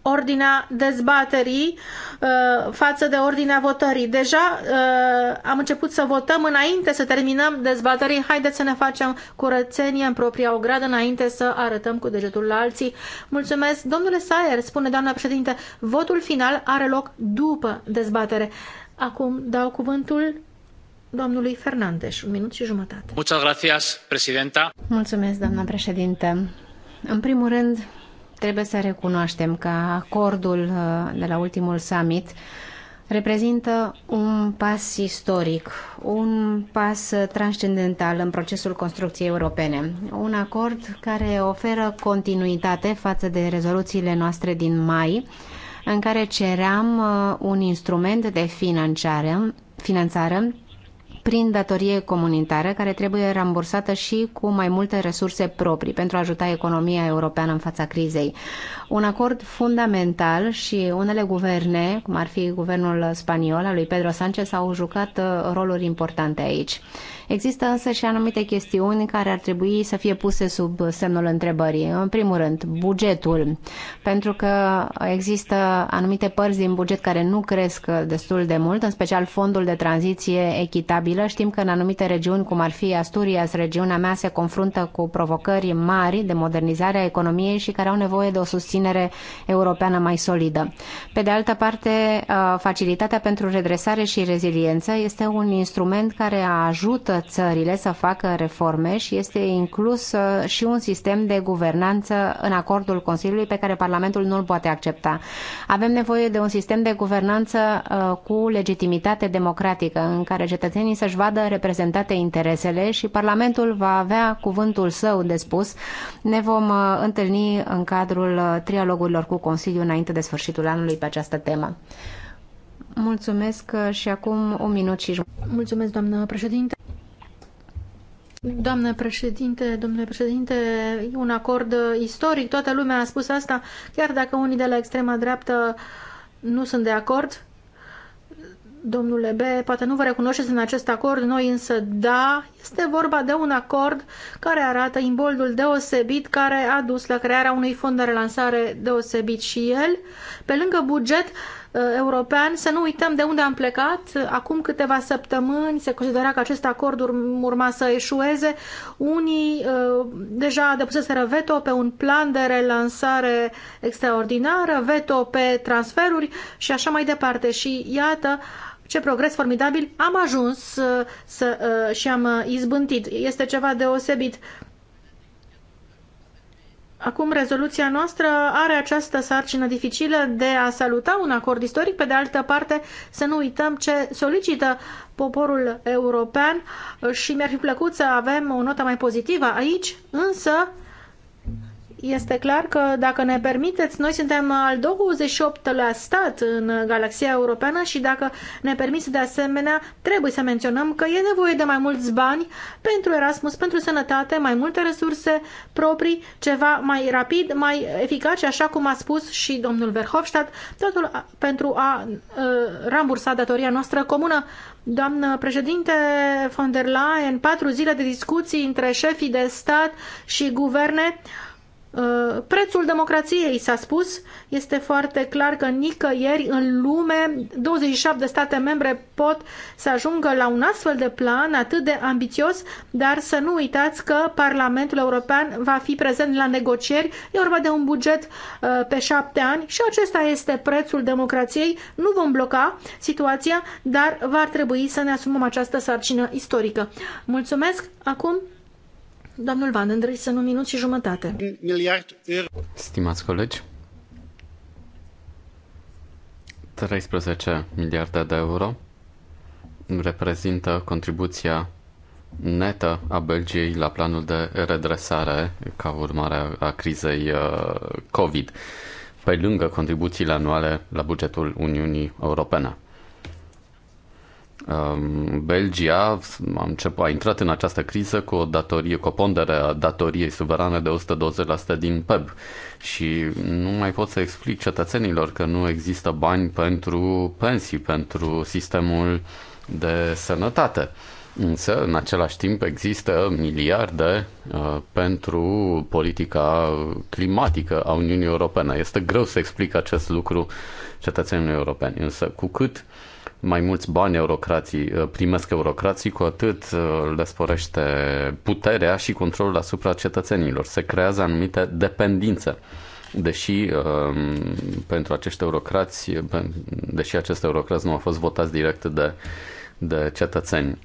ordinea dezbaterii uh, față de ordinea votării. Deja uh, am început să votăm înainte să terminăm dezbaterii. Haideți să ne facem curățenie în propria ogradă înainte să arătăm cu degetul la alții. Mulțumesc. Domnule Sayer, spune doamna președinte, votul final are loc după dezbatere. Acum dau cuvântul domnului Fernandes, un minut și jumătate.
Muchas gracias, presidenta.
Mulțumesc,
doamna președintă. În primul rând, trebuie să recunoaștem că acordul uh, de la ultimul summit reprezintă un pas istoric, un pas transcendental în procesul construcției europene, un acord care oferă continuitate față de rezoluțiile noastre din mai, în care ceream uh, un instrument de finanțare, finanțare prin datorie comunitară care trebuie rambursată și cu mai multe resurse proprii pentru a ajuta economia europeană în fața crizei. Un acord fundamental și unele guverne, cum ar fi guvernul spaniol al lui Pedro Sánchez, au jucat uh, roluri importante aici. Există însă și anumite chestiuni care ar trebui să fie puse sub semnul întrebării. În primul rând, bugetul, pentru că există anumite părți din buget care nu cresc destul de mult, în special fondul de tranziție echitabilă. Știm că în anumite regiuni, cum ar fi Asturias, regiunea mea se confruntă cu provocări mari de modernizare a economiei și care au nevoie de o susținere europeană mai solidă. Pe de altă parte, uh, facilitatea pentru redresare și reziliență este un instrument care ajută țările să facă reforme și este inclus uh, și un sistem de guvernanță în acordul Consiliului pe care Parlamentul nu îl poate accepta. Avem nevoie de un sistem de guvernanță uh, cu legitimitate democratică în care cetățenii să-și vadă reprezentate interesele și Parlamentul va avea cuvântul său de spus. Ne vom uh, întâlni în cadrul trialogurilor cu Consiliul înainte de sfârșitul anului pe această temă.
Mulțumesc și acum un minut și jumătate. Mulțumesc, doamnă președinte. Doamnă președinte, domnule președinte, e un acord uh, istoric, toată lumea a spus asta, chiar dacă unii de la extrema dreaptă nu sunt de acord. Domnule B, poate nu vă recunoașteți în acest acord, noi însă da, este vorba de un acord care arată imboldul deosebit care a dus la crearea unui fond de relansare deosebit și el, pe lângă buget, Uh, european, să nu uităm de unde am plecat. Acum câteva săptămâni se considera că acest acord urma să eșueze. Unii uh, deja depuseseră veto pe un plan de relansare extraordinară, veto pe transferuri și așa mai departe. Și iată, ce progres formidabil am ajuns uh, să, și am izbântit. Este ceva deosebit. Acum, rezoluția noastră are această sarcină dificilă de a saluta un acord istoric, pe de altă parte să nu uităm ce solicită poporul european și mi-ar fi plăcut să avem o notă mai pozitivă aici, însă este clar că, dacă ne permiteți, noi suntem al 28-lea stat în galaxia europeană și dacă ne permiteți de asemenea, trebuie să menționăm că e nevoie de mai mulți bani pentru Erasmus, pentru sănătate, mai multe resurse proprii, ceva mai rapid, mai eficace, așa cum a spus și domnul Verhofstadt, totul pentru a uh, rambursa datoria noastră comună. Doamnă președinte von der Leyen, patru zile de discuții între șefii de stat și guverne, Uh, prețul democrației, s-a spus, este foarte clar că nicăieri în lume 27 de state membre pot să ajungă la un astfel de plan atât de ambițios, dar să nu uitați că Parlamentul European va fi prezent la negocieri. E vorba de un buget uh, pe șapte ani și acesta este prețul democrației. Nu vom bloca situația, dar va trebui să ne asumăm această sarcină istorică. Mulțumesc! Acum Domnul Van Andresen, un minut și jumătate.
Stimați colegi, 13 miliarde de euro reprezintă contribuția netă a Belgiei la planul de redresare ca urmare a crizei uh, COVID, pe lângă contribuțiile anuale la bugetul Uniunii Europene. Belgia a, început, a intrat în această criză cu o datorie, cu o pondere a datoriei suverane de 120% din PEB și nu mai pot să explic cetățenilor că nu există bani pentru pensii, pentru sistemul de sănătate. Însă, în același timp, există miliarde uh, pentru politica climatică a Uniunii Europene. Este greu să explic acest lucru cetățenilor europeni, însă cu cât uh, mai mulți bani eurocrații uh, primesc eurocrații, cu atât uh, le sporește puterea și controlul asupra cetățenilor. Se creează anumite dependențe. Deși um, pentru acești eurocrați, deși acești eurocrați nu au fost votați direct de, de cetățeni.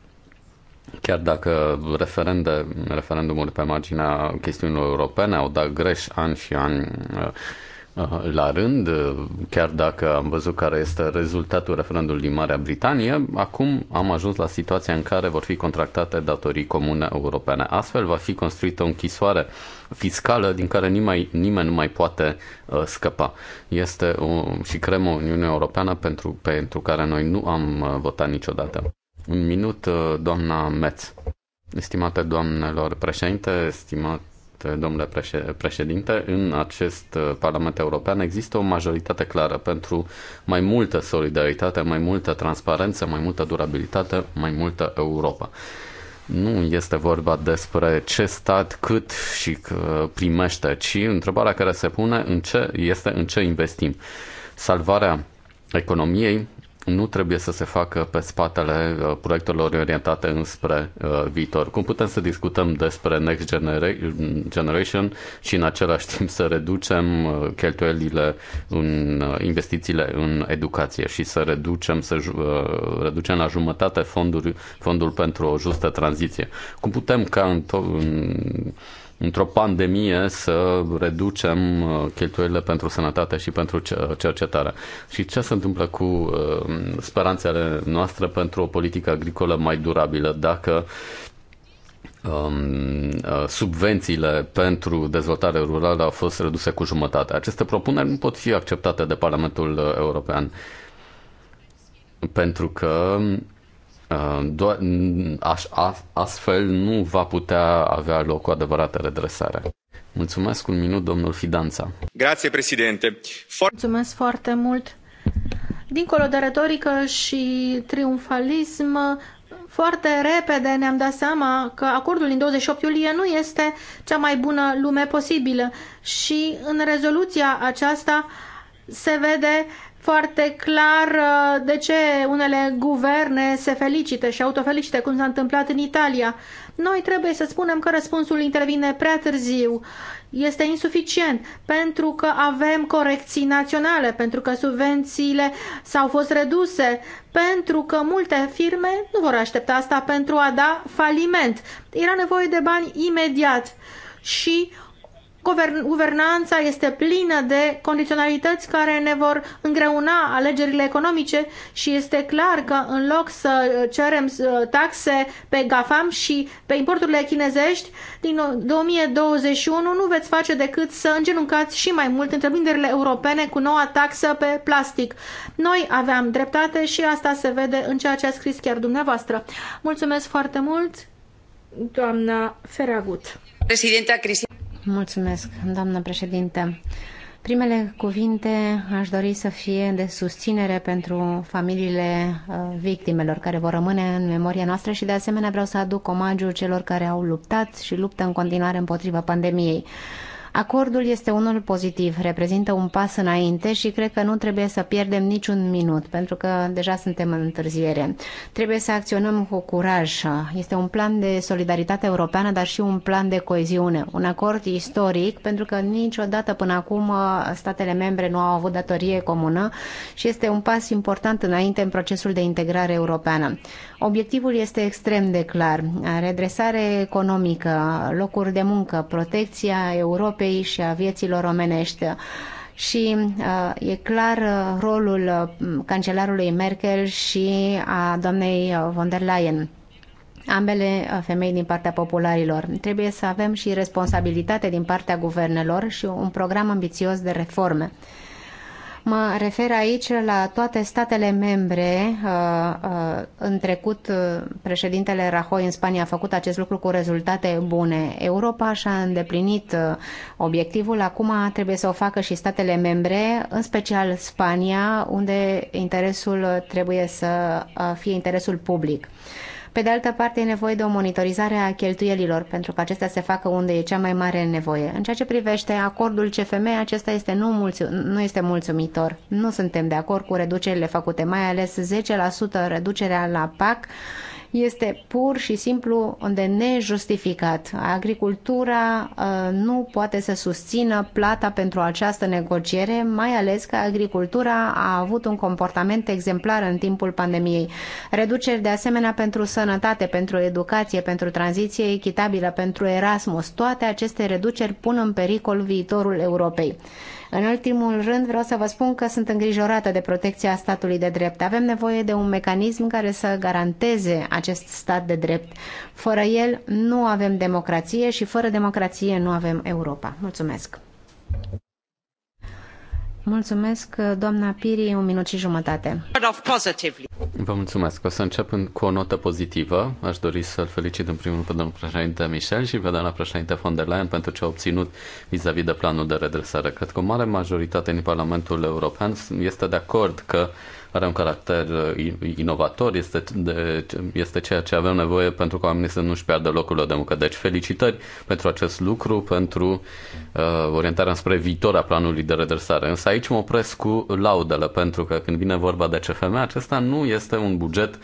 Chiar dacă referende, referendumul pe marginea chestiunilor europene au dat greș ani și ani uh, la rând, chiar dacă am văzut care este rezultatul referendului din Marea Britanie, acum am ajuns la situația în care vor fi contractate datorii comune europene. Astfel va fi construită o închisoare fiscală din care nimai, nimeni nu mai poate uh, scăpa. Este o, și creăm o Uniune Europeană pentru, pentru care noi nu am uh, votat niciodată. Un minut, uh, doamna Metz. Estimate doamnelor președinte, estimat domnule președinte, în acest uh, Parlament European există o majoritate clară pentru mai multă solidaritate, mai multă transparență, mai multă durabilitate, mai multă Europa. Nu este vorba despre ce stat cât și primește, ci întrebarea care se pune în ce este în ce investim. Salvarea economiei nu trebuie să se facă pe spatele uh, proiectelor orientate înspre uh, viitor. Cum putem să discutăm despre Next Generation și în același timp să reducem uh, cheltuielile în investițiile în educație și să reducem, să reducem la jumătate fonduri, fondul pentru o justă tranziție? Cum putem ca în, to- în într-o pandemie să reducem uh, cheltuielile pentru sănătate și pentru cercetare. Și ce se întâmplă cu uh, speranțele noastre pentru o politică agricolă mai durabilă dacă um, uh, subvențiile pentru dezvoltare rurală au fost reduse cu jumătate. Aceste propuneri nu pot fi acceptate de Parlamentul European pentru că Uh, a, astfel nu va putea avea loc o adevărată redresare. Mulțumesc un minut, domnul Fidanța. Grație, președinte.
For- Mulțumesc foarte mult. Dincolo de retorică și triumfalism, foarte repede ne-am dat seama că acordul din 28 iulie nu este cea mai bună lume posibilă și în rezoluția aceasta se vede uh, foarte clar uh, de ce unele guverne se felicite și autofelicite, cum s-a întâmplat în Italia. Noi trebuie să spunem că răspunsul intervine prea târziu, este insuficient, pentru că avem corecții naționale, pentru că subvențiile s-au fost reduse, pentru că multe firme nu vor aștepta asta pentru a da faliment. Era nevoie de bani imediat și guvernanța este plină de condiționalități care ne vor îngreuna alegerile economice și este clar că în loc să cerem uh, taxe pe GAFAM și pe importurile chinezești, din 2021 nu veți face decât să îngenuncați și mai mult întreprinderile europene cu noua taxă pe plastic. Noi aveam dreptate și asta se vede în ceea ce a scris chiar dumneavoastră. Mulțumesc foarte mult, doamna Feragut. Președinta Cristina.
Mulțumesc, doamnă președinte. Primele cuvinte aș dori să fie de susținere pentru familiile uh, victimelor care vor rămâne în memoria noastră și de asemenea vreau să aduc omagiu celor care au luptat și luptă în continuare împotriva pandemiei. Acordul este unul pozitiv, reprezintă un pas înainte și cred că nu trebuie să pierdem niciun minut, pentru că deja suntem în întârziere. Trebuie să acționăm cu curaj. Este un plan de solidaritate europeană, dar și un plan de coeziune. Un acord istoric, pentru că niciodată până acum uh, statele membre nu au avut datorie comună și este un pas important înainte în procesul de integrare europeană. Obiectivul este extrem de clar. Redresare economică, locuri de muncă, protecția Europei, Europei și a vieților omenești și uh, e clar uh, rolul uh, cancelarului Merkel și a doamnei uh, von der Leyen ambele uh, femei din partea popularilor. Trebuie să avem și responsabilitate din partea guvernelor și un program ambițios de reforme. Mă refer aici la toate statele membre. Uh, uh, în trecut, uh, președintele Rajoy în Spania a făcut acest lucru cu rezultate bune. Europa și-a îndeplinit obiectivul, acum trebuie să o facă și statele membre, în special Spania, unde interesul trebuie să fie interesul public. Pe de altă parte, e nevoie de o monitorizare a cheltuielilor, pentru că acestea se facă unde e cea mai mare nevoie. În ceea ce privește acordul CFM, acesta este nu, mulțu- nu este mulțumitor. Nu suntem de acord cu reducerile făcute, mai ales 10% reducerea la PAC, este pur și simplu de nejustificat. Agricultura uh, nu poate să susțină plata pentru această negociere, mai ales că agricultura a avut un comportament exemplar în timpul pandemiei. Reduceri de asemenea pentru sănătate, pentru educație, pentru tranziție echitabilă, pentru Erasmus, toate aceste reduceri pun în pericol viitorul Europei. În ultimul rând, vreau să vă spun că sunt îngrijorată de protecția statului de drept. Avem nevoie de un mecanism care să garanteze acest stat de drept. Fără el nu avem democrație și fără democrație nu avem Europa. Mulțumesc! Mulțumesc, doamna Piri, un minut și jumătate.
Vă mulțumesc. O să încep cu o notă pozitivă. Aș dori să-l felicit în primul rând pe domnul președinte Michel și pe doamna președinte von der Leyen pentru ce a obținut vis-a-vis de planul de redresare. Cred că o mare majoritate din Parlamentul European este de acord că are un caracter uh, inovator, este, de, este ceea ce avem nevoie pentru ca oamenii să nu-și piardă locurile de muncă. Deci felicitări pentru acest lucru, pentru uh, orientarea spre viitor a planului de redresare. Însă aici mă opresc cu laudele, pentru că când vine vorba de CFM, acesta nu este un buget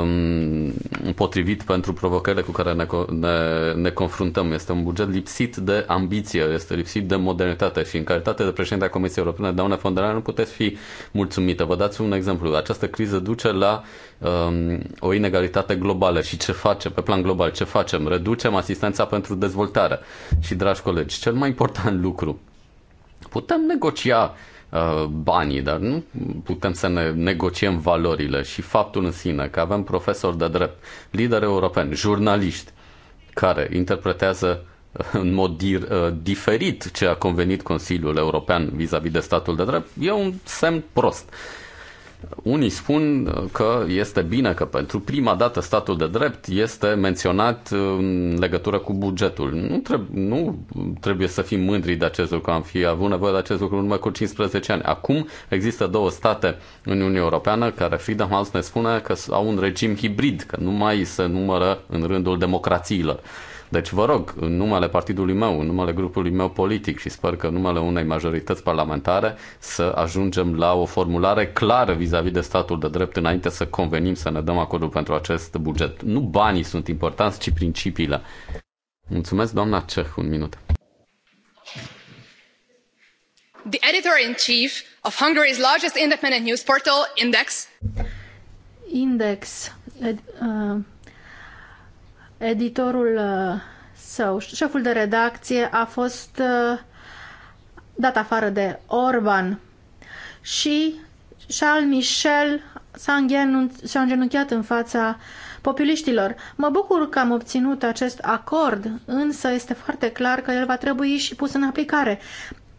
um, potrivit pentru provocările cu care ne, ne, ne confruntăm. Este un buget lipsit de ambiție, este lipsit de modernitate și în calitate de președinte a Comisiei Europene, doamna von der nu puteți fi mulțumită. Vă dați un exemplu. Această criză duce la um, o inegalitate globală și ce facem pe plan global, ce facem? Reducem asistența pentru dezvoltare. Și, dragi colegi, cel mai important lucru, putem negocia Uh, banii, dar nu putem să ne negociem valorile și faptul în sine că avem profesori de drept, lideri europeni, jurnaliști care interpretează uh, în mod dir, uh, diferit ce a convenit Consiliul European vis-a-vis -vis de statul de drept, e un semn prost. Unii spun uh, că este bine că pentru prima dată statul de drept este menționat uh, în legătură cu bugetul. Nu, treb- nu trebuie să fim mândri de acest lucru, am fi avut nevoie de acest lucru numai cu 15 ani. Acum există două state în Uniunea Europeană care Freedom House ne spune că au un regim hibrid, că nu mai se numără în rândul democrațiilor. Deci vă rog, în numele partidului meu, în numele grupului meu politic și sper că în numele unei majorități parlamentare să ajungem la o formulare clară vis-a-vis -vis de statul de drept înainte să convenim să ne dăm acordul pentru acest buget. Nu banii sunt importanți, ci principiile. Mulțumesc, doamna Ceh, un minut.
The editor-in-chief of Hungary's largest independent news portal, Index. Index, uh editorul uh, său, șeful de redacție, a fost uh, dat afară de Orban și Charles Michel s-a îngenunchiat în fața populiștilor. Mă bucur că am obținut acest acord, însă este foarte clar că el va trebui și pus în aplicare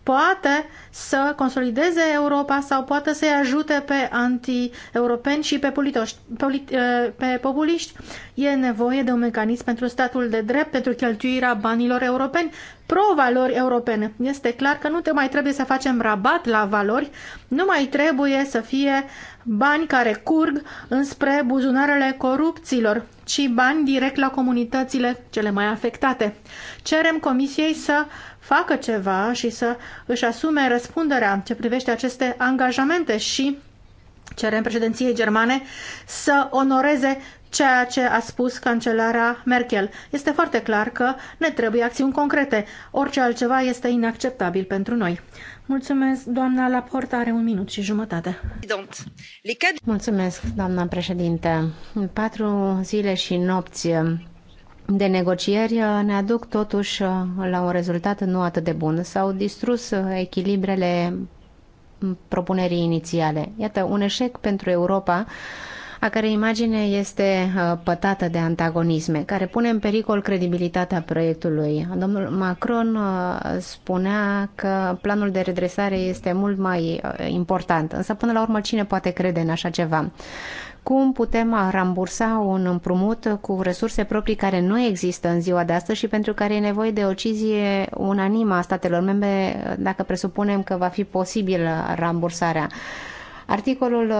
poate să consolideze Europa sau poate să-i ajute pe anti-europeni și pe, politoși, polit, eh, pe populiști. E nevoie de un mecanism pentru statul de drept, pentru cheltuirea banilor europeni, pro-valori europene. Este clar că nu te mai trebuie să facem rabat la valori, nu mai trebuie să fie bani care curg înspre buzunarele corupților, ci bani direct la comunitățile cele mai afectate. Cerem Comisiei să facă ceva și să își asume răspunderea ce privește aceste angajamente și cerem președinției germane să onoreze ceea ce a spus cancelara Merkel. Este foarte clar că ne trebuie acțiuni concrete. Orice altceva este inacceptabil pentru noi. Mulțumesc, doamna Laport are un minut și
jumătate. Mulțumesc, doamna președinte. Patru zile și nopți de negocieri uh, ne aduc totuși uh, la un rezultat nu atât de bun. S-au distrus uh, echilibrele propunerii inițiale. Iată, un eșec pentru Europa a care imagine este pătată de antagonisme, care pune în pericol credibilitatea proiectului. Domnul Macron spunea că planul de redresare este mult mai important, însă până la urmă cine poate crede în așa ceva? cum putem rambursa un împrumut cu resurse proprii care nu există în ziua de astăzi și pentru care e nevoie de o decizie unanimă a statelor membre dacă presupunem că va fi posibilă rambursarea. Articolul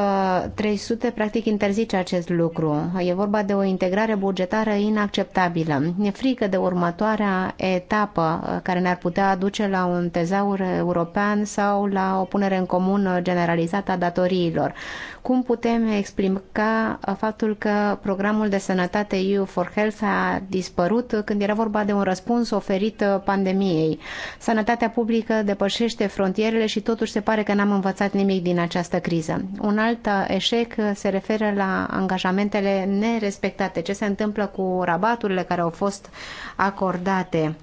300 uh, practic interzice acest lucru. E vorba de o integrare bugetară inacceptabilă. Ne frică de următoarea etapă uh, care ne-ar putea aduce la un tezaur european sau la o punere în comun generalizată a datoriilor cum putem explica faptul că programul de sănătate EU for Health a dispărut când era vorba de un răspuns oferit uh, pandemiei. Sănătatea publică depășește frontierele și totuși se pare că n-am învățat nimic din această criză. Un alt uh, eșec uh, se referă la angajamentele nerespectate. Ce se întâmplă cu rabaturile care au fost acordate?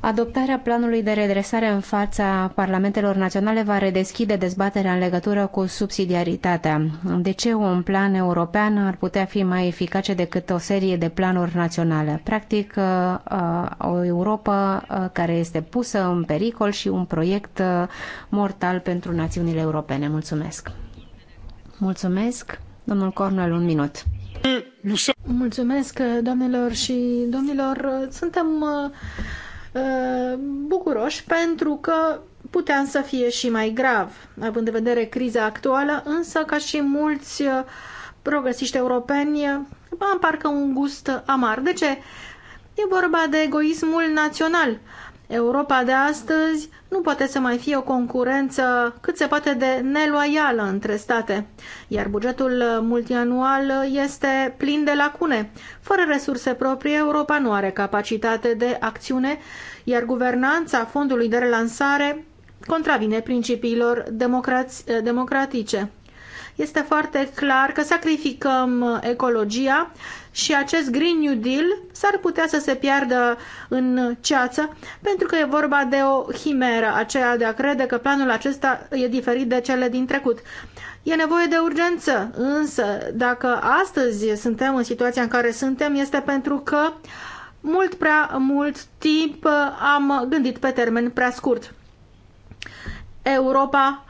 Adoptarea planului de redresare în fața parlamentelor naționale va redeschide dezbaterea în legătură cu subsidiaritatea. De ce un plan european ar putea fi mai eficace decât o serie de planuri naționale? Practic, uh, uh, o Europa uh, care este pusă în pericol și un proiect mortal pentru națiunile europene. Mulțumesc! Mulțumesc! Domnul Cornel, un minut.
Mulțumesc, doamnelor și domnilor. Suntem Uh, bucuroși pentru că putea să fie și mai grav, având în vedere criza actuală, însă ca și mulți uh, progresiști europeni am uh, parcă un gust amar. De ce? E vorba de egoismul național Europa de astăzi nu poate să mai fie o concurență cât se poate de neloială între state, iar bugetul multianual este plin de lacune. Fără resurse proprii, Europa nu are capacitate de acțiune, iar guvernanța fondului de relansare contravine principiilor democratice. Este foarte clar că sacrificăm ecologia și acest Green New Deal s-ar putea să se piardă în ceață pentru că e vorba de o himeră aceea de a crede că planul acesta e diferit de cele din trecut. E nevoie de urgență, însă dacă astăzi suntem în situația în care suntem este pentru că mult prea mult timp am gândit pe termen prea scurt. Europa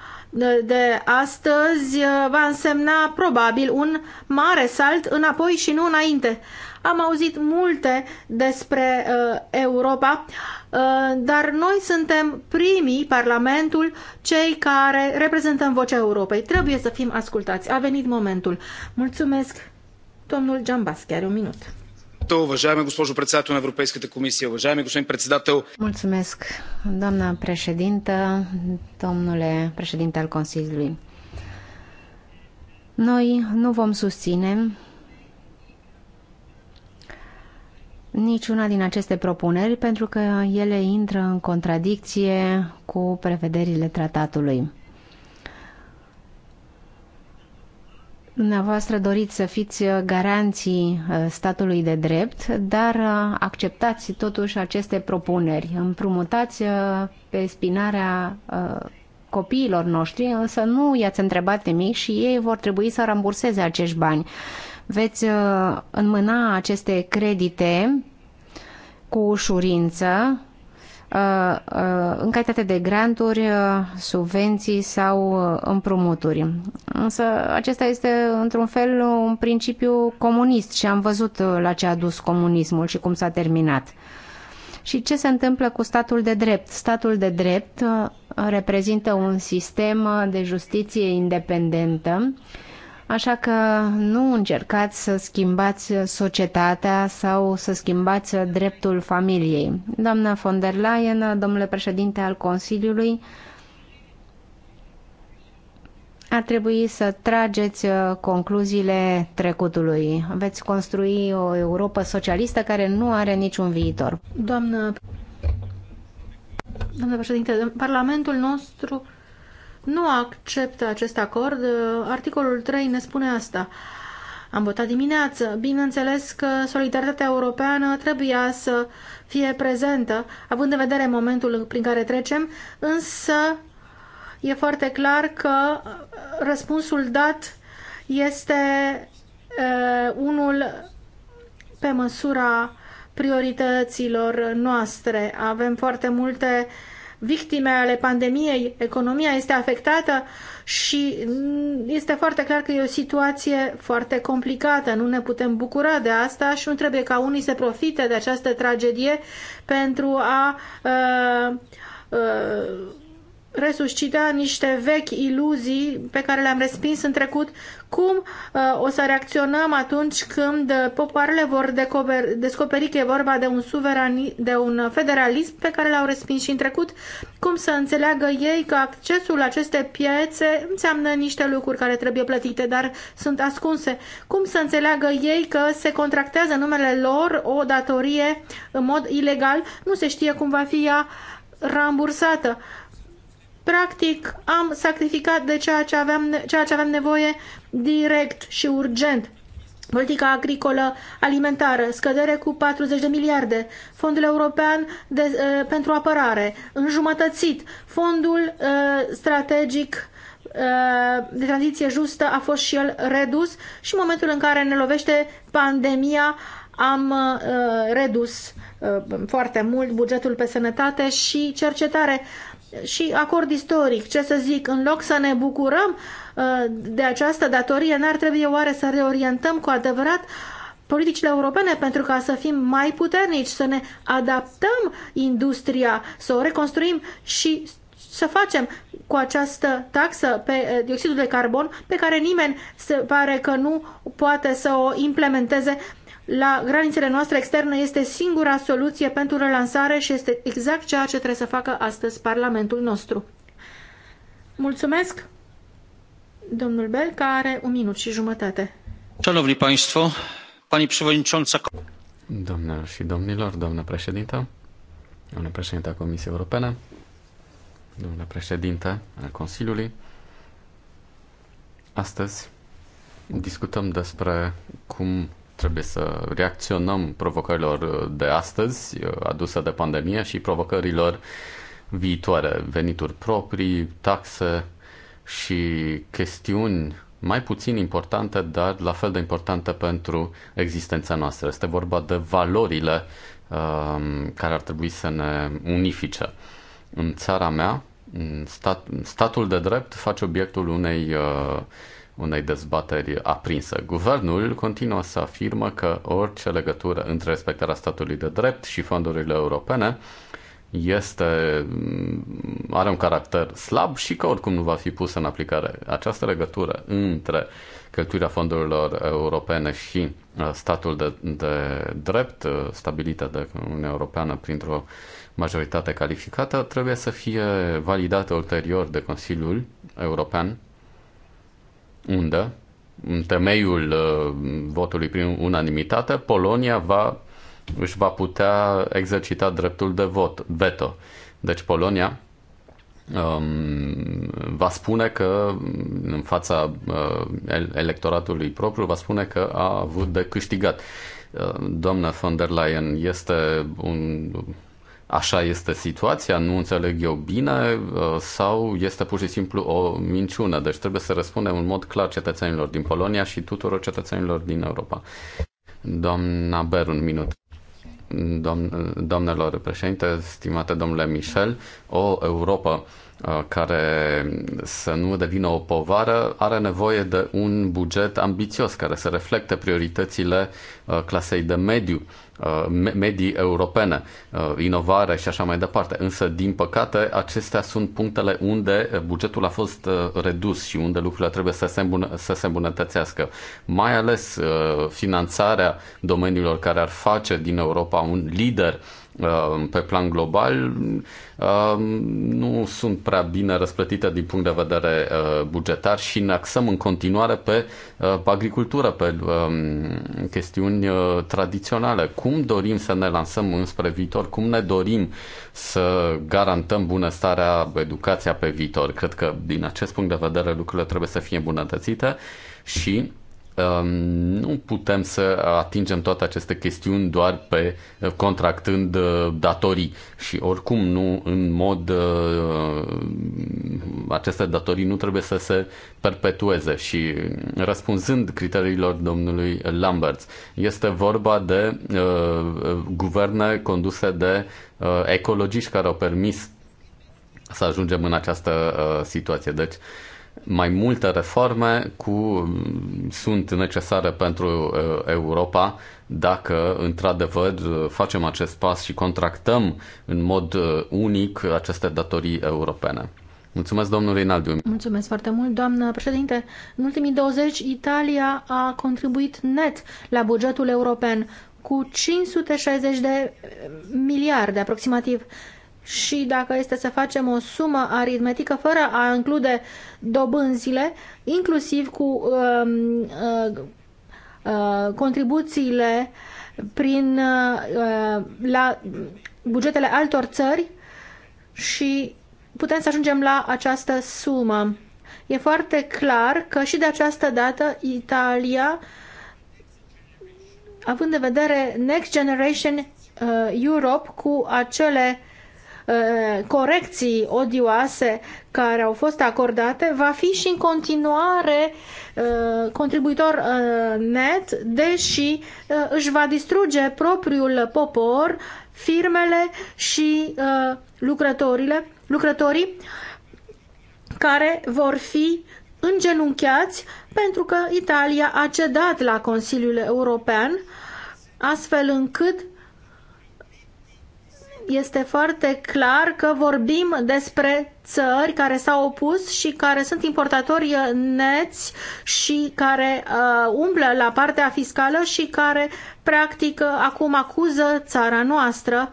de astăzi uh, va însemna probabil un mare salt înapoi și nu înainte. Am auzit multe despre uh, Europa, uh, dar noi suntem primii, Parlamentul, cei care reprezentăm vocea Europei. Trebuie să fim ascultați. A venit momentul. Mulțumesc, domnul Giambaschi, are un minut.
Mulțumesc, doamna președintă, domnule președinte al Consiliului. Noi nu vom susține niciuna din aceste propuneri pentru că ele intră în contradicție cu prevederile tratatului. Dumneavoastră doriți să fiți uh, garanții uh, statului de drept, dar uh, acceptați totuși aceste propuneri. Împrumutați pe spinarea copiilor noștri, însă nu i-ați întrebat nimic și ei vor trebui să ramburseze acești bani. Veți înmâna aceste credite cu ușurință Uh, uh, în calitate de granturi, uh, subvenții sau împrumuturi. Însă acesta este într-un fel un principiu comunist și am văzut la ce a dus comunismul și cum s-a terminat. Și ce se întâmplă cu statul de drept? Statul de drept reprezintă un sistem de justiție independentă Așa că nu încercați să schimbați societatea sau să schimbați dreptul familiei. Doamna von der Leyen, domnule președinte al Consiliului, ar trebui să trageți uh, concluziile trecutului. Veți construi o Europa socialistă care nu are niciun viitor.
Doamnă, doamnă președinte, Parlamentul nostru nu acceptă acest acord. Articolul 3 ne spune asta. Am votat dimineață. Bineînțeles că solidaritatea europeană trebuia să fie prezentă, având în vedere momentul prin care trecem, însă e foarte clar că răspunsul dat este uh, unul pe măsura priorităților noastre. Avem foarte multe victime ale pandemiei, economia este afectată și este foarte clar că e o situație foarte complicată. Nu ne putem bucura de asta și nu trebuie ca unii să profite de această tragedie pentru a uh, uh, resuscita niște vechi iluzii pe care le-am respins în trecut, cum uh, o să reacționăm atunci când uh, popoarele vor descoperi că e vorba de un, suveran, de un federalism pe care l-au respins și în trecut, cum să înțeleagă ei că accesul la aceste piețe înseamnă niște lucruri care trebuie plătite, dar sunt ascunse, cum să înțeleagă ei că se contractează numele lor o datorie în mod ilegal, nu se știe cum va fi ea rambursată Practic, am sacrificat de ceea ce aveam, ceea ce aveam nevoie direct și urgent. Politica agricolă alimentară, scădere cu 40 de miliarde, fondul european de, uh, pentru apărare, înjumătățit, fondul uh, strategic uh, de tranziție justă a fost și el redus și în momentul în care ne lovește pandemia am uh, redus uh, foarte mult bugetul pe sănătate și cercetare și acord istoric. Ce să zic, în loc să ne bucurăm uh, de această datorie, n-ar trebui oare să reorientăm cu adevărat politicile europene pentru ca să fim mai puternici, să ne adaptăm industria, să o reconstruim și să facem cu această taxă pe uh, dioxidul de carbon pe care nimeni se pare că nu poate să o implementeze la granițele noastre externe este singura soluție pentru relansare și este exact ceea ce trebuie să facă astăzi Parlamentul nostru. Mulțumesc! Domnul Belca are un minut și jumătate.
Szanowni Państwo, Pani Przewodnicząca...
Doamnelor și domnilor, doamnă președintă, doamnă președintă a Comisiei Europene, doamnă președintă al Consiliului, astăzi discutăm despre cum trebuie să reacționăm provocărilor de astăzi uh, aduse de pandemie și provocărilor viitoare, venituri proprii, taxe și chestiuni mai puțin importante, dar la fel de importante pentru existența noastră. Este vorba de valorile um, care ar trebui să ne unifice. În țara mea, stat, statul de drept face obiectul unei uh, unei dezbateri aprinse. Guvernul continuă să afirmă că orice legătură între respectarea statului de drept și fondurile europene este, mm, are un caracter slab și că oricum nu va fi pusă în aplicare această legătură între cheltuirea fondurilor europene și uh, statul de, de drept uh, stabilită de Uniunea Europeană printr-o majoritate calificată trebuie să fie validată ulterior de Consiliul European unde, în temeiul uh, votului prin unanimitate, Polonia va, își va putea exercita dreptul de vot, veto. Deci Polonia um, va spune că în fața uh, electoratului propriu va spune că a avut de câștigat. Uh, doamna von der Leyen este un așa este situația, nu înțeleg eu bine uh, sau este pur și simplu o minciună. Deci trebuie să răspundem în mod clar cetățenilor din Polonia și tuturor cetățenilor din Europa. Doamna Ber, un minut. Doamn, doamnelor președinte, stimate domnule Michel, o Europa Uh, care să nu devină o povară, are nevoie de un buget ambițios care să reflecte prioritățile uh, clasei de mediu uh, medii europene, inovare și așa mai departe. Însă, din păcate, acestea sunt punctele unde bugetul a fost redus și unde lucrurile trebuie să se, să se îmbunătățească. Mai ales finanțarea domeniilor care ar face din Europa un lider Uh, pe plan global uh, nu sunt prea bine răsplătite din punct de vedere uh, bugetar și ne axăm în continuare pe agricultură, pe um, chestiuni tradiționale. Cum dorim să ne lansăm înspre viitor? Cum ne dorim să garantăm bunăstarea, educația pe viitor? Cred că din acest punct de vedere lucrurile trebuie să fie îmbunătățite și Um, nu putem să atingem toate aceste chestiuni doar pe uh, contractând uh, datorii și oricum nu în mod uh, mm, aceste datorii nu trebuie să se perpetueze și mm, răspunzând criteriilor domnului Lamberts este vorba de guverne conduse de ecologiști care au permis să ajungem în această situație. Deci mai multe reforme cu, sunt necesare pentru uh, Europa dacă într-adevăr uh, facem acest pas și contractăm în mod uh, unic aceste datorii europene. Mulțumesc, domnul Rinaldiu.
Mulțumesc foarte mult, doamnă președinte. În ultimii 20, Italia a contribuit net la bugetul european cu 560 de miliarde aproximativ și dacă este să facem o sumă aritmetică fără a include dobânzile, inclusiv cu uh, uh, uh, contribuțiile prin, uh, la bugetele altor țări și putem să ajungem la această sumă. E foarte clar că și de această dată Italia, având în vedere Next Generation uh, Europe cu acele Uh, corecții odioase care au fost acordate, va fi și în continuare uh, contribuitor uh, net, deși își va distruge propriul popor, firmele și lucrătorile, lucrătorii care vor fi îngenunchiați pentru că Italia a cedat la Consiliul European astfel încât este foarte clar că vorbim despre țări care s-au opus și care sunt importatori neți și care uh, umblă la partea fiscală și care practic uh, acum acuză țara noastră.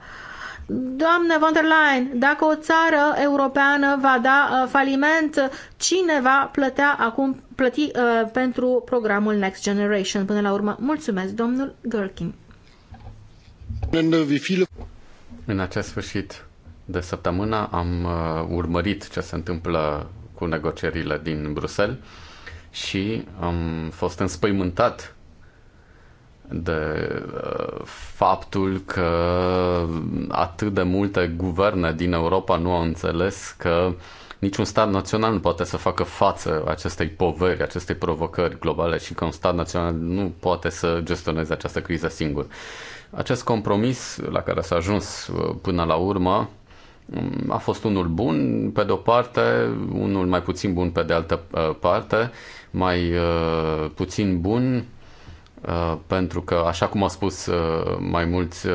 Doamne von der Leyen, dacă o țară europeană va da uh, faliment, cine va plătea acum plăti uh, pentru programul Next Generation până la urmă? Mulțumesc, domnul Gherkin.
Uh, în acest sfârșit de săptămână am uh, urmărit ce se întâmplă cu negocierile din Bruxelles și am fost înspăimântat de uh, faptul că atât de multe guverne din Europa nu au înțeles că niciun stat național nu poate să facă față acestei poveri, acestei provocări globale și că un stat național nu poate să gestioneze această criză singur. Acest compromis la care s-a ajuns uh, până la urmă um, a fost unul bun pe de-o parte, unul mai puțin bun pe de altă uh, parte, mai uh, puțin bun pentru că, așa cum au spus mai mulți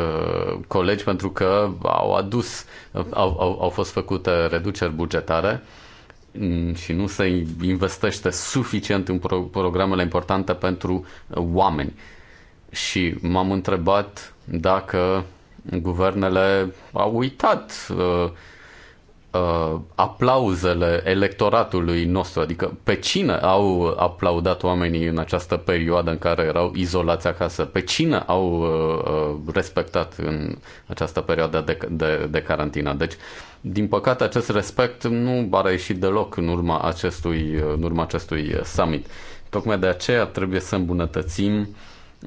colegi, pentru că au adus, au, au, au fost făcute reduceri bugetare mm, și nu se investește suficient în programele importante pentru oameni și m-am întrebat dacă guvernele au uitat uh, uh, aplauzele electoratului nostru, adică pe cine au aplaudat oamenii în această perioadă în care erau izolați acasă, pe cine au uh, uh respectat în această perioadă de, de, de carantină. Deci, din păcate, acest respect nu a ieșit deloc în urma acestui, în urma acestui summit. Tocmai de aceea trebuie să îmbunătățim uh,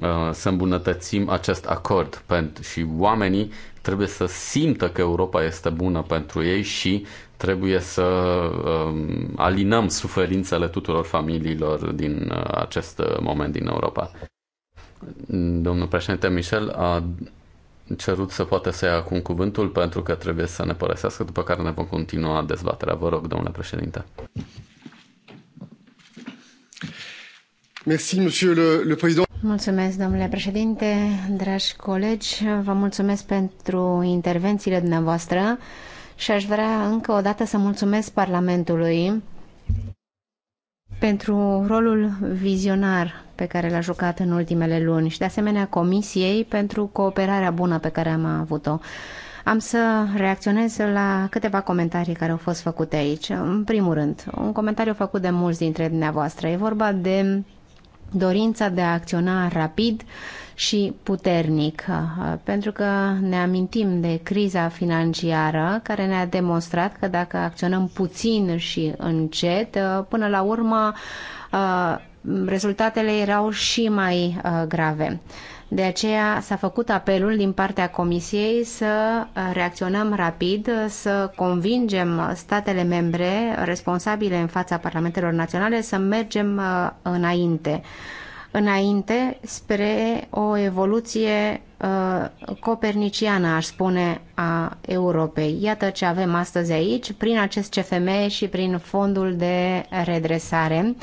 Uh, să îmbunătățim acest acord pentru, și oamenii trebuie să simtă că Europa este bună pentru ei și trebuie să um, alinăm suferințele tuturor familiilor din uh, acest moment din Europa. Domnul președinte Michel a cerut să poată să ia acum cuvântul pentru că trebuie să ne părăsească, după care ne vom continua dezbaterea. Vă rog, domnule președinte. Merci, monsieur le, le président.
Mulțumesc, domnule președinte, dragi colegi, vă mulțumesc pentru intervențiile dumneavoastră și aș vrea încă o dată să mulțumesc Parlamentului pentru rolul vizionar pe care l-a jucat în ultimele luni și de asemenea Comisiei pentru cooperarea bună pe care am avut-o. Am să reacționez la câteva comentarii care au fost făcute aici. În primul rând, un comentariu făcut de mulți dintre dumneavoastră. E vorba de dorința de a acționa rapid și puternic, uh, pentru că ne amintim de criza financiară care ne-a demonstrat că dacă acționăm puțin și încet, uh, până la urmă uh, rezultatele erau și mai grave. De aceea s-a făcut apelul din partea Comisiei să uh, reacționăm rapid, să convingem statele membre responsabile în fața parlamentelor naționale să mergem uh, înainte înainte spre o evoluție uh, coperniciană, aș spune, a Europei. Iată ce avem astăzi aici prin acest CFM și prin fondul de redresare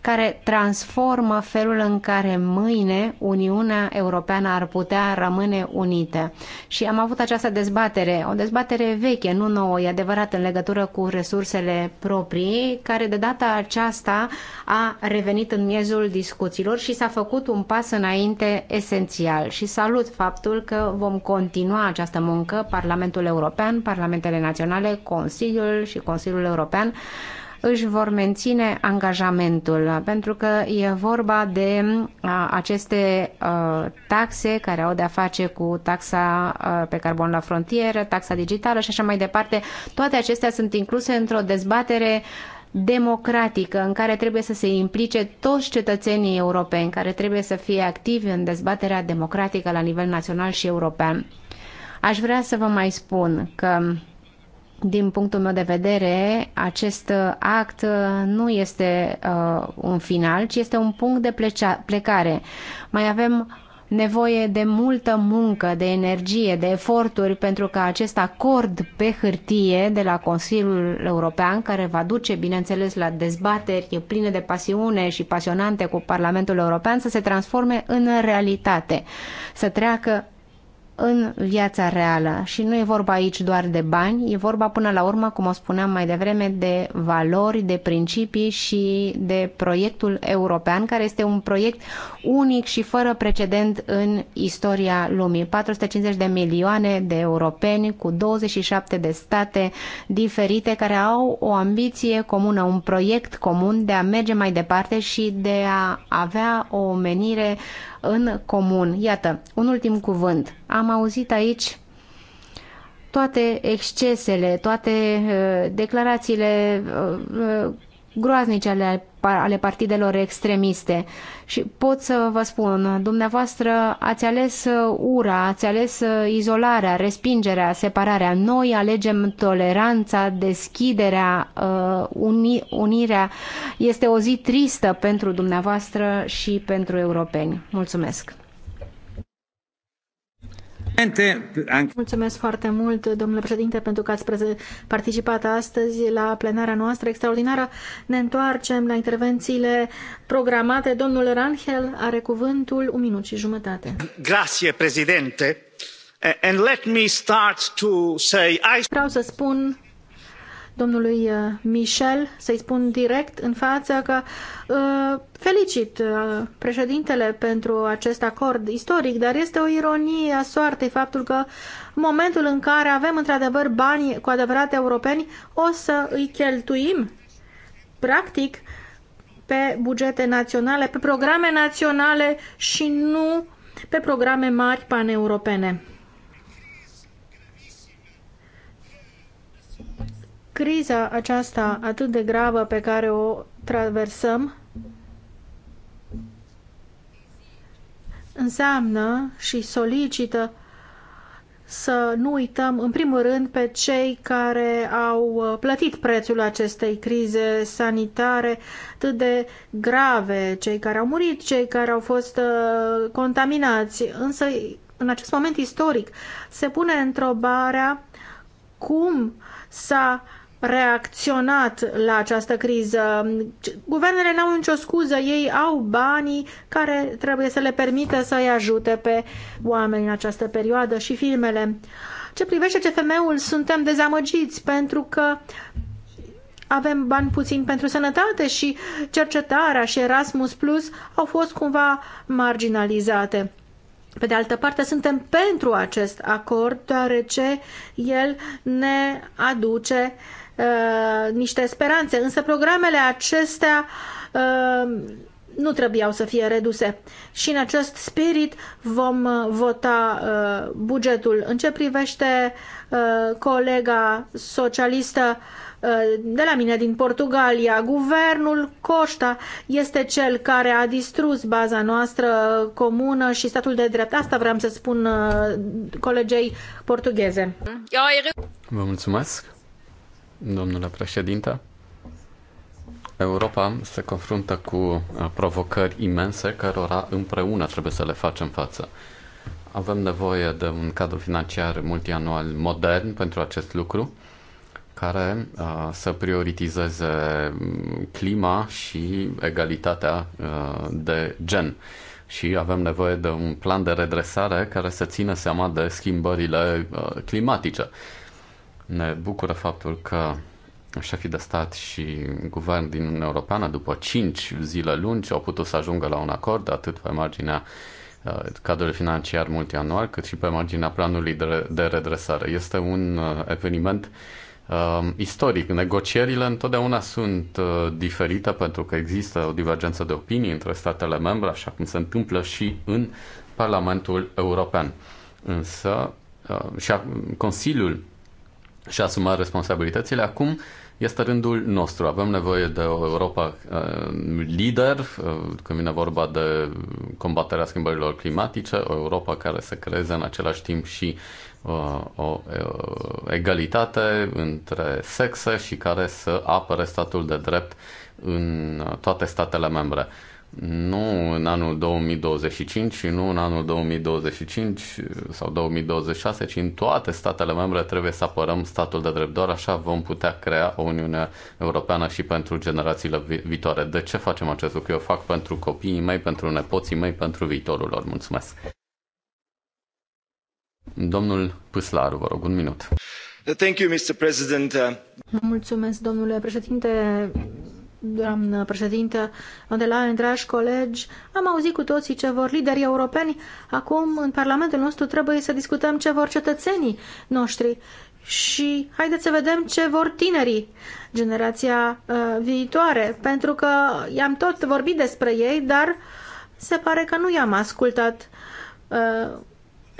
care transformă felul în care mâine Uniunea Europeană ar putea rămâne unită. Și am avut această dezbatere, o dezbatere veche, nu nouă, e adevărat, în legătură cu resursele proprii, care de data aceasta a revenit în miezul discuțiilor și s-a făcut un pas înainte esențial. Și salut faptul că vom continua această muncă Parlamentul European, Parlamentele Naționale, Consiliul și Consiliul European își vor menține angajamentul, pentru că e vorba de aceste taxe care au de-a face cu taxa pe carbon la frontieră, taxa digitală și așa mai departe. Toate acestea sunt incluse într-o dezbatere democratică în care trebuie să se implice toți cetățenii europeni, care trebuie să fie activi în dezbaterea democratică la nivel național și european. Aș vrea să vă mai spun că din punctul meu de vedere, acest act nu este uh, un final, ci este un punct de pleca- plecare. Mai avem nevoie de multă muncă, de energie, de eforturi pentru ca acest acord pe hârtie de la Consiliul European, care va duce, bineînțeles, la dezbateri pline de pasiune și pasionante cu Parlamentul European, să se transforme în realitate, să treacă în viața reală. Și nu e vorba aici doar de bani, e vorba până la urmă, cum o spuneam mai devreme, de valori, de principii și de proiectul european, care este un proiect unic și fără precedent în istoria lumii. 450 de milioane de europeni cu 27 de state diferite care au o ambiție comună, un proiect comun de a merge mai departe și de a avea o menire în comun. Iată, un ultim cuvânt. Am auzit aici toate excesele, toate uh, declarațiile uh, uh, groaznice ale, ale partidelor extremiste. Și pot să vă spun, dumneavoastră ați ales ura, ați ales izolarea, respingerea, separarea. Noi alegem toleranța, deschiderea, uh, uni, unirea. Este o zi tristă pentru dumneavoastră și pentru europeni. Mulțumesc!
Mulțumesc foarte mult, domnule președinte, pentru că ați participat astăzi la plenarea noastră extraordinară. Ne întoarcem la intervențiile programate. Domnul Ranhel are cuvântul un minut și jumătate.
Grazie, președinte. And let me start to say I... Vreau să
spun domnului uh, Michel, să-i spun direct în față că uh, felicit uh, președintele pentru acest acord istoric, dar este o ironie a soartei faptul că în momentul în care avem într-adevăr bani cu adevărat europeni, o să îi cheltuim practic pe bugete naționale, pe programe naționale și nu pe programe mari paneuropene. Criza aceasta atât de gravă pe care o traversăm înseamnă și solicită să nu uităm, în primul rând, pe cei care au uh, plătit prețul acestei crize sanitare atât de grave, cei care au murit, cei care au fost uh, contaminați. Însă, în acest moment istoric, se pune întrebarea cum s-a reacționat la această criză. Guvernele n-au nicio scuză, ei au banii care trebuie să le permită să-i ajute pe oameni în această perioadă și filmele. Ce privește CFM-ul, suntem dezamăgiți pentru că avem bani puțini pentru sănătate și cercetarea și Erasmus Plus au fost cumva marginalizate. Pe de altă parte, suntem pentru acest acord, deoarece el ne aduce uh, niște speranțe, însă programele acestea uh, nu trebuiau să fie reduse. Și în acest spirit vom uh, vota uh, bugetul. În ce privește uh, colega socialistă uh, de la mine din Portugalia, guvernul Costa este cel care a distrus baza noastră comună și statul de drept. Asta vreau să spun uh, colegei portugheze.
Vă mulțumesc! domnule președinte. Europa se confruntă cu uh, provocări imense cărora împreună trebuie să le facem față. Avem nevoie de un cadru financiar multianual modern pentru acest lucru, care uh, să prioritizeze mm, clima și egalitatea uh, de gen. Și avem nevoie de un plan de redresare care să țină seama de schimbările climatice ne bucură faptul că șefii de stat și guvern din Uniunea Europeană, după 5 zile lungi, au putut să ajungă la un acord, atât pe marginea uh, cadrul financiar multianual, cât și pe marginea planului de, redresare. Este un uh, eveniment uh, istoric. Negocierile întotdeauna sunt uh, diferite pentru că există o divergență de opinii între statele membre, așa cum se întâmplă și în Parlamentul European. Însă, uh, și a, Consiliul și-a asumat responsabilitățile. Acum este rândul nostru. Avem nevoie de o Europa uh, lider, uh, când vine vorba de combaterea schimbărilor climatice, o Europa care să creeze în același timp și uh, o uh, egalitate între sexe și care să apere statul de drept în toate statele membre nu în anul 2025 și nu în anul 2025 uh, sau 2026, ci în toate statele membre trebuie să apărăm statul de drept. Doar așa vom putea crea o Uniune Europeană și pentru generațiile vi- viitoare. De ce facem acest lucru? Eu fac pentru copiii mei, pentru nepoții mei, pentru viitorul lor. Mulțumesc! Domnul Păslaru, vă rog, un minut. Thank you, Mr. President.
Mulțumesc, domnule președinte doamnă președintă unde la Leyen, dragi colegi, am auzit cu toții ce vor liderii europeni. Acum, în Parlamentul nostru, trebuie să discutăm ce vor cetățenii noștri și haideți să vedem ce vor tinerii, generația uh, viitoare, pentru că i-am tot vorbit despre ei, dar se pare că nu i-am ascultat. Uh,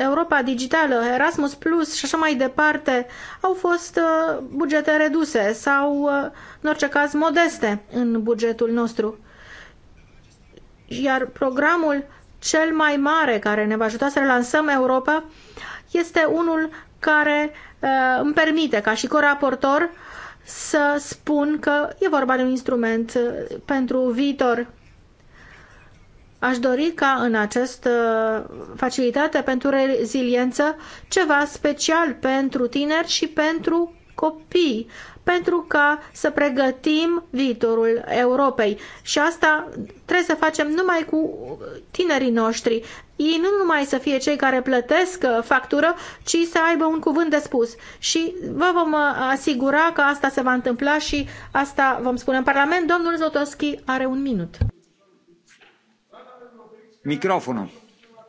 Europa Digitală, Erasmus Plus și așa mai departe au fost uh, bugete reduse sau, uh, în orice caz, modeste în bugetul nostru. Iar programul cel mai mare care ne va ajuta să relansăm Europa este unul care uh, îmi permite, ca și coraportor, să spun că e vorba de un instrument pentru viitor. Aș dori ca în această facilitate pentru reziliență ceva special pentru tineri și pentru copii, pentru ca să pregătim viitorul Europei. Și asta trebuie să facem numai cu tinerii noștri. Ei nu numai să fie cei care plătesc uh, factură, ci să aibă un cuvânt de spus. Și vă vom uh, asigura că asta se va întâmpla și asta vom spune în Parlament. Domnul Zotoschi are un minut.
Microfonul.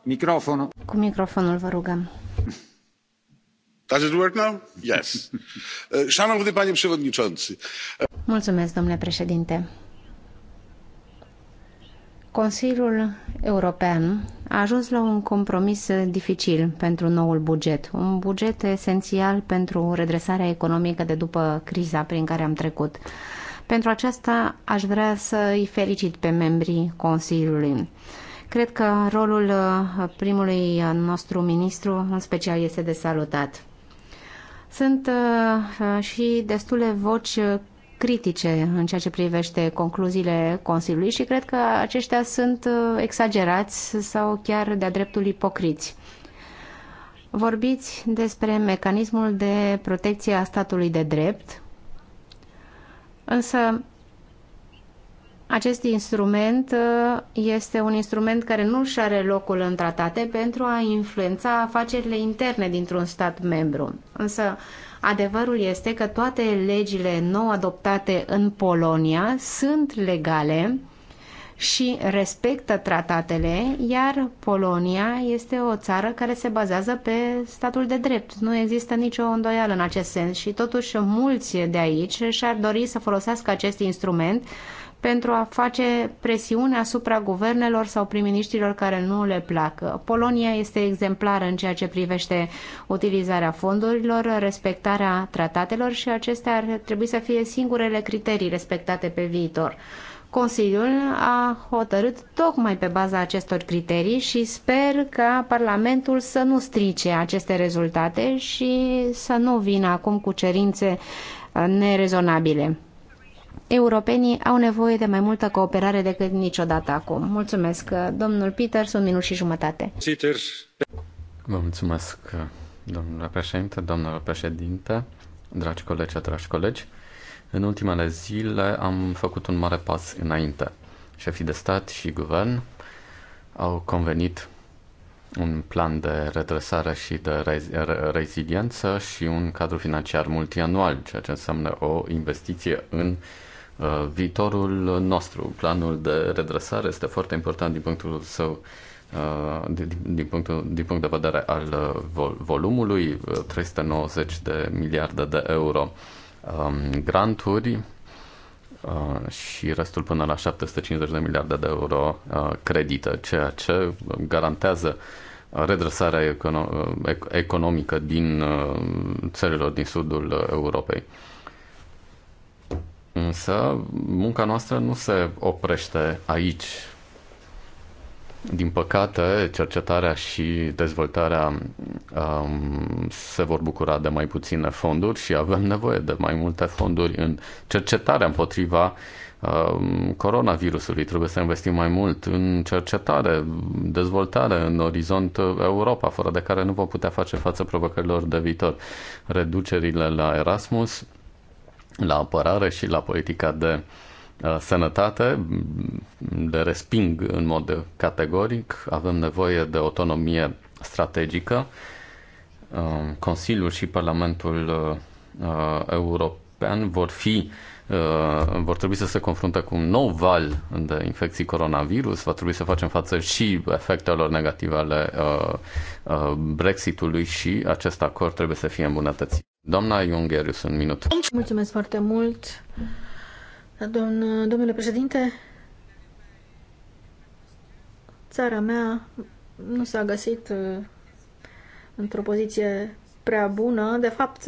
Microfonul.
Cu microfonul vă rugăm.
Does it work now? Yes. Szanowny panie przewodniczący.
Mulțumesc, domnule președinte. Consiliul European a ajuns la un compromis dificil pentru noul buget, un buget esențial pentru redresarea economică de după criza prin care am trecut. Pentru aceasta aș vrea să îi felicit pe membrii Consiliului. Cred că rolul uh, primului uh, nostru ministru în special este de salutat. Sunt uh, și destule voci critice în ceea ce privește concluziile Consiliului și cred că aceștia sunt exagerați sau chiar de-a dreptul ipocriți. Vorbiți despre mecanismul de protecție a statului de drept, însă acest instrument uh, este un instrument care nu își are locul în tratate pentru a influența afacerile interne dintr-un stat membru. Însă, adevărul este că toate legile nou adoptate în Polonia sunt legale și respectă tratatele, iar Polonia este o țară care se bazează pe statul de drept. Nu există nicio îndoială în acest sens și totuși mulți de aici și-ar dori să folosească acest instrument pentru a face presiune asupra guvernelor sau prim-ministrilor care nu le plac. Polonia este exemplară în ceea ce privește utilizarea fondurilor, respectarea tratatelor și acestea ar trebui să fie singurele criterii respectate pe viitor. Consiliul a hotărât tocmai pe baza acestor criterii și sper ca Parlamentul să nu strice aceste rezultate și să nu vină acum cu cerințe nerezonabile europenii au nevoie de mai multă cooperare decât niciodată acum. Mulțumesc, domnul Peters, un minut și jumătate.
Peters.
Vă mulțumesc, domnule președinte, domnule președinte, dragi colegi, dragi colegi. În ultimele zile am făcut un mare pas înainte. Șefii de stat și guvern au convenit un plan de redresare și de reziliență și un cadru financiar multianual, ceea ce înseamnă o investiție în uh, viitorul nostru. Planul de redresare este foarte important din punctul său uh, din, punctul, din punct de vedere al uh, volumului, 390 de miliarde de euro um, granturi Uh, și restul până la 750 de miliarde de euro uh, credite, ceea ce garantează redresarea econo- uh, economică din țărilor din sudul Europei. Însă munca noastră nu se oprește aici. Din păcate, cercetarea și dezvoltarea um, se vor bucura de mai puține fonduri și avem nevoie de mai multe fonduri în cercetarea împotriva um, coronavirusului. Trebuie să investim mai mult în cercetare, dezvoltare, în orizont Europa, fără de care nu vom putea face față provocărilor de viitor. Reducerile la Erasmus, la apărare și la politica de uh, Uh, sănătate, le resping în mod categoric. Avem nevoie de autonomie strategică. Uh, Consiliul și Parlamentul uh, European vor fi vor trebui să se confrunte cu un nou val de infecții coronavirus, va trebui să facem față și efectelor negative ale Brexitului și acest acord trebuie să fie îmbunătățit. Doamna Iungherius, un minut.
Mulțumesc foarte mult. Domn, domnule președinte, țara mea nu s-a găsit uh, într-o poziție prea bună. De fapt,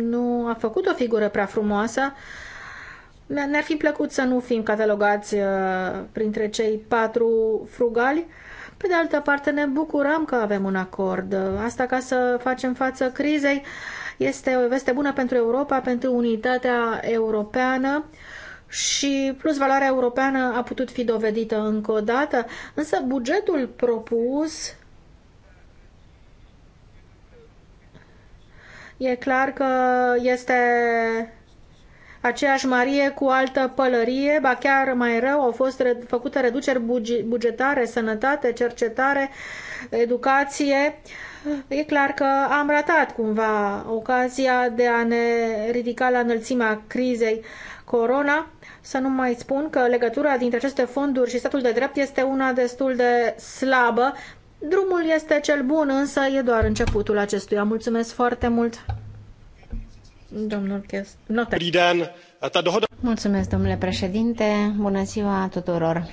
nu a făcut o figură prea frumoasă. Ne-ar fi plăcut să nu fim catalogați uh, printre cei patru frugali. Pe de altă parte, ne bucurăm că avem un acord. Asta ca să facem față crizei este o veste bună pentru Europa, pentru unitatea europeană și plus valoarea europeană a putut fi dovedită încă o dată, însă bugetul propus e clar că este aceeași Marie cu altă pălărie, ba chiar mai rău, au fost făcute reduceri bugetare, sănătate, cercetare, educație. E clar că am ratat cumva ocazia de a ne ridica la înălțimea crizei corona să nu mai spun că legătura dintre aceste fonduri și statul de drept este una destul de slabă. Drumul este cel bun, însă e doar începutul acestuia. Mulțumesc foarte mult! Domnul Mulțumesc, domnule președinte. Bună ziua
tuturor.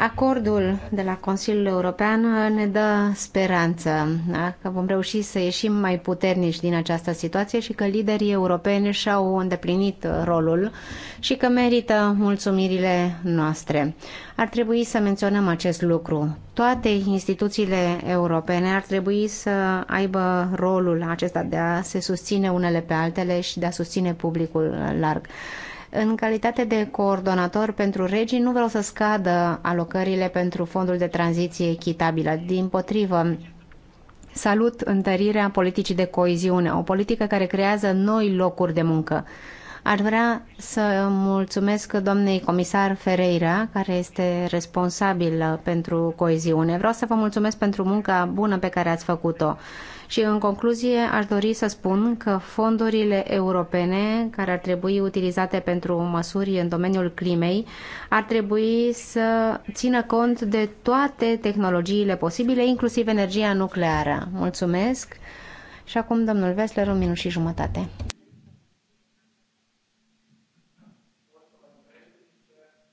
Acordul de la Consiliul European ne dă speranță da? că vom reuși să ieșim mai puternici din această situație și că liderii europeni și-au îndeplinit rolul și că merită mulțumirile noastre. Ar trebui să menționăm acest lucru. Toate instituțiile europene ar trebui să aibă rolul acesta de a se susține unele pe altele și de a susține publicul larg. În calitate de coordonator pentru regii, nu vreau să scadă alocările pentru fondul de tranziție echitabilă. Din potrivă, salut întărirea politicii de coeziune, o politică care creează noi locuri de muncă. Ar vrea să mulțumesc doamnei comisar Ferreira, care este responsabilă pentru coeziune. Vreau să vă mulțumesc pentru munca bună pe care ați făcut-o. Și în concluzie aș dori să spun că fondurile europene care ar trebui utilizate pentru măsuri în domeniul climei ar trebui să țină cont de toate tehnologiile posibile, inclusiv energia nucleară. Mulțumesc! Și acum, domnul Vesler, un minut și jumătate.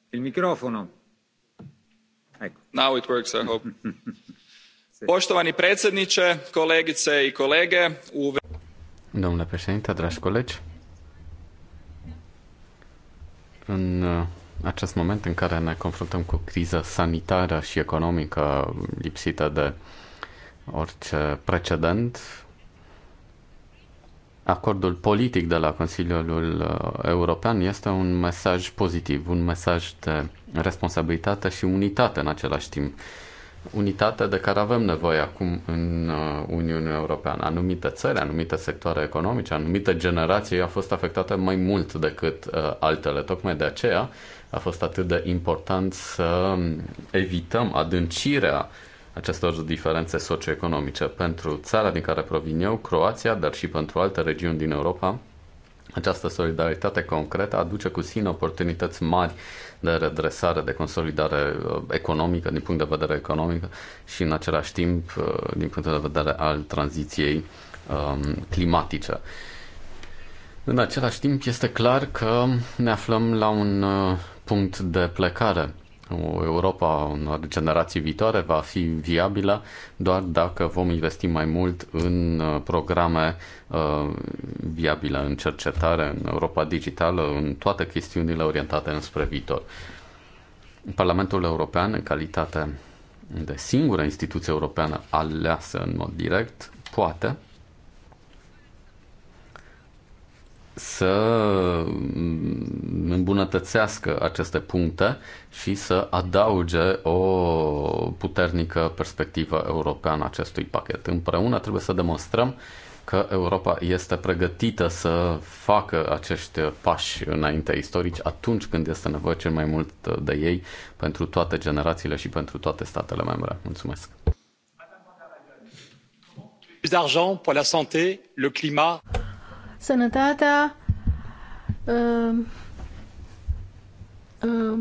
Il microfono. Ecco. Now it works, I hope. Poštovani predsjedniče, kolegice i kolege, u...
Domnule președinte, dragi colegi, în uh, acest moment în care ne confruntăm cu criza sanitară și economică lipsită de orice precedent, acordul politic de la Consiliul uh, European este un mesaj pozitiv, un mesaj de responsabilitate și unitate în același timp unitate de care avem nevoie acum în uh, Uniunea Europeană. Anumite țări, anumite sectoare economice, anumite generații au fost afectate mai mult decât uh, altele. Tocmai de aceea a fost atât de important să evităm adâncirea acestor diferențe socioeconomice pentru țara din care provin eu, Croația, dar și pentru alte regiuni din Europa, această solidaritate concretă aduce cu sine oportunități mari de redresare, de consolidare uh, economică, din punct de vedere economic și în același timp uh, din punct de vedere al tranziției um, climatice. În același timp, este clar că ne aflăm la un uh, punct de plecare Europa unor generații viitoare va fi viabilă doar dacă vom investi mai mult în uh, programe uh, viabile, în cercetare, în Europa digitală, în toate chestiunile orientate înspre viitor. Parlamentul European, în calitate de singură instituție europeană aleasă în mod direct, poate să îmbunătățească aceste puncte și să adauge o puternică perspectivă europeană acestui pachet. Împreună trebuie să demonstrăm că Europa este pregătită să facă acești pași înainte istorici atunci când este nevoie cel mai mult de ei pentru toate generațiile și pentru toate statele membre. Mulțumesc!
d'argent pour la santé, le climat
sănătatea, uh, uh,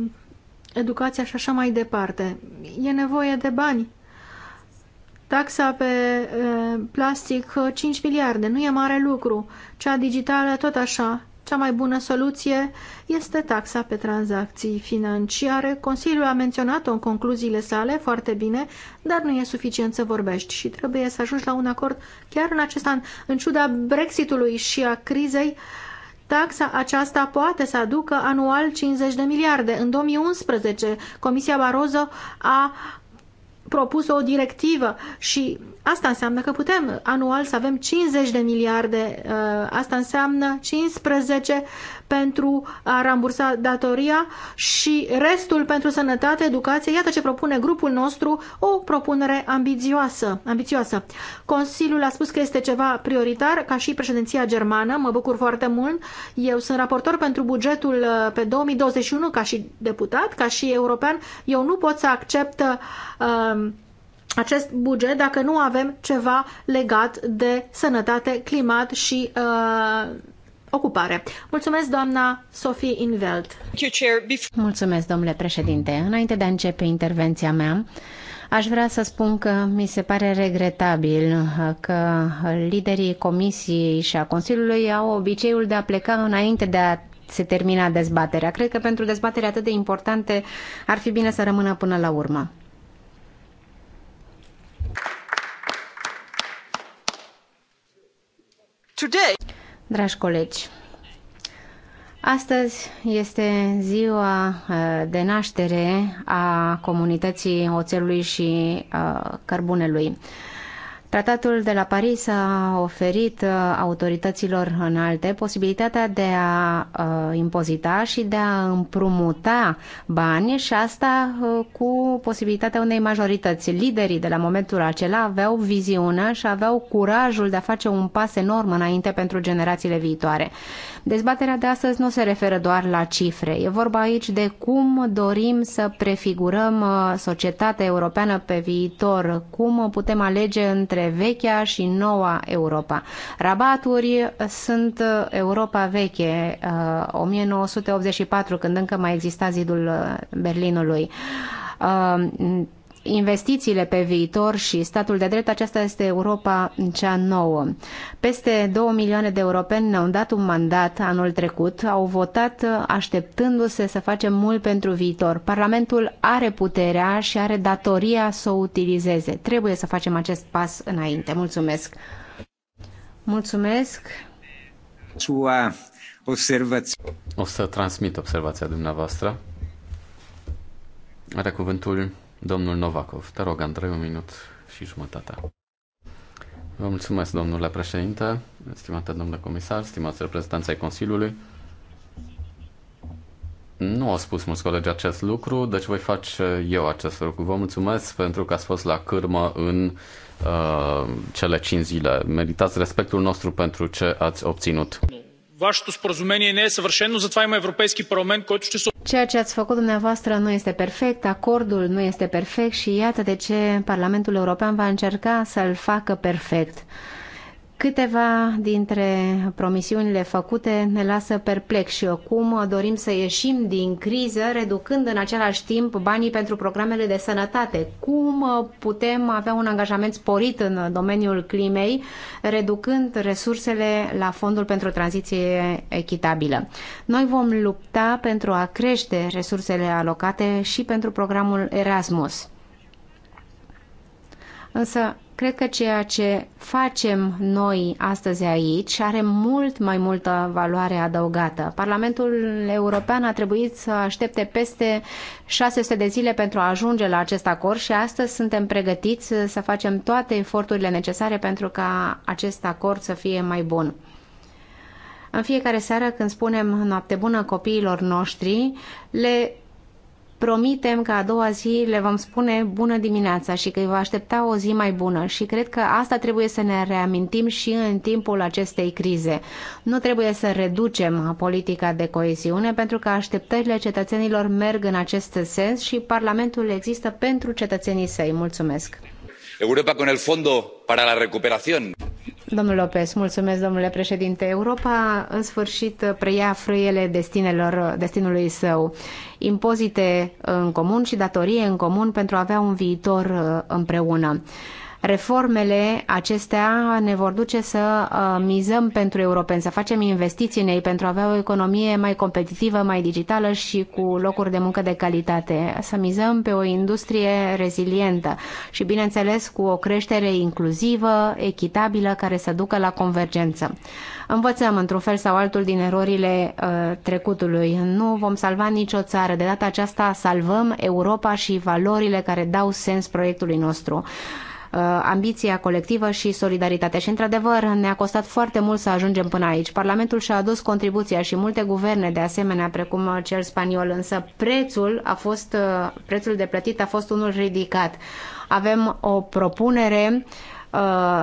educația și așa mai departe. E nevoie de bani. Taxa pe uh, plastic 5 miliarde, nu e mare lucru. Cea digitală tot așa, cea mai bună soluție este taxa pe tranzacții financiare. Consiliul a menționat-o în concluziile sale foarte bine, dar nu e suficient să vorbești și trebuie să ajungi la un acord chiar în acest an. În ciuda Brexitului și a crizei, Taxa aceasta poate să aducă anual 50 de miliarde. În 2011, Comisia Barroso a propus o directivă și Asta înseamnă că putem anual să avem 50 de miliarde, uh, asta înseamnă 15 pentru a rambursa datoria și restul pentru sănătate, educație. Iată ce propune grupul nostru, o propunere ambițioasă. ambițioasă. Consiliul a spus că este ceva prioritar, ca și președinția germană, mă bucur foarte mult. Eu sunt raportor pentru bugetul uh, pe 2021 ca și deputat, ca și european. Eu nu pot să accept uh, acest buget dacă nu avem ceva legat de sănătate, climat și uh, ocupare. Mulțumesc, doamna Sophie Inveld.
Mulțumesc, domnule președinte. Înainte de a începe intervenția mea, Aș vrea să spun că mi se pare regretabil uh, că liderii Comisiei și a Consiliului au obiceiul de a pleca înainte de a se termina dezbaterea. Cred că pentru dezbatere atât de importante ar fi bine să rămână până la urmă. Today... Dragi colegi, astăzi este ziua uh, de naștere a comunității oțelului și uh, cărbunelui. Tratatul de la Paris a oferit uh, autorităților înalte posibilitatea de a uh, impozita și de a împrumuta bani și asta uh, cu posibilitatea unei majorități. Liderii de la momentul acela aveau viziunea și aveau curajul de a face un pas enorm înainte pentru generațiile viitoare. Dezbaterea de astăzi nu se referă doar la cifre. E vorba aici de cum dorim să prefigurăm uh, societatea europeană pe viitor, cum putem alege între vechea și noua Europa. Rabaturi sunt uh, Europa veche, 1984, uh, când încă mai exista zidul Berlinului investițiile pe viitor și statul de drept, aceasta este Europa cea nouă. Peste 2 milioane de europeni ne-au dat un mandat anul trecut, au votat așteptându-se să facem mult pentru viitor. Parlamentul are puterea și are datoria să o utilizeze. Trebuie să facem acest pas înainte. Mulțumesc! Mulțumesc!
Sua observație. O să transmit observația dumneavoastră. Are cuvântul Domnul Novakov, te rog, Andrei, un minut și jumătatea. Vă mulțumesc, domnule președinte, stimate domnule comisar, stimați reprezentanți ai Consiliului. Nu au spus mulți colegi acest lucru, deci voi face eu acest lucru. Vă mulțumesc pentru că ați fost la cârmă în uh, cele 5 zile. Meritați respectul nostru pentru ce ați obținut. Bine.
Вашето споразумение не е съвършено, затова има Европейски парламент, който ще се...
Ceea ce ați făcut dumneavoastră nu este perfect, acordul nu este perfect și iată de ce Parlamentul European va încerca să-l facă perfect. Câteva dintre promisiunile făcute ne lasă perplex și Cum dorim să ieșim din criză, reducând în același timp banii pentru programele de sănătate? Cum putem avea un angajament sporit în domeniul climei, reducând resursele la Fondul pentru Tranziție Echitabilă? Noi vom lupta pentru a crește resursele alocate și pentru programul Erasmus. Însă Cred că ceea ce facem noi astăzi aici are mult mai multă valoare adăugată. Parlamentul European a trebuit să aștepte peste 600 de zile pentru a ajunge la acest acord și astăzi suntem pregătiți să facem toate eforturile necesare pentru ca acest acord să fie mai bun. În fiecare seară când spunem noapte bună copiilor noștri, le promitem că a doua zi le vom spune bună dimineața și că îi va aștepta o zi mai bună și cred că asta trebuie să ne reamintim și în timpul acestei crize. Nu trebuie să reducem politica de coeziune pentru că așteptările cetățenilor merg în acest sens și Parlamentul există pentru cetățenii săi. Mulțumesc!
Europa con el Fondo para la Recuperación.
Domnul Lopez, mulțumesc, domnule președinte. Europa, în sfârșit, preia frâiele destinelor, destinului său. Impozite în comun și datorie în comun pentru a avea un viitor uh, împreună. Reformele acestea ne vor duce să uh, mizăm pentru europeni, să facem investiții în ei pentru a avea o economie mai competitivă, mai digitală și cu locuri de muncă de calitate, să mizăm pe o industrie rezilientă și, bineînțeles, cu o creștere inclusivă, echitabilă, care să ducă la convergență. Învățăm într-un fel sau altul din erorile uh, trecutului. Nu vom salva nicio țară. De data aceasta salvăm Europa și valorile care dau sens proiectului nostru. Uh, Uh, ambiția colectivă și solidaritatea. Și, într-adevăr, ne-a costat foarte mult să ajungem până aici. Parlamentul și-a adus contribuția și multe guverne, de asemenea, precum cel spaniol, însă prețul, a fost, uh, prețul de plătit a fost unul ridicat. Avem o propunere uh,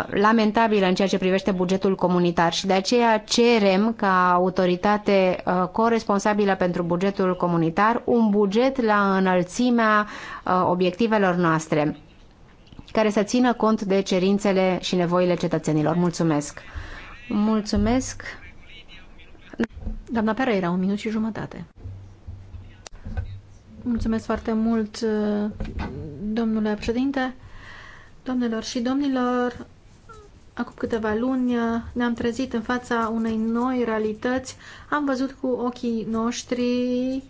lamentabilă în ceea ce privește bugetul comunitar și de aceea cerem ca autoritate corresponsabilă pentru bugetul comunitar un buget la înălțimea obiectivelor noastre care să țină cont de cerințele și nevoile cetățenilor. Mulțumesc! Mulțumesc!
Doamna Pereira, un minut și jumătate. Mulțumesc foarte mult, domnule președinte, domnilor și domnilor. Acum câteva luni ne-am trezit în fața unei noi realități. Am văzut cu ochii noștri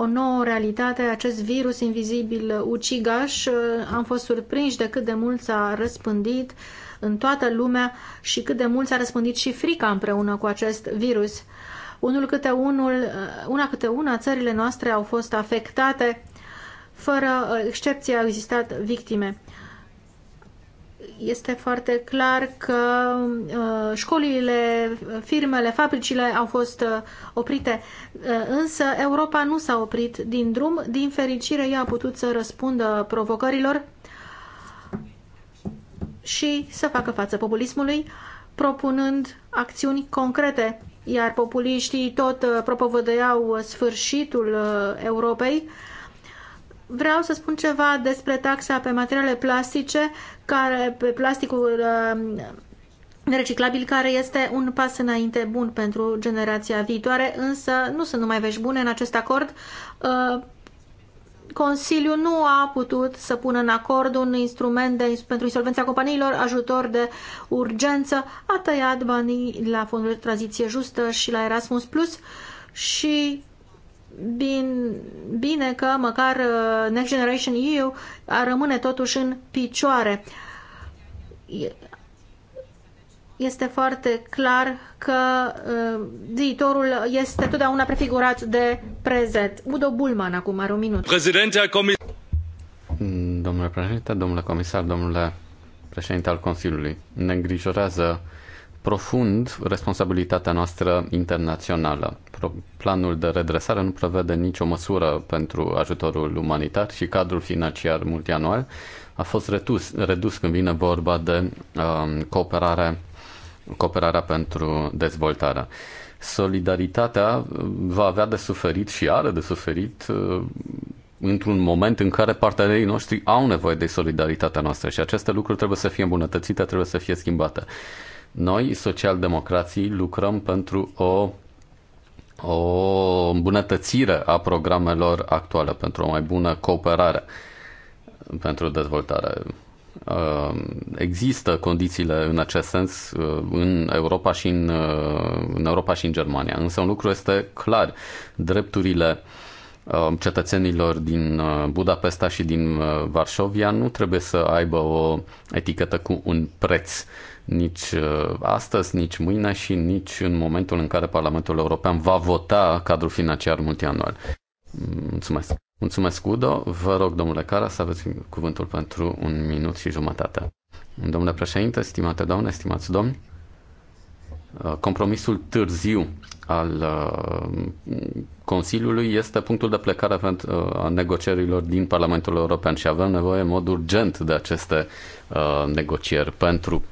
o nouă realitate, acest virus invizibil ucigaș. Uh, am fost surprinși de cât de mult s-a răspândit în toată lumea și cât de mult s-a răspândit și frica împreună cu acest virus. Unul câte unul, uh, una câte una, țările noastre au fost afectate. Fără uh, excepție au existat victime este foarte clar că uh, școlile, firmele, fabricile au fost uh, oprite, uh, însă Europa nu s-a oprit din drum. Din fericire, ea a putut să răspundă provocărilor și să facă față populismului, propunând acțiuni concrete. Iar populiștii tot propovădăiau sfârșitul Europei, vreau să spun ceva despre taxa pe materiale plastice care, pe plasticul um, reciclabil, care este un pas înainte bun pentru generația viitoare, însă nu sunt numai vești bune în acest acord. Uh, Consiliul nu a putut să pună în acord un instrument de, pentru insolvența companiilor, ajutor de urgență, a tăiat banii la fondul de tranziție justă și la Erasmus+, Plus și Bine, bine că măcar uh, Next Generation EU a rămâne totuși în picioare. Este foarte clar că uh, viitorul este totdeauna prefigurat de prezent. Udo Bulman acum are un minut. Președinte,
comis- mm, domnule președinte, domnule comisar, domnule președinte al Consiliului, ne îngrijorează uh, profund responsabilitatea noastră internațională. Planul de redresare nu prevede nicio măsură pentru ajutorul umanitar și cadrul financiar multianual a fost redus, redus când vine vorba de um, cooperare, cooperarea pentru dezvoltare. Solidaritatea uh, va avea de suferit și are de suferit uh, într-un moment în care partenerii noștri au nevoie de solidaritatea noastră și aceste lucruri trebuie să fie îmbunătățite, trebuie să fie schimbate. Uh, noi, socialdemocrații, lucrăm pentru o o îmbunătățire a programelor actuale pentru o mai bună cooperare pentru dezvoltare. Uh, există condițiile în acest sens uh, în Europa și în, uh, în Europa și în Germania. Însă un lucru este clar. Drepturile cetățenilor din Budapesta și din Varșovia nu trebuie să aibă o etichetă cu un preț nici uh, astăzi, nici mâine și nici în momentul în care Parlamentul European va vota cadrul financiar multianual. Mulțumesc. Mulțumesc, Udo. Vă rog, domnule Cara, să aveți cuvântul pentru un minut și jumătate. Domnule președinte, stimate doamne, stimați domni, uh, compromisul târziu al uh, Consiliului este punctul de plecare a negocierilor din Parlamentul European și avem nevoie în mod urgent de aceste negocieri pentru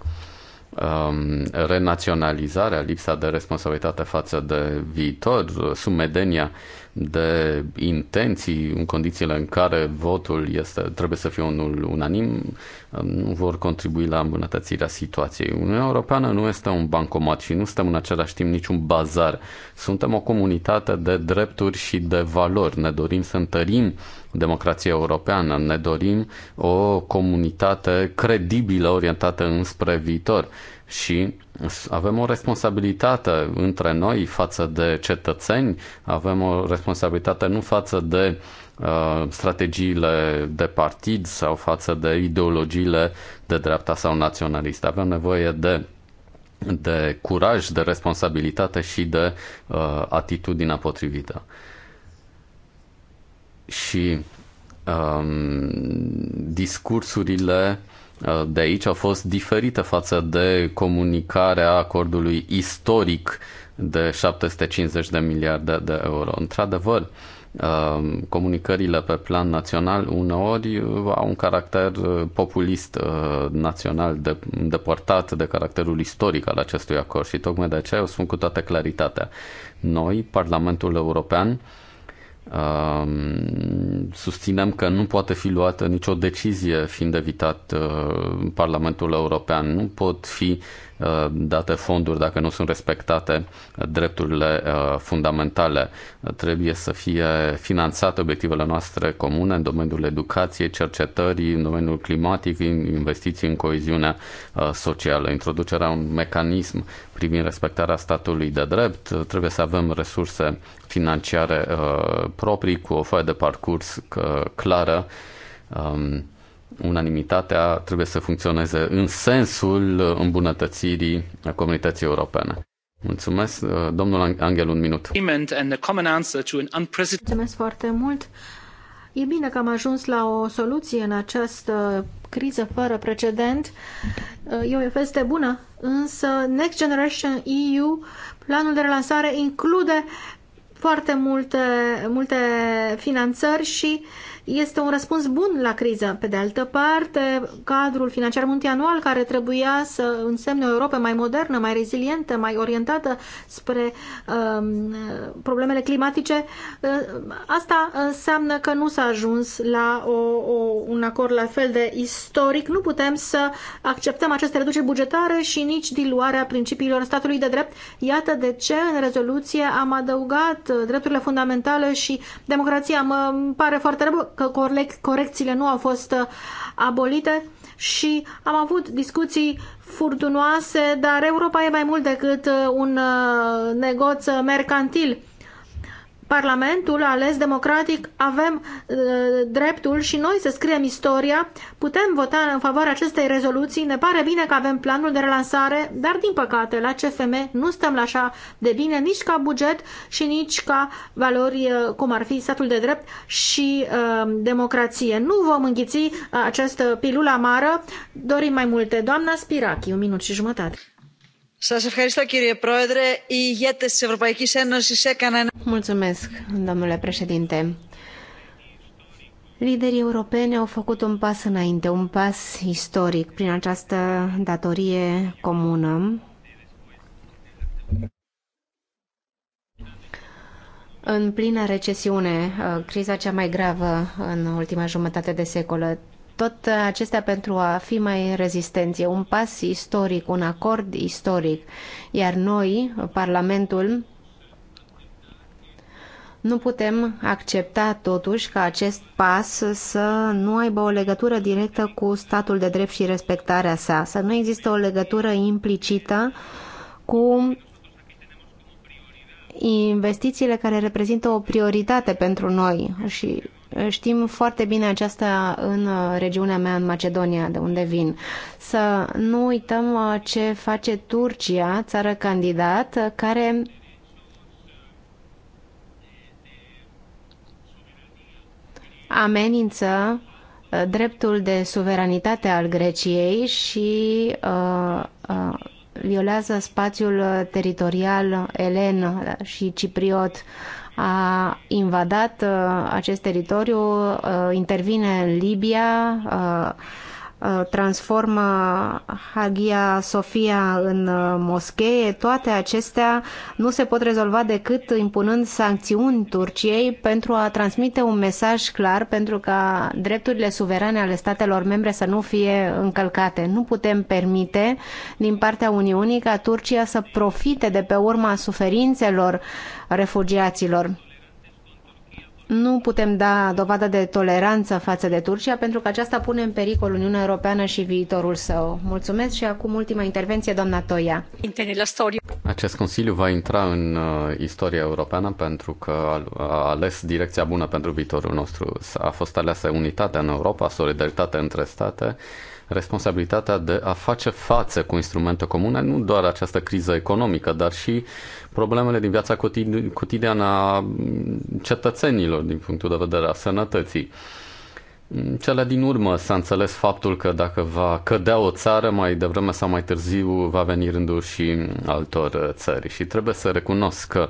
Um, renaționalizarea, lipsa de responsabilitate față de viitor, sumedenia de intenții în condițiile în care votul este, trebuie să fie unul unanim, um, nu vor contribui la îmbunătățirea situației. Uniunea Europeană nu este un bancomat și nu suntem în același timp niciun bazar. Suntem o comunitate de drepturi și de valori. Ne dorim să întărim democrație europeană. Ne dorim o comunitate credibilă orientată înspre viitor și avem o responsabilitate între noi față de cetățeni, avem o responsabilitate nu față de uh, strategiile de partid sau față de ideologiile de dreapta sau naționaliste. Avem nevoie de de curaj, de responsabilitate și de uh, atitudinea potrivită și um, discursurile uh, de aici au fost diferite față de comunicarea acordului istoric de 750 de miliarde de euro. Într-adevăr, um, comunicările pe plan național uneori au un caracter uh, populist uh, național de, depărtat de caracterul istoric al acestui acord și tocmai de aceea eu spun cu toată claritatea. Noi, Parlamentul European, Um, susținem că nu poate fi luată nicio decizie fiind evitat uh, Parlamentul European. Nu pot fi Uh, date fonduri dacă nu sunt respectate drepturile uh, fundamentale. Trebuie să fie finanțate obiectivele noastre comune în domeniul educației, cercetării, în domeniul climatic, investiții în coeziunea uh, socială. Introducerea un mecanism privind respectarea statului de drept, trebuie să avem resurse financiare proprii cu o foaie de parcurs clară um, unanimitatea trebuie să funcționeze în sensul îmbunătățirii comunității europene. Mulțumesc, domnul Angel, un minut.
Mulțumesc foarte mult. E bine că am ajuns la o soluție în această criză fără precedent. E o veste bună, însă Next Generation EU, planul de relansare, include foarte multe, multe finanțări și uh, este un răspuns bun la criză. Pe de altă parte, cadrul financiar multianual care trebuia să însemne o Europa mai modernă, mai rezilientă, mai orientată spre um, problemele climatice, uh, asta înseamnă că nu s-a ajuns la o, o, un acord la fel de istoric. Nu putem să acceptăm aceste reduceri bugetare și nici diluarea principiilor statului de drept. Iată de ce în rezoluție am adăugat drepturile fundamentale și democrația. Mă pare foarte rău că corecțiile nu au fost uh, abolite și am avut discuții furtunoase, dar Europa e mai mult decât uh, un uh, negoț mercantil Parlamentul ales democratic avem uh, dreptul și noi să scriem istoria, putem vota în favoarea acestei rezoluții, ne pare bine că avem planul de relansare, dar din păcate la CFM nu stăm la așa de bine nici ca buget și nici ca valori uh, cum ar fi statul de drept și uh, democrație. Nu vom înghiți uh, această pilulă amară, dorim mai multe. Doamna Spirachi, un minut și jumătate domnule președinte. Liderii
europeni au făcut un pas înainte, un pas istoric prin această datorie comună. În plină recesiune, uh, criza cea mai gravă în ultima jumătate de secol, tot acestea pentru a fi mai rezistenți. E un pas istoric, un acord istoric. Iar noi, Parlamentul, nu putem accepta totuși ca acest pas să nu aibă o legătură directă cu statul de drept și respectarea sa, să nu există o legătură implicită cu investițiile care reprezintă o prioritate pentru noi și Știm foarte bine aceasta în uh, regiunea mea, în Macedonia, de unde vin. Să nu uităm uh, ce face Turcia, țară candidat, uh, care amenință dreptul de suveranitate al Greciei și uh, uh, violează spațiul teritorial elen și cipriot uh, a invadat uh, acest teritoriu, uh, intervine în Libia, uh, Uh, transformă Hagia Sofia în uh, moschee, toate acestea nu se pot rezolva decât impunând sancțiuni Turciei pentru a transmite un mesaj clar pentru ca drepturile suverane ale statelor membre să nu fie încălcate. Nu putem permite din partea Uniunii ca Turcia să profite de pe urma suferințelor refugiaților nu putem da dovadă de toleranță față de Turcia pentru că aceasta pune în pericol Uniunea Europeană și viitorul său. Mulțumesc și acum ultima intervenție, doamna Toia.
Acest Consiliu va intra în uh, istoria europeană pentru că a ales direcția bună pentru viitorul nostru. A fost aleasă unitatea în Europa, solidaritatea între state, responsabilitatea de a face față cu instrumente comune, nu doar această criză economică, dar și problemele din viața cotidiană a cetățenilor din punctul de vedere a sănătății. Cele din urmă s-a înțeles faptul că dacă va cădea o țară, mai devreme sau mai târziu va veni rândul și altor uh, țări. Și trebuie să recunosc că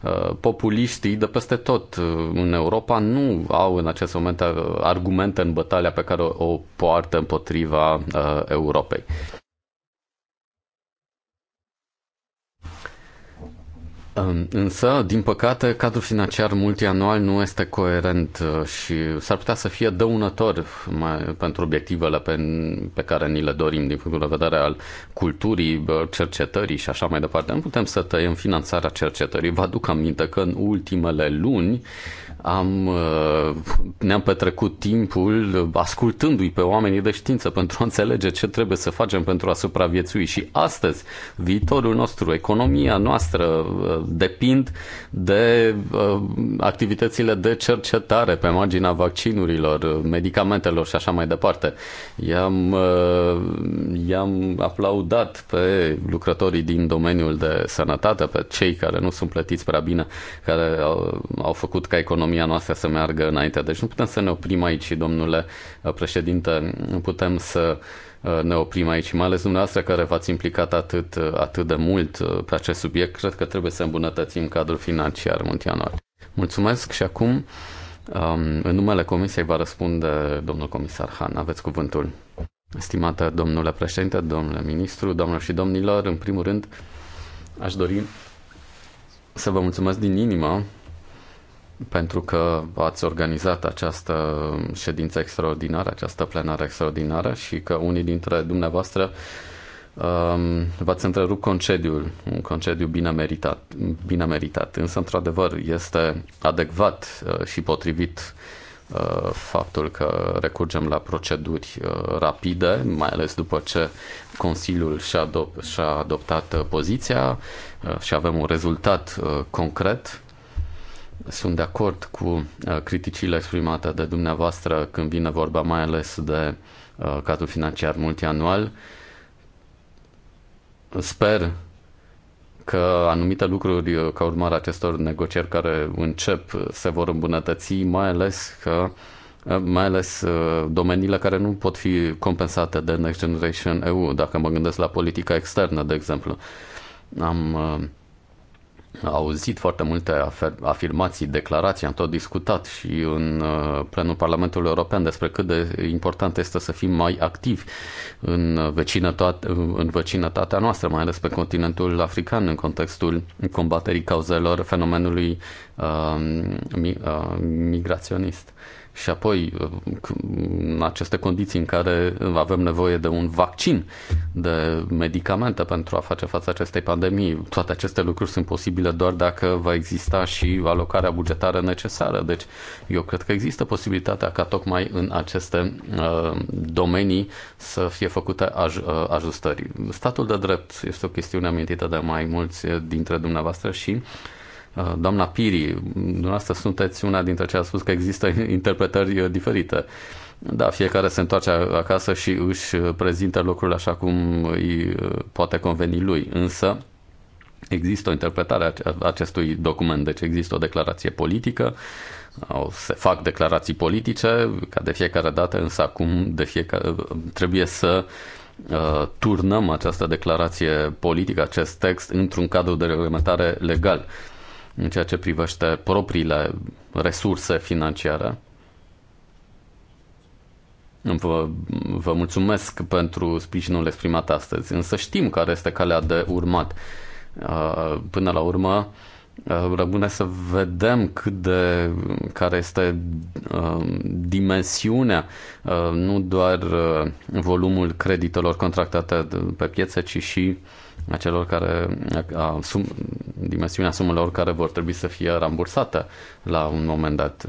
uh, populiștii de peste tot uh, în Europa nu au în acest moment argumente în bătalia pe care o poartă împotriva Europei. Însă, din păcate, cadrul financiar multianual nu este coerent uh, și s-ar putea să fie dăunător mai, pentru obiectivele pe, pe care ni le dorim din punctul de vedere al culturii, uh, cercetării și așa mai departe. Nu putem să tăiem finanțarea cercetării. Vă aduc aminte că în ultimele luni am, uh, ne-am petrecut timpul ascultându-i pe oamenii de știință pentru a înțelege ce trebuie să facem pentru a supraviețui și astăzi viitorul nostru, economia noastră, depind de uh, activitățile de cercetare pe marginea vaccinurilor, medicamentelor și așa mai departe. I-am, uh, i-am aplaudat pe lucrătorii din domeniul de sănătate, pe cei care nu sunt plătiți prea bine, care au, au făcut ca economia noastră să meargă înainte. Deci nu putem să ne oprim aici, domnule uh, președinte, putem să Uh, ne oprim aici, mai ales dumneavoastră care v-ați implicat atât, uh, atât de mult uh, pe acest subiect, cred că trebuie să îmbunătățim cadrul financiar multianual. Mulțumesc și acum um, în numele Comisiei va răspunde domnul comisar Han. Aveți cuvântul. Stimată domnule președinte, domnule ministru, doamnelor și domnilor, în primul rând aș dori să vă mulțumesc din inimă pentru că ați organizat această ședință extraordinară, această plenară extraordinară și că unii dintre dumneavoastră um, v-ați întrerupt concediul, un concediu bine meritat, bine meritat. Însă, într-adevăr, este adecvat uh, și potrivit uh, faptul că recurgem la proceduri uh, rapide, mai ales după ce Consiliul și-a, adop- și-a adoptat poziția și avem un rezultat concret sunt de acord cu uh, criticile exprimate de dumneavoastră când vine vorba mai ales de uh, cadrul financiar multianual. Sper că anumite lucruri uh, ca urmare acestor negocieri care încep se vor îmbunătăți, mai ales că mai ales domeniile care nu pot fi compensate de Next Generation EU, dacă mă gândesc la politica externă, de exemplu. Am auzit foarte multe afirmații, declarații, am tot discutat și în uh, plenul Parlamentului European despre cât de important este să fim mai activi în, vecinătate, în vecinătatea noastră, mai ales pe continentul african, în contextul combaterii cauzelor fenomenului uh, uh migraționist și apoi în aceste condiții în care avem nevoie de un vaccin, de medicamente pentru a face față acestei pandemii, toate aceste lucruri sunt posibile doar dacă va exista și alocarea bugetară necesară. Deci eu cred că există posibilitatea ca tocmai în aceste uh, domenii să fie făcute aj- uh, ajustări. Statul de drept este o chestiune amintită de mai mulți dintre dumneavoastră și uh, Uh, doamna Piri, dumneavoastră sunteți una dintre cei a spus că există interpretări uh, diferite. Da, fiecare se întoarce acasă și își uh, prezintă lucrurile așa cum îi poate conveni lui, însă există o interpretare a acestui document, deci există o declarație politică, se fac declarații politice, ca de fiecare dată, însă acum de fiecare, trebuie să turnăm această declarație politică, acest text, într-un cadru de reglementare legal în ceea ce privește propriile resurse financiare. Vă, vă mulțumesc pentru sprijinul exprimat astăzi, însă știm care este calea de urmat. Uh, până la urmă, uh, rămâne să vedem cât de care este uh, dimensiunea, nu doar volumul creditelor contractate pe piețe, ci și a celor care, a sum, dimensiunea sumelor care vor trebui să fie rambursate la un moment dat.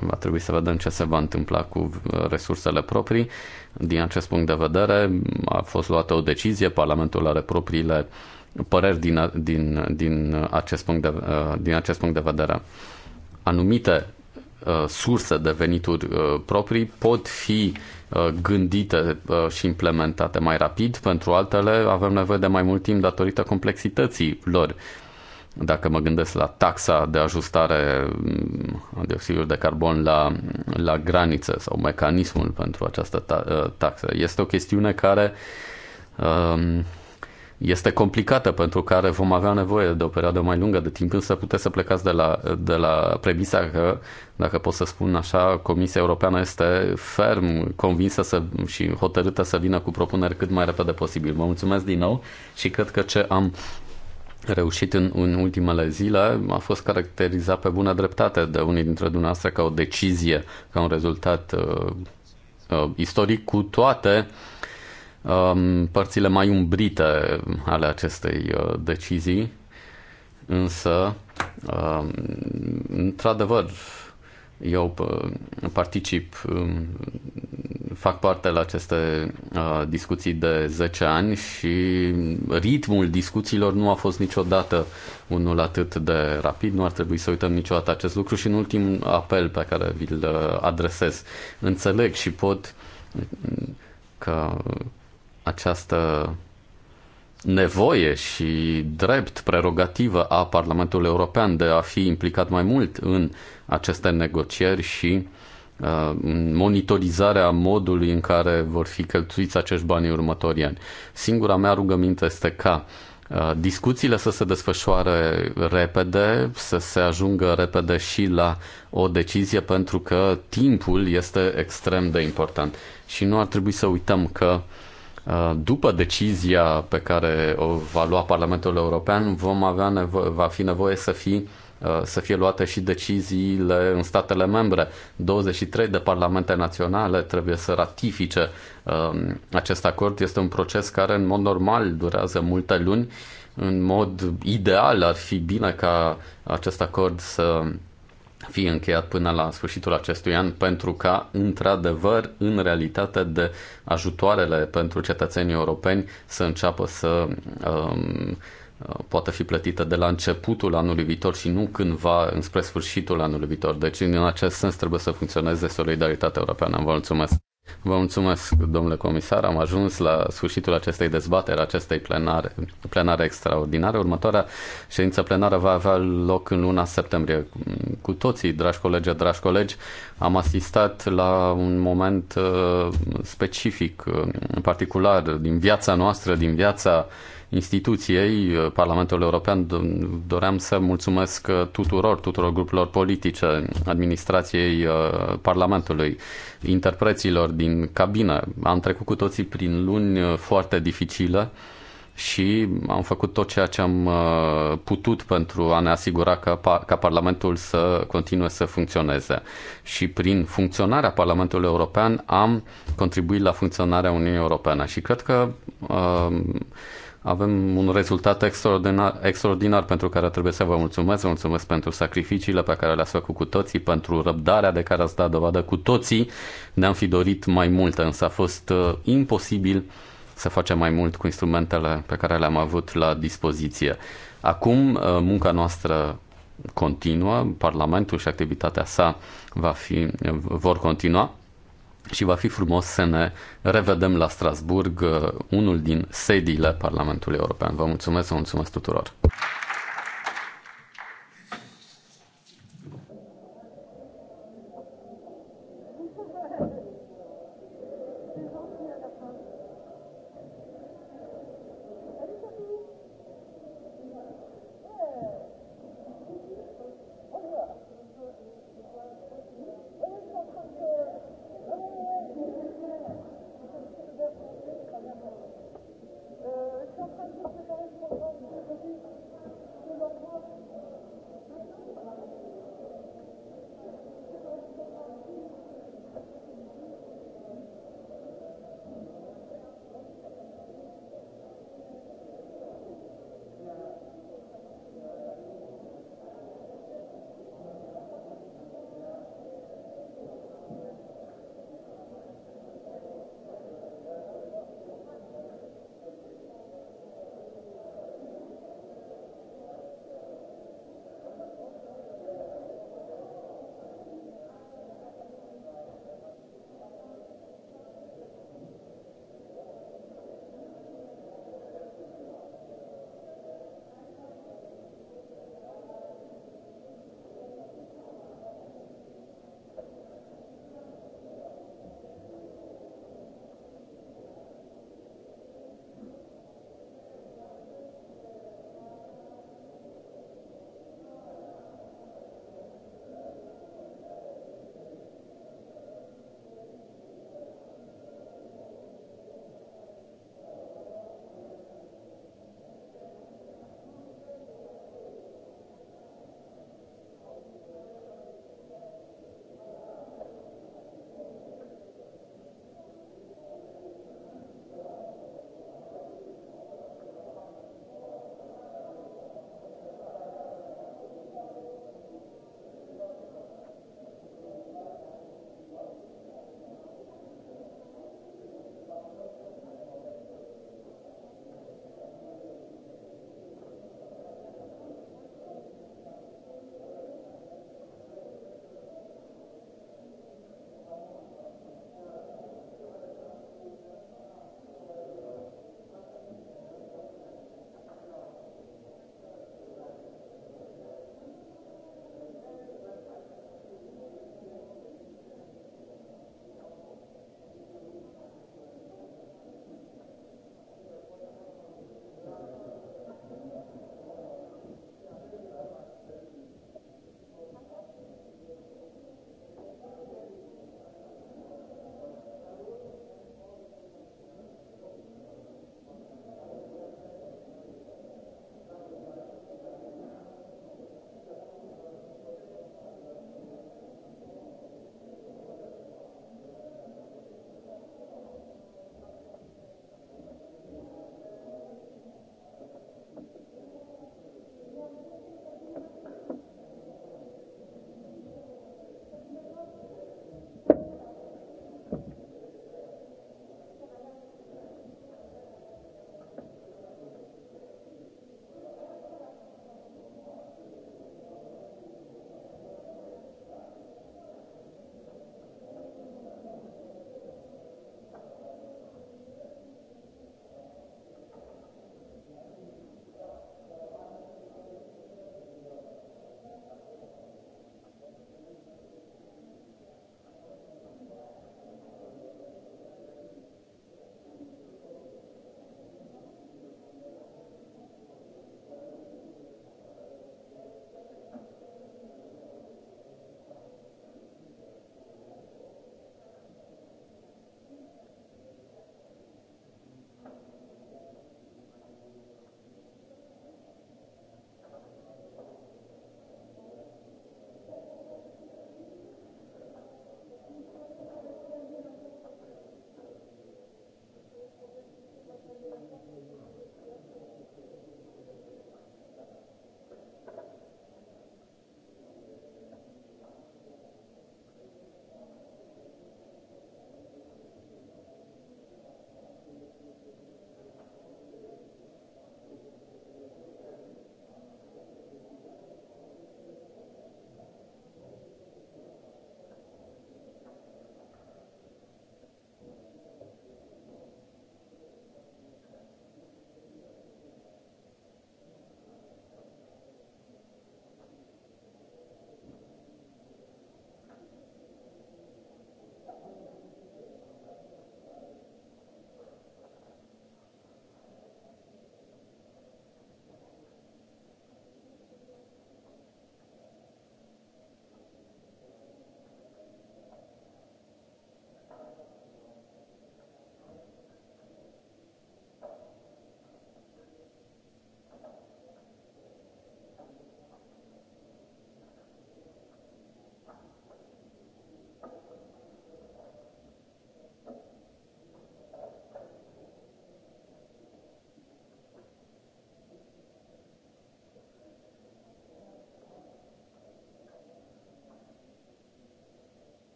Va trebui să vedem ce se va întâmpla cu uh, resursele proprii. Din acest punct de vedere a fost luată o decizie, Parlamentul are propriile păreri din, din, din, acest, punct de, uh, din acest punct de vedere. Anumite uh, surse de venituri proprii pot fi Uh, gândite uh, și implementate mai rapid, pentru altele avem nevoie de mai mult timp datorită complexității lor. Dacă mă gândesc la taxa de ajustare mm, a dioxidului de carbon la, la graniță sau mecanismul pentru această ta- uh, taxă, este o chestiune care um, este complicată pentru care vom avea nevoie de o perioadă mai lungă de timp, însă puteți să plecați de la, de la premisa că, dacă pot să spun așa, Comisia Europeană este ferm convinsă să, și hotărâtă să vină cu propuneri cât mai repede posibil. Vă mulțumesc din nou și cred că ce am reușit în, în ultimele zile a fost caracterizat pe bună dreptate de unii dintre dumneavoastră ca o decizie, ca un rezultat uh, uh, istoric, cu toate uh, Um, părțile mai umbrite ale acestei uh, decizii, însă, um, într-adevăr, eu uh, particip, um, fac parte la aceste uh, discuții de 10 ani și ritmul discuțiilor nu a fost niciodată unul atât de rapid, nu ar trebui să uităm niciodată acest lucru și în ultim apel pe care vi-l adresez. Înțeleg și pot că această nevoie și drept prerogativă a Parlamentului European de a fi implicat mai mult în aceste negocieri și uh, monitorizarea modului în care vor fi cheltuiți acești bani în următorii ani. Singura mea rugăminte este ca uh, discuțiile să se desfășoare repede, să se ajungă repede și la o decizie, pentru că timpul este extrem de important și nu ar trebui să uităm că uh, Uh, după decizia pe care o va lua Parlamentul European, vom avea nevo- va fi nevoie să fie uh, să fie luate și deciziile în statele membre. 23 de parlamente naționale trebuie să ratifice um, acest acord. Este un proces care în mod normal durează multe luni. În mod ideal ar fi bine ca acest acord să fi încheiat până la sfârșitul acestui an pentru ca, într-adevăr, în realitate de ajutoarele pentru cetățenii europeni să înceapă să um, poată fi plătită de la începutul anului viitor și nu cândva înspre sfârșitul anului viitor. Deci, în acest sens, trebuie să funcționeze solidaritatea europeană. Vă mulțumesc! Vă mulțumesc, domnule comisar. Am ajuns la sfârșitul acestei dezbateri, acestei plenare, plenare extraordinare. Următoarea ședință plenară va avea loc în luna septembrie. Cu toții, dragi colegi, dragi colegi, am asistat la un moment uh, specific, uh, particular, din viața noastră, din viața uh, instituției, uh, Parlamentului European, doream să mulțumesc uh, tuturor, tuturor grupurilor politice, administrației uh, Parlamentului, interpreților din cabină. Am trecut cu toții prin luni foarte dificile și am făcut tot ceea ce am putut pentru a ne asigura ca, ca Parlamentul să continue să funcționeze. Și prin funcționarea Parlamentului European am contribuit la funcționarea Uniunii Europene. Și cred că uh, avem un rezultat extraordinar, extraordinar pentru care trebuie să vă mulțumesc. Vă mulțumesc pentru sacrificiile pe care le-ați făcut cu toții, pentru răbdarea de care ați dat dovadă cu toții. Ne-am fi dorit mai mult, însă a fost uh, imposibil să facem mai mult cu instrumentele pe care le-am avut la dispoziție. Acum, uh, munca noastră continuă, Parlamentul și activitatea sa va fi, vor continua și va fi frumos să ne revedem la Strasburg, uh, unul din sediile Parlamentului European. Vă mulțumesc, vă mulțumesc tuturor!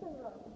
Thank you.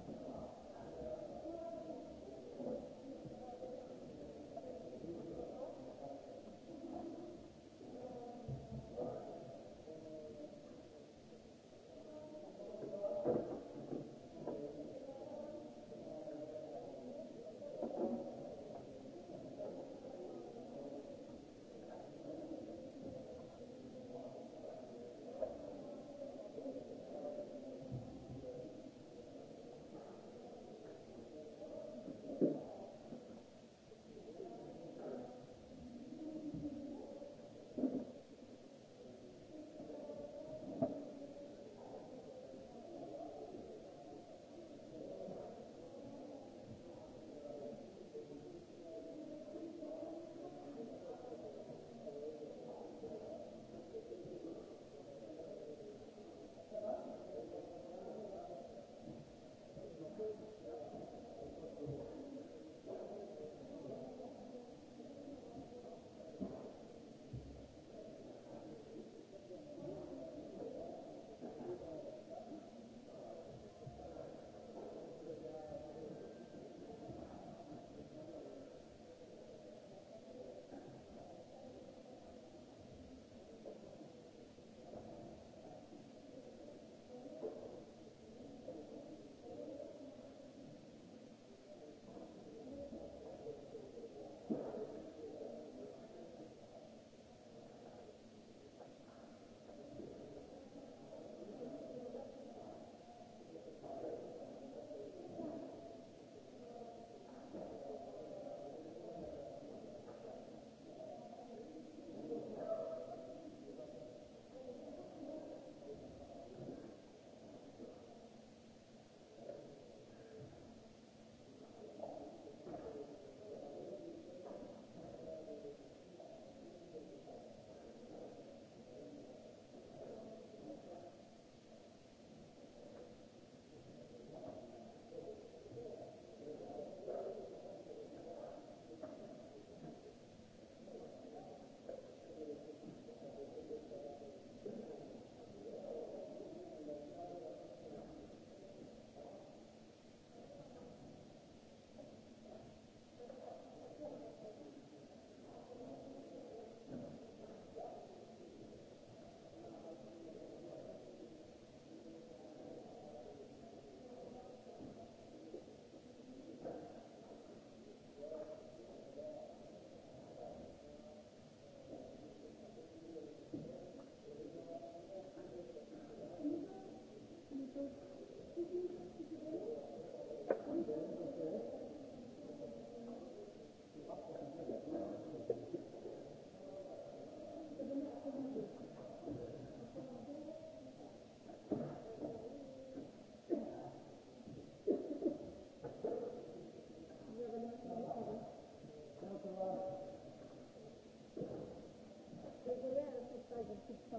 Să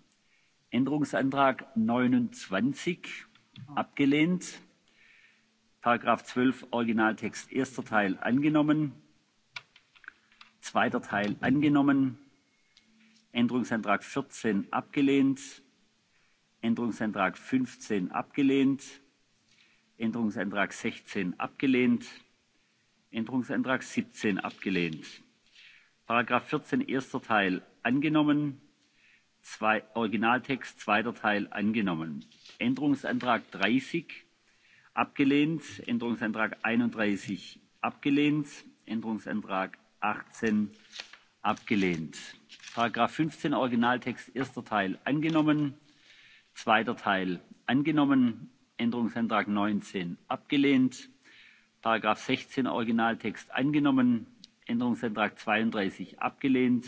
änderungsantrag neunundzwanzig ah. abgelehnt; paragraph zwölf originaltext erster teil angenommen; zweiter teil angenommen; änderungsantrag vierzehn abgelehnt; änderungsantrag fünfzehn abgelehnt; änderungsantrag sechzehn abgelehnt; änderungsantrag siebzehn abgelehnt; paragraph vierzehn erster teil angenommen; Originaltext zweiter Teil angenommen. Änderungsantrag dreißig abgelehnt, Änderungsantrag einunddreißig abgelehnt, Änderungsantrag achtzehn abgelehnt. Paragraph 15 Originaltext erster Teil angenommen, zweiter Teil angenommen, Änderungsantrag 19 abgelehnt, Paragraph 16 Originaltext angenommen, Änderungsantrag 32 abgelehnt,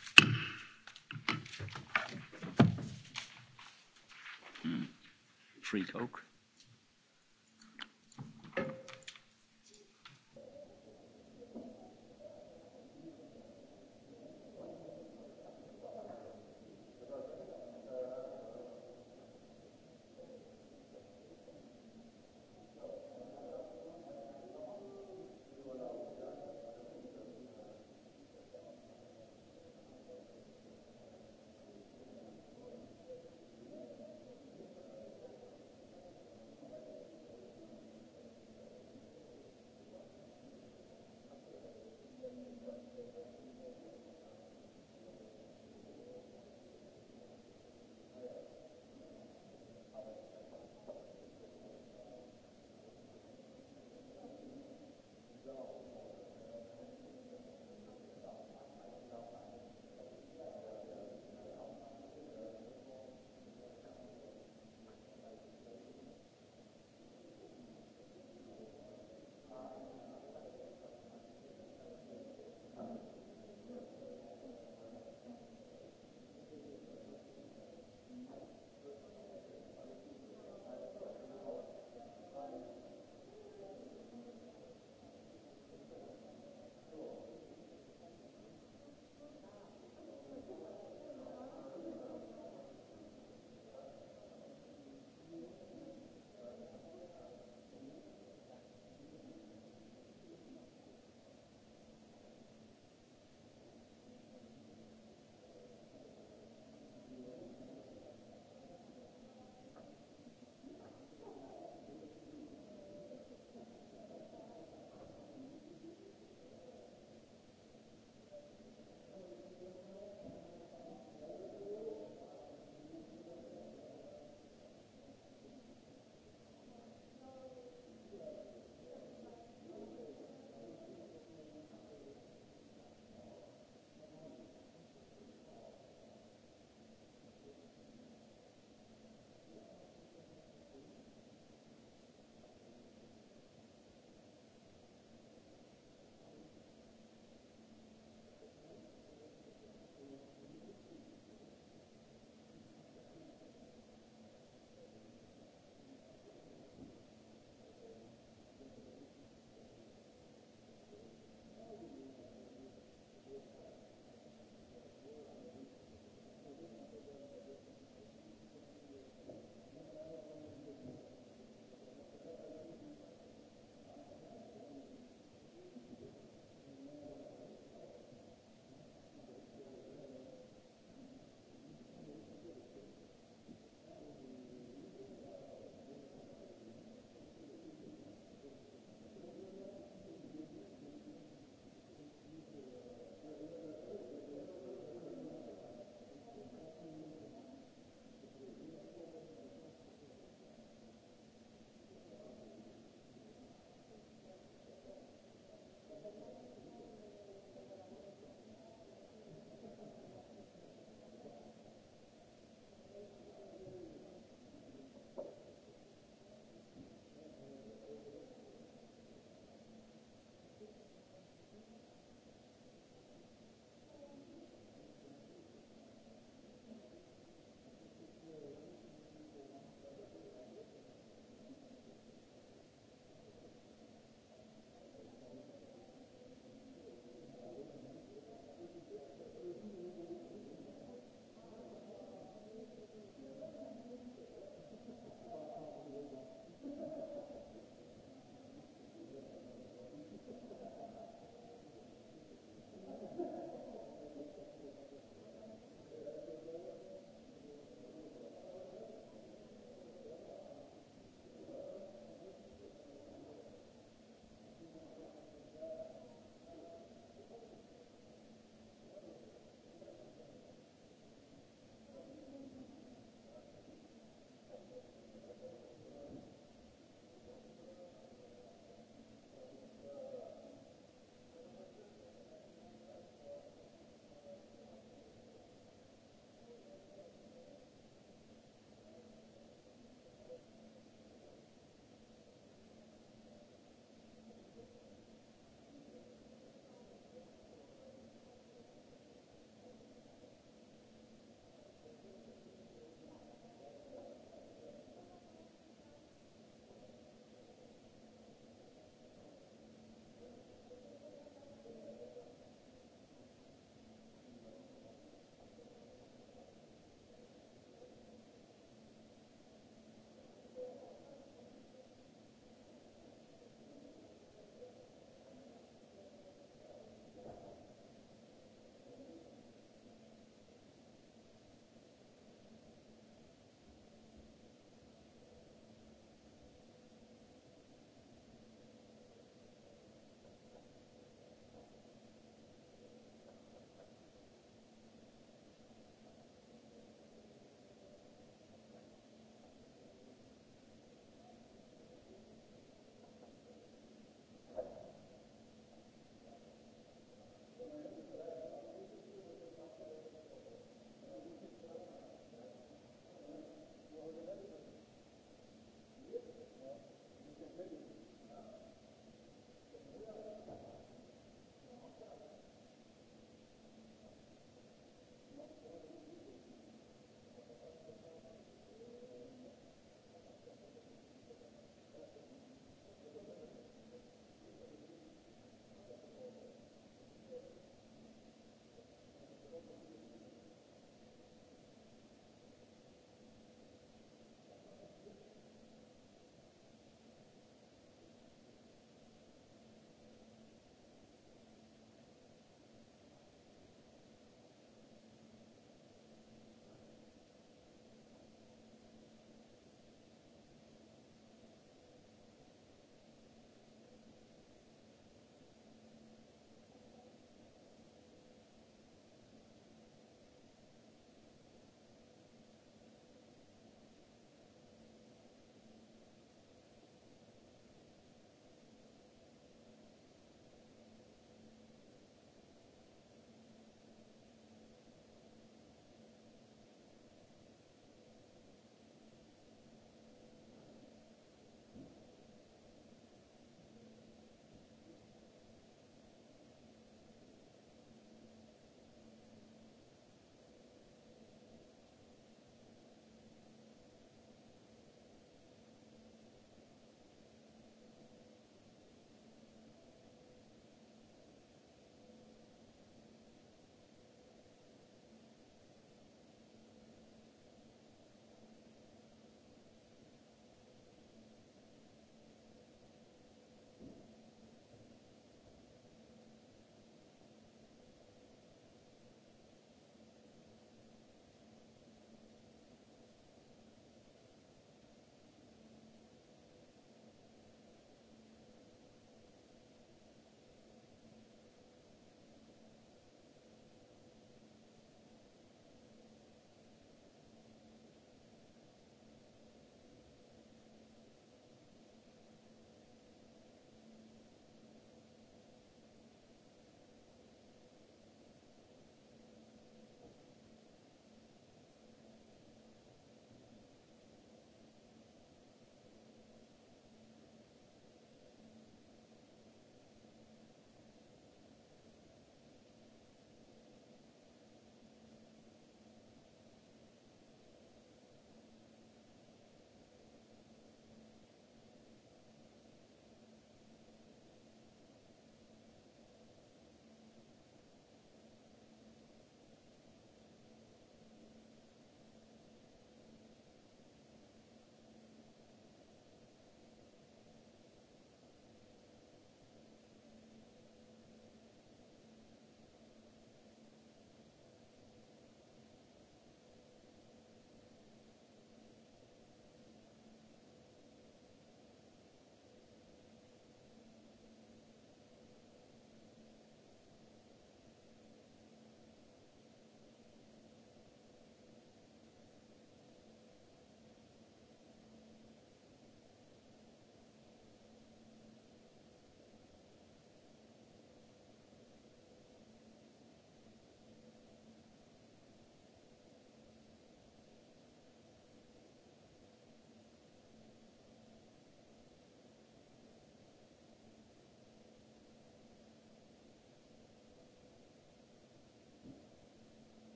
free coke.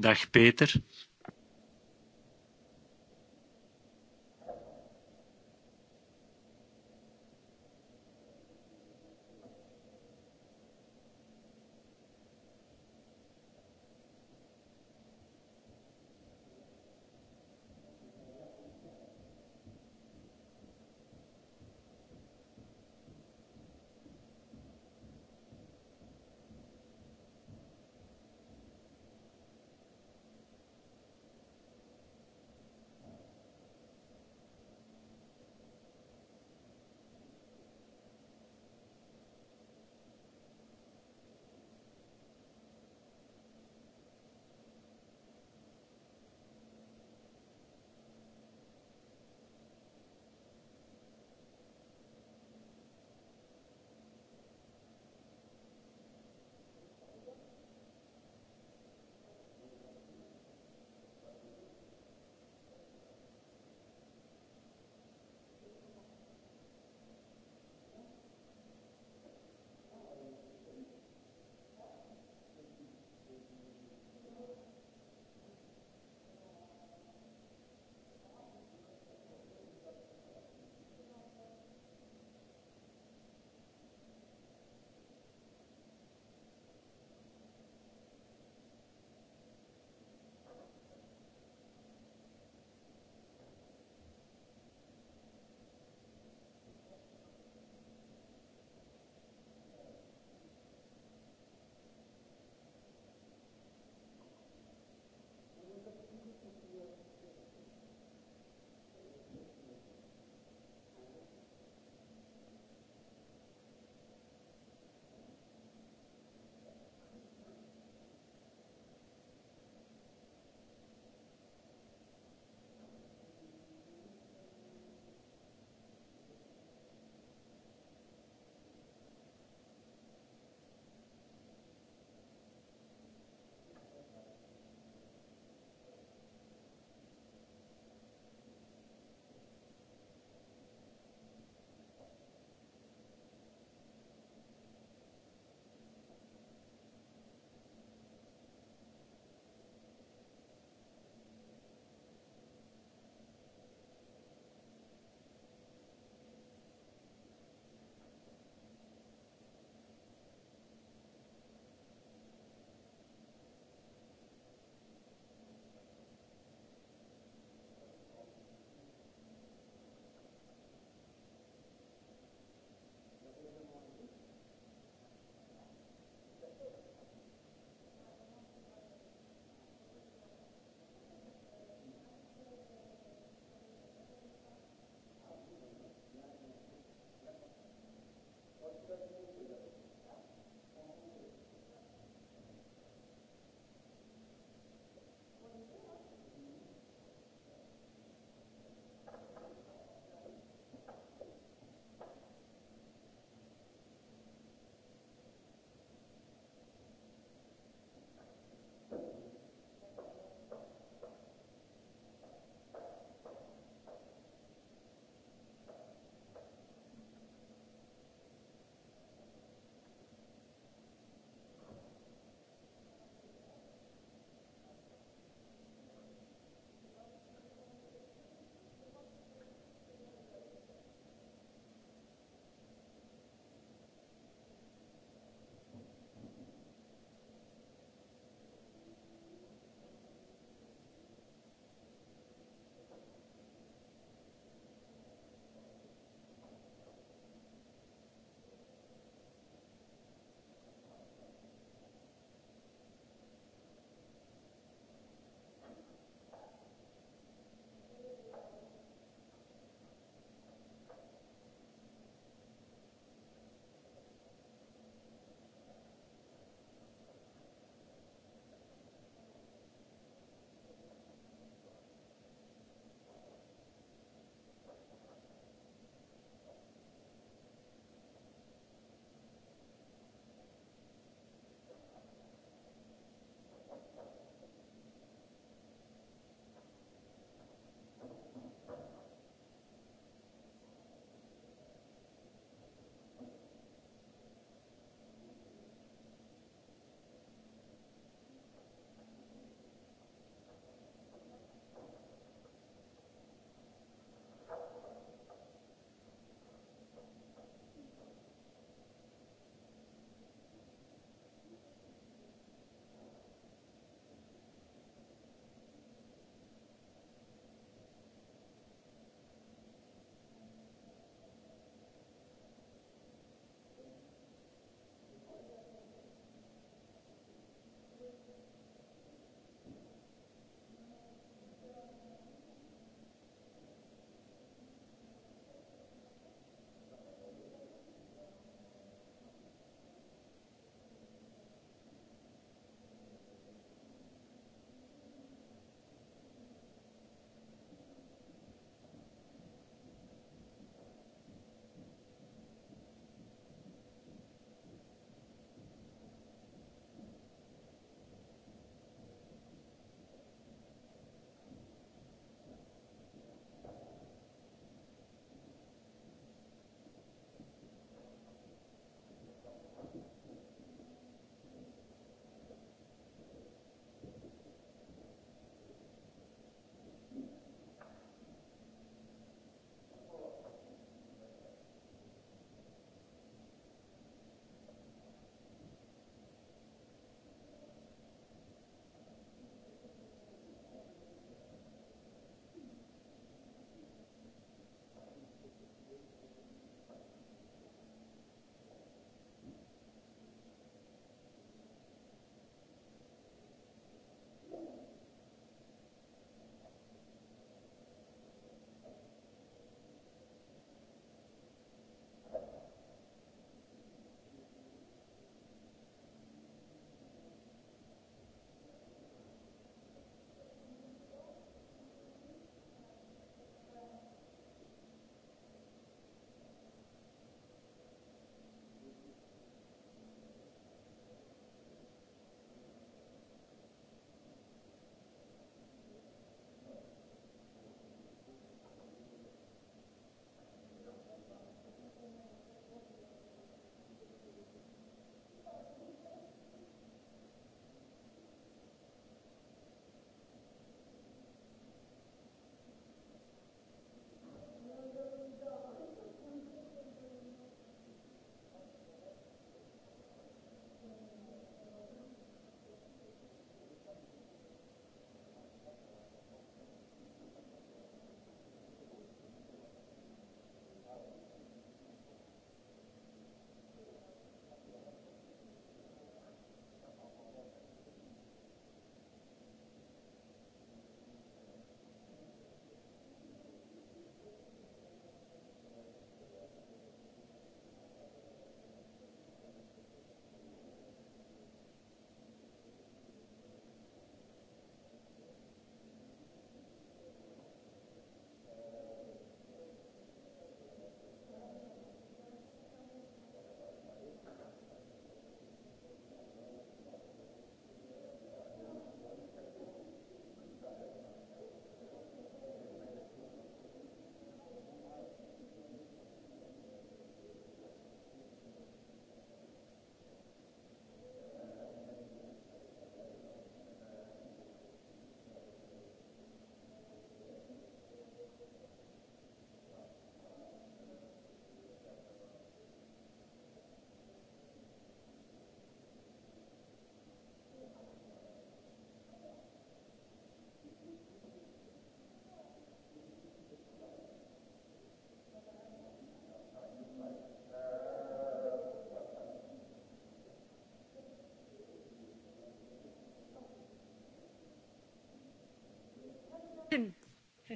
dag Peter.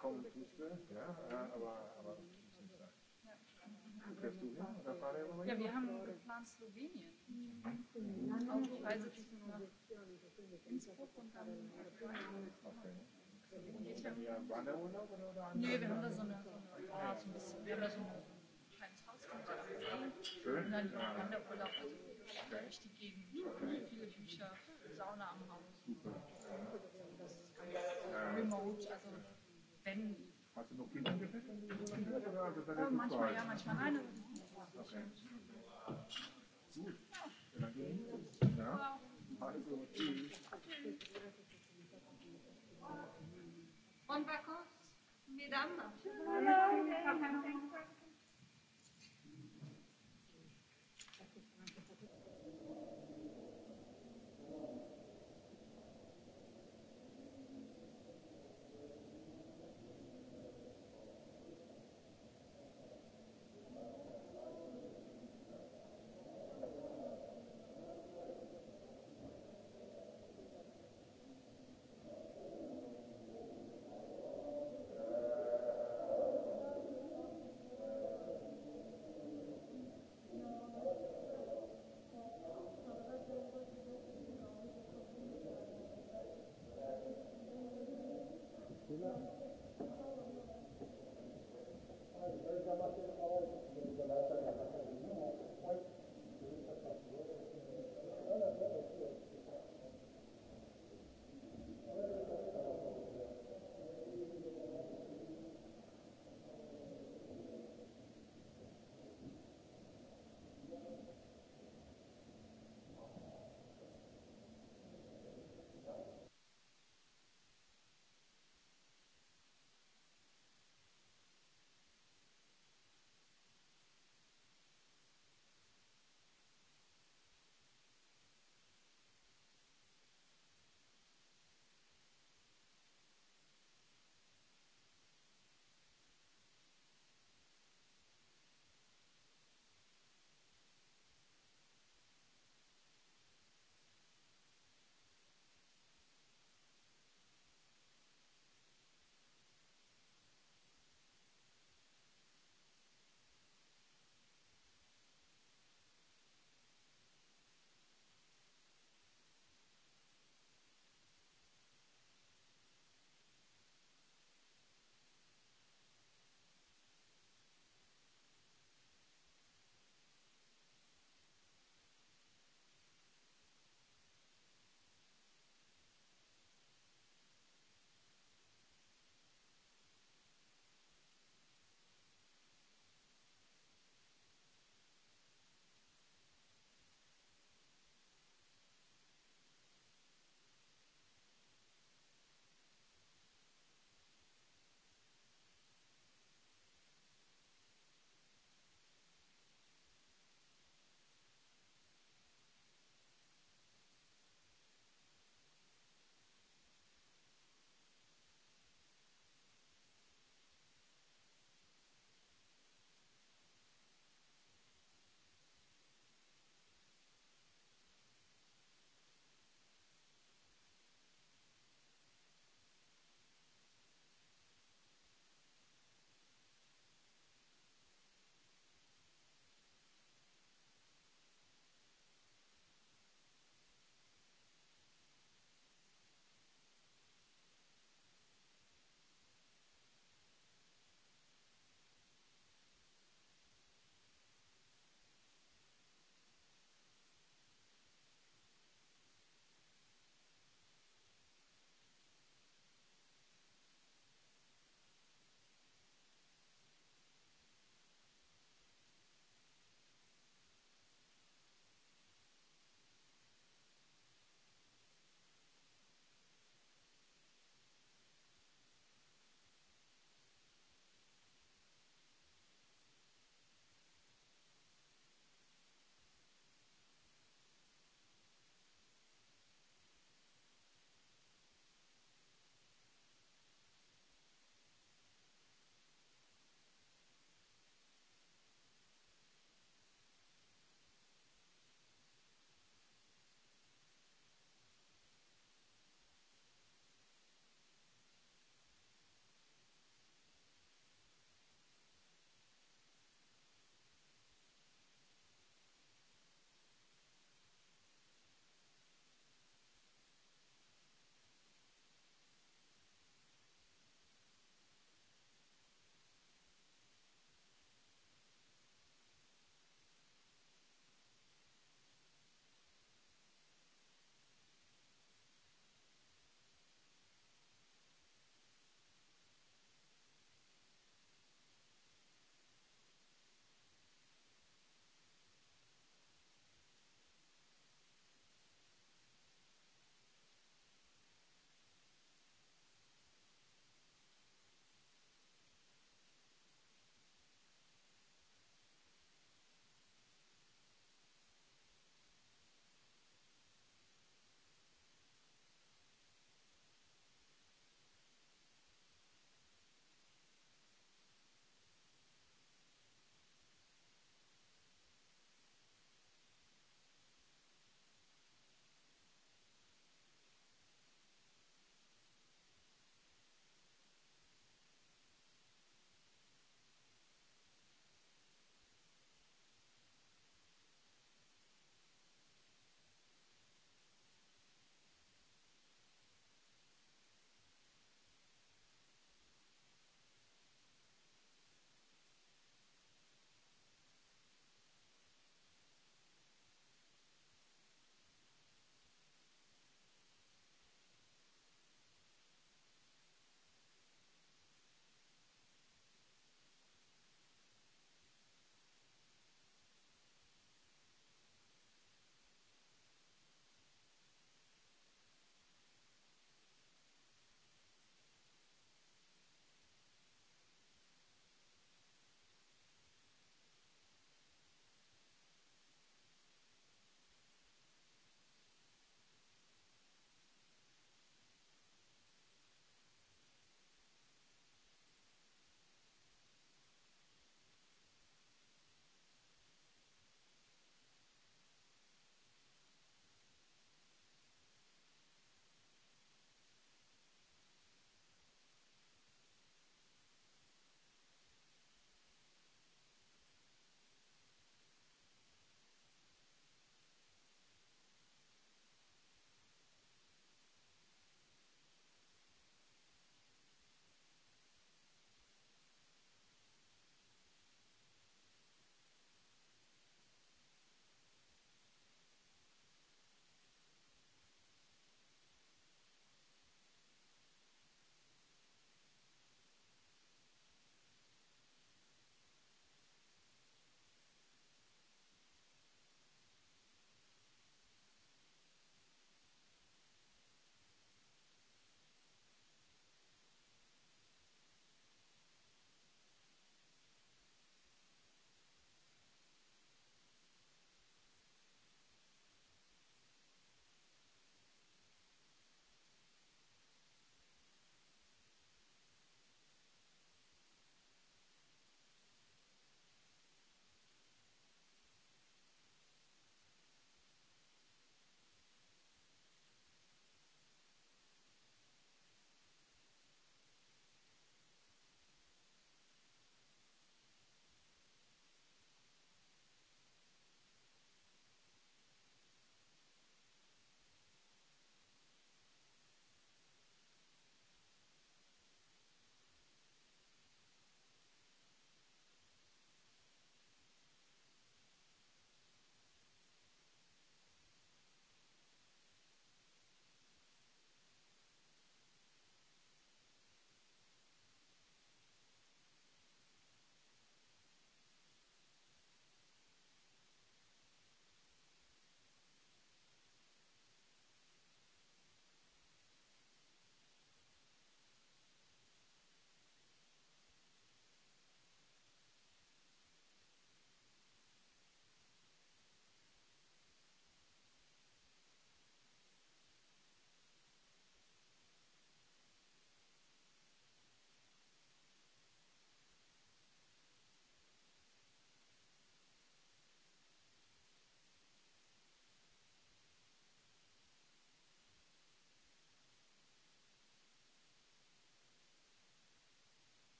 kommen Füße, ja, aber, aber das muss nicht sein.
Fährst du hin oder war der immer Ja, wir haben
geplant Slowenien. Mhm.
Auch die Reise bis nach Innsbruck und dann okay. ja. oder Nee, wir haben da so eine, so eine ja, so ein bisschen, wir haben da so ein
kleines Haus ah, Schön. Und dann Wanderurlaub, also okay. durch Okay. Viele Bücher, Sauna am Haus.
Super.
Ja. Remote, also wenn.
Hast du noch Kinder gefüttert? vacances, mesdames.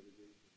inteligență.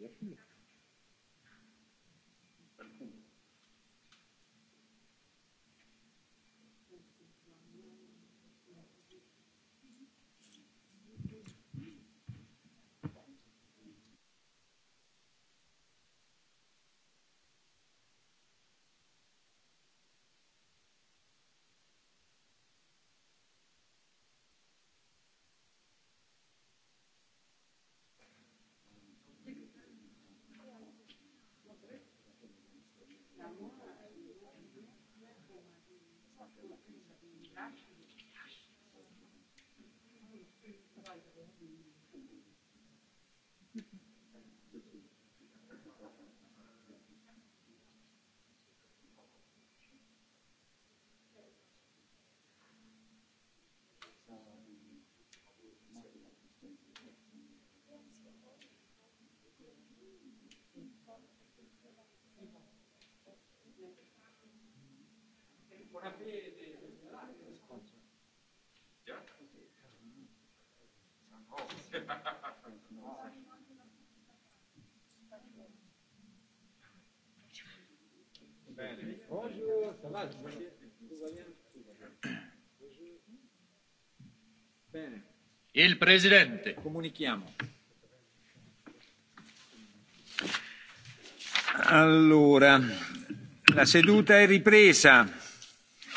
也是。Il Presidente. Comunichiamo. Allora, la seduta è ripresa.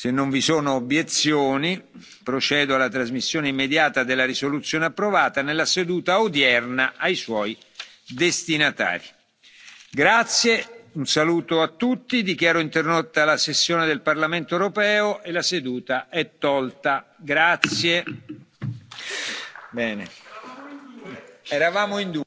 se non vi sono obiezioni procedo alla trasmissione immediata della risoluzione approvata nella seduta odierna ai suoi destinatari. grazie un saluto a tutti dichiaro interrotta la sessione del parlamento europeo e la seduta è tolta. grazie. Bene. eravamo in due.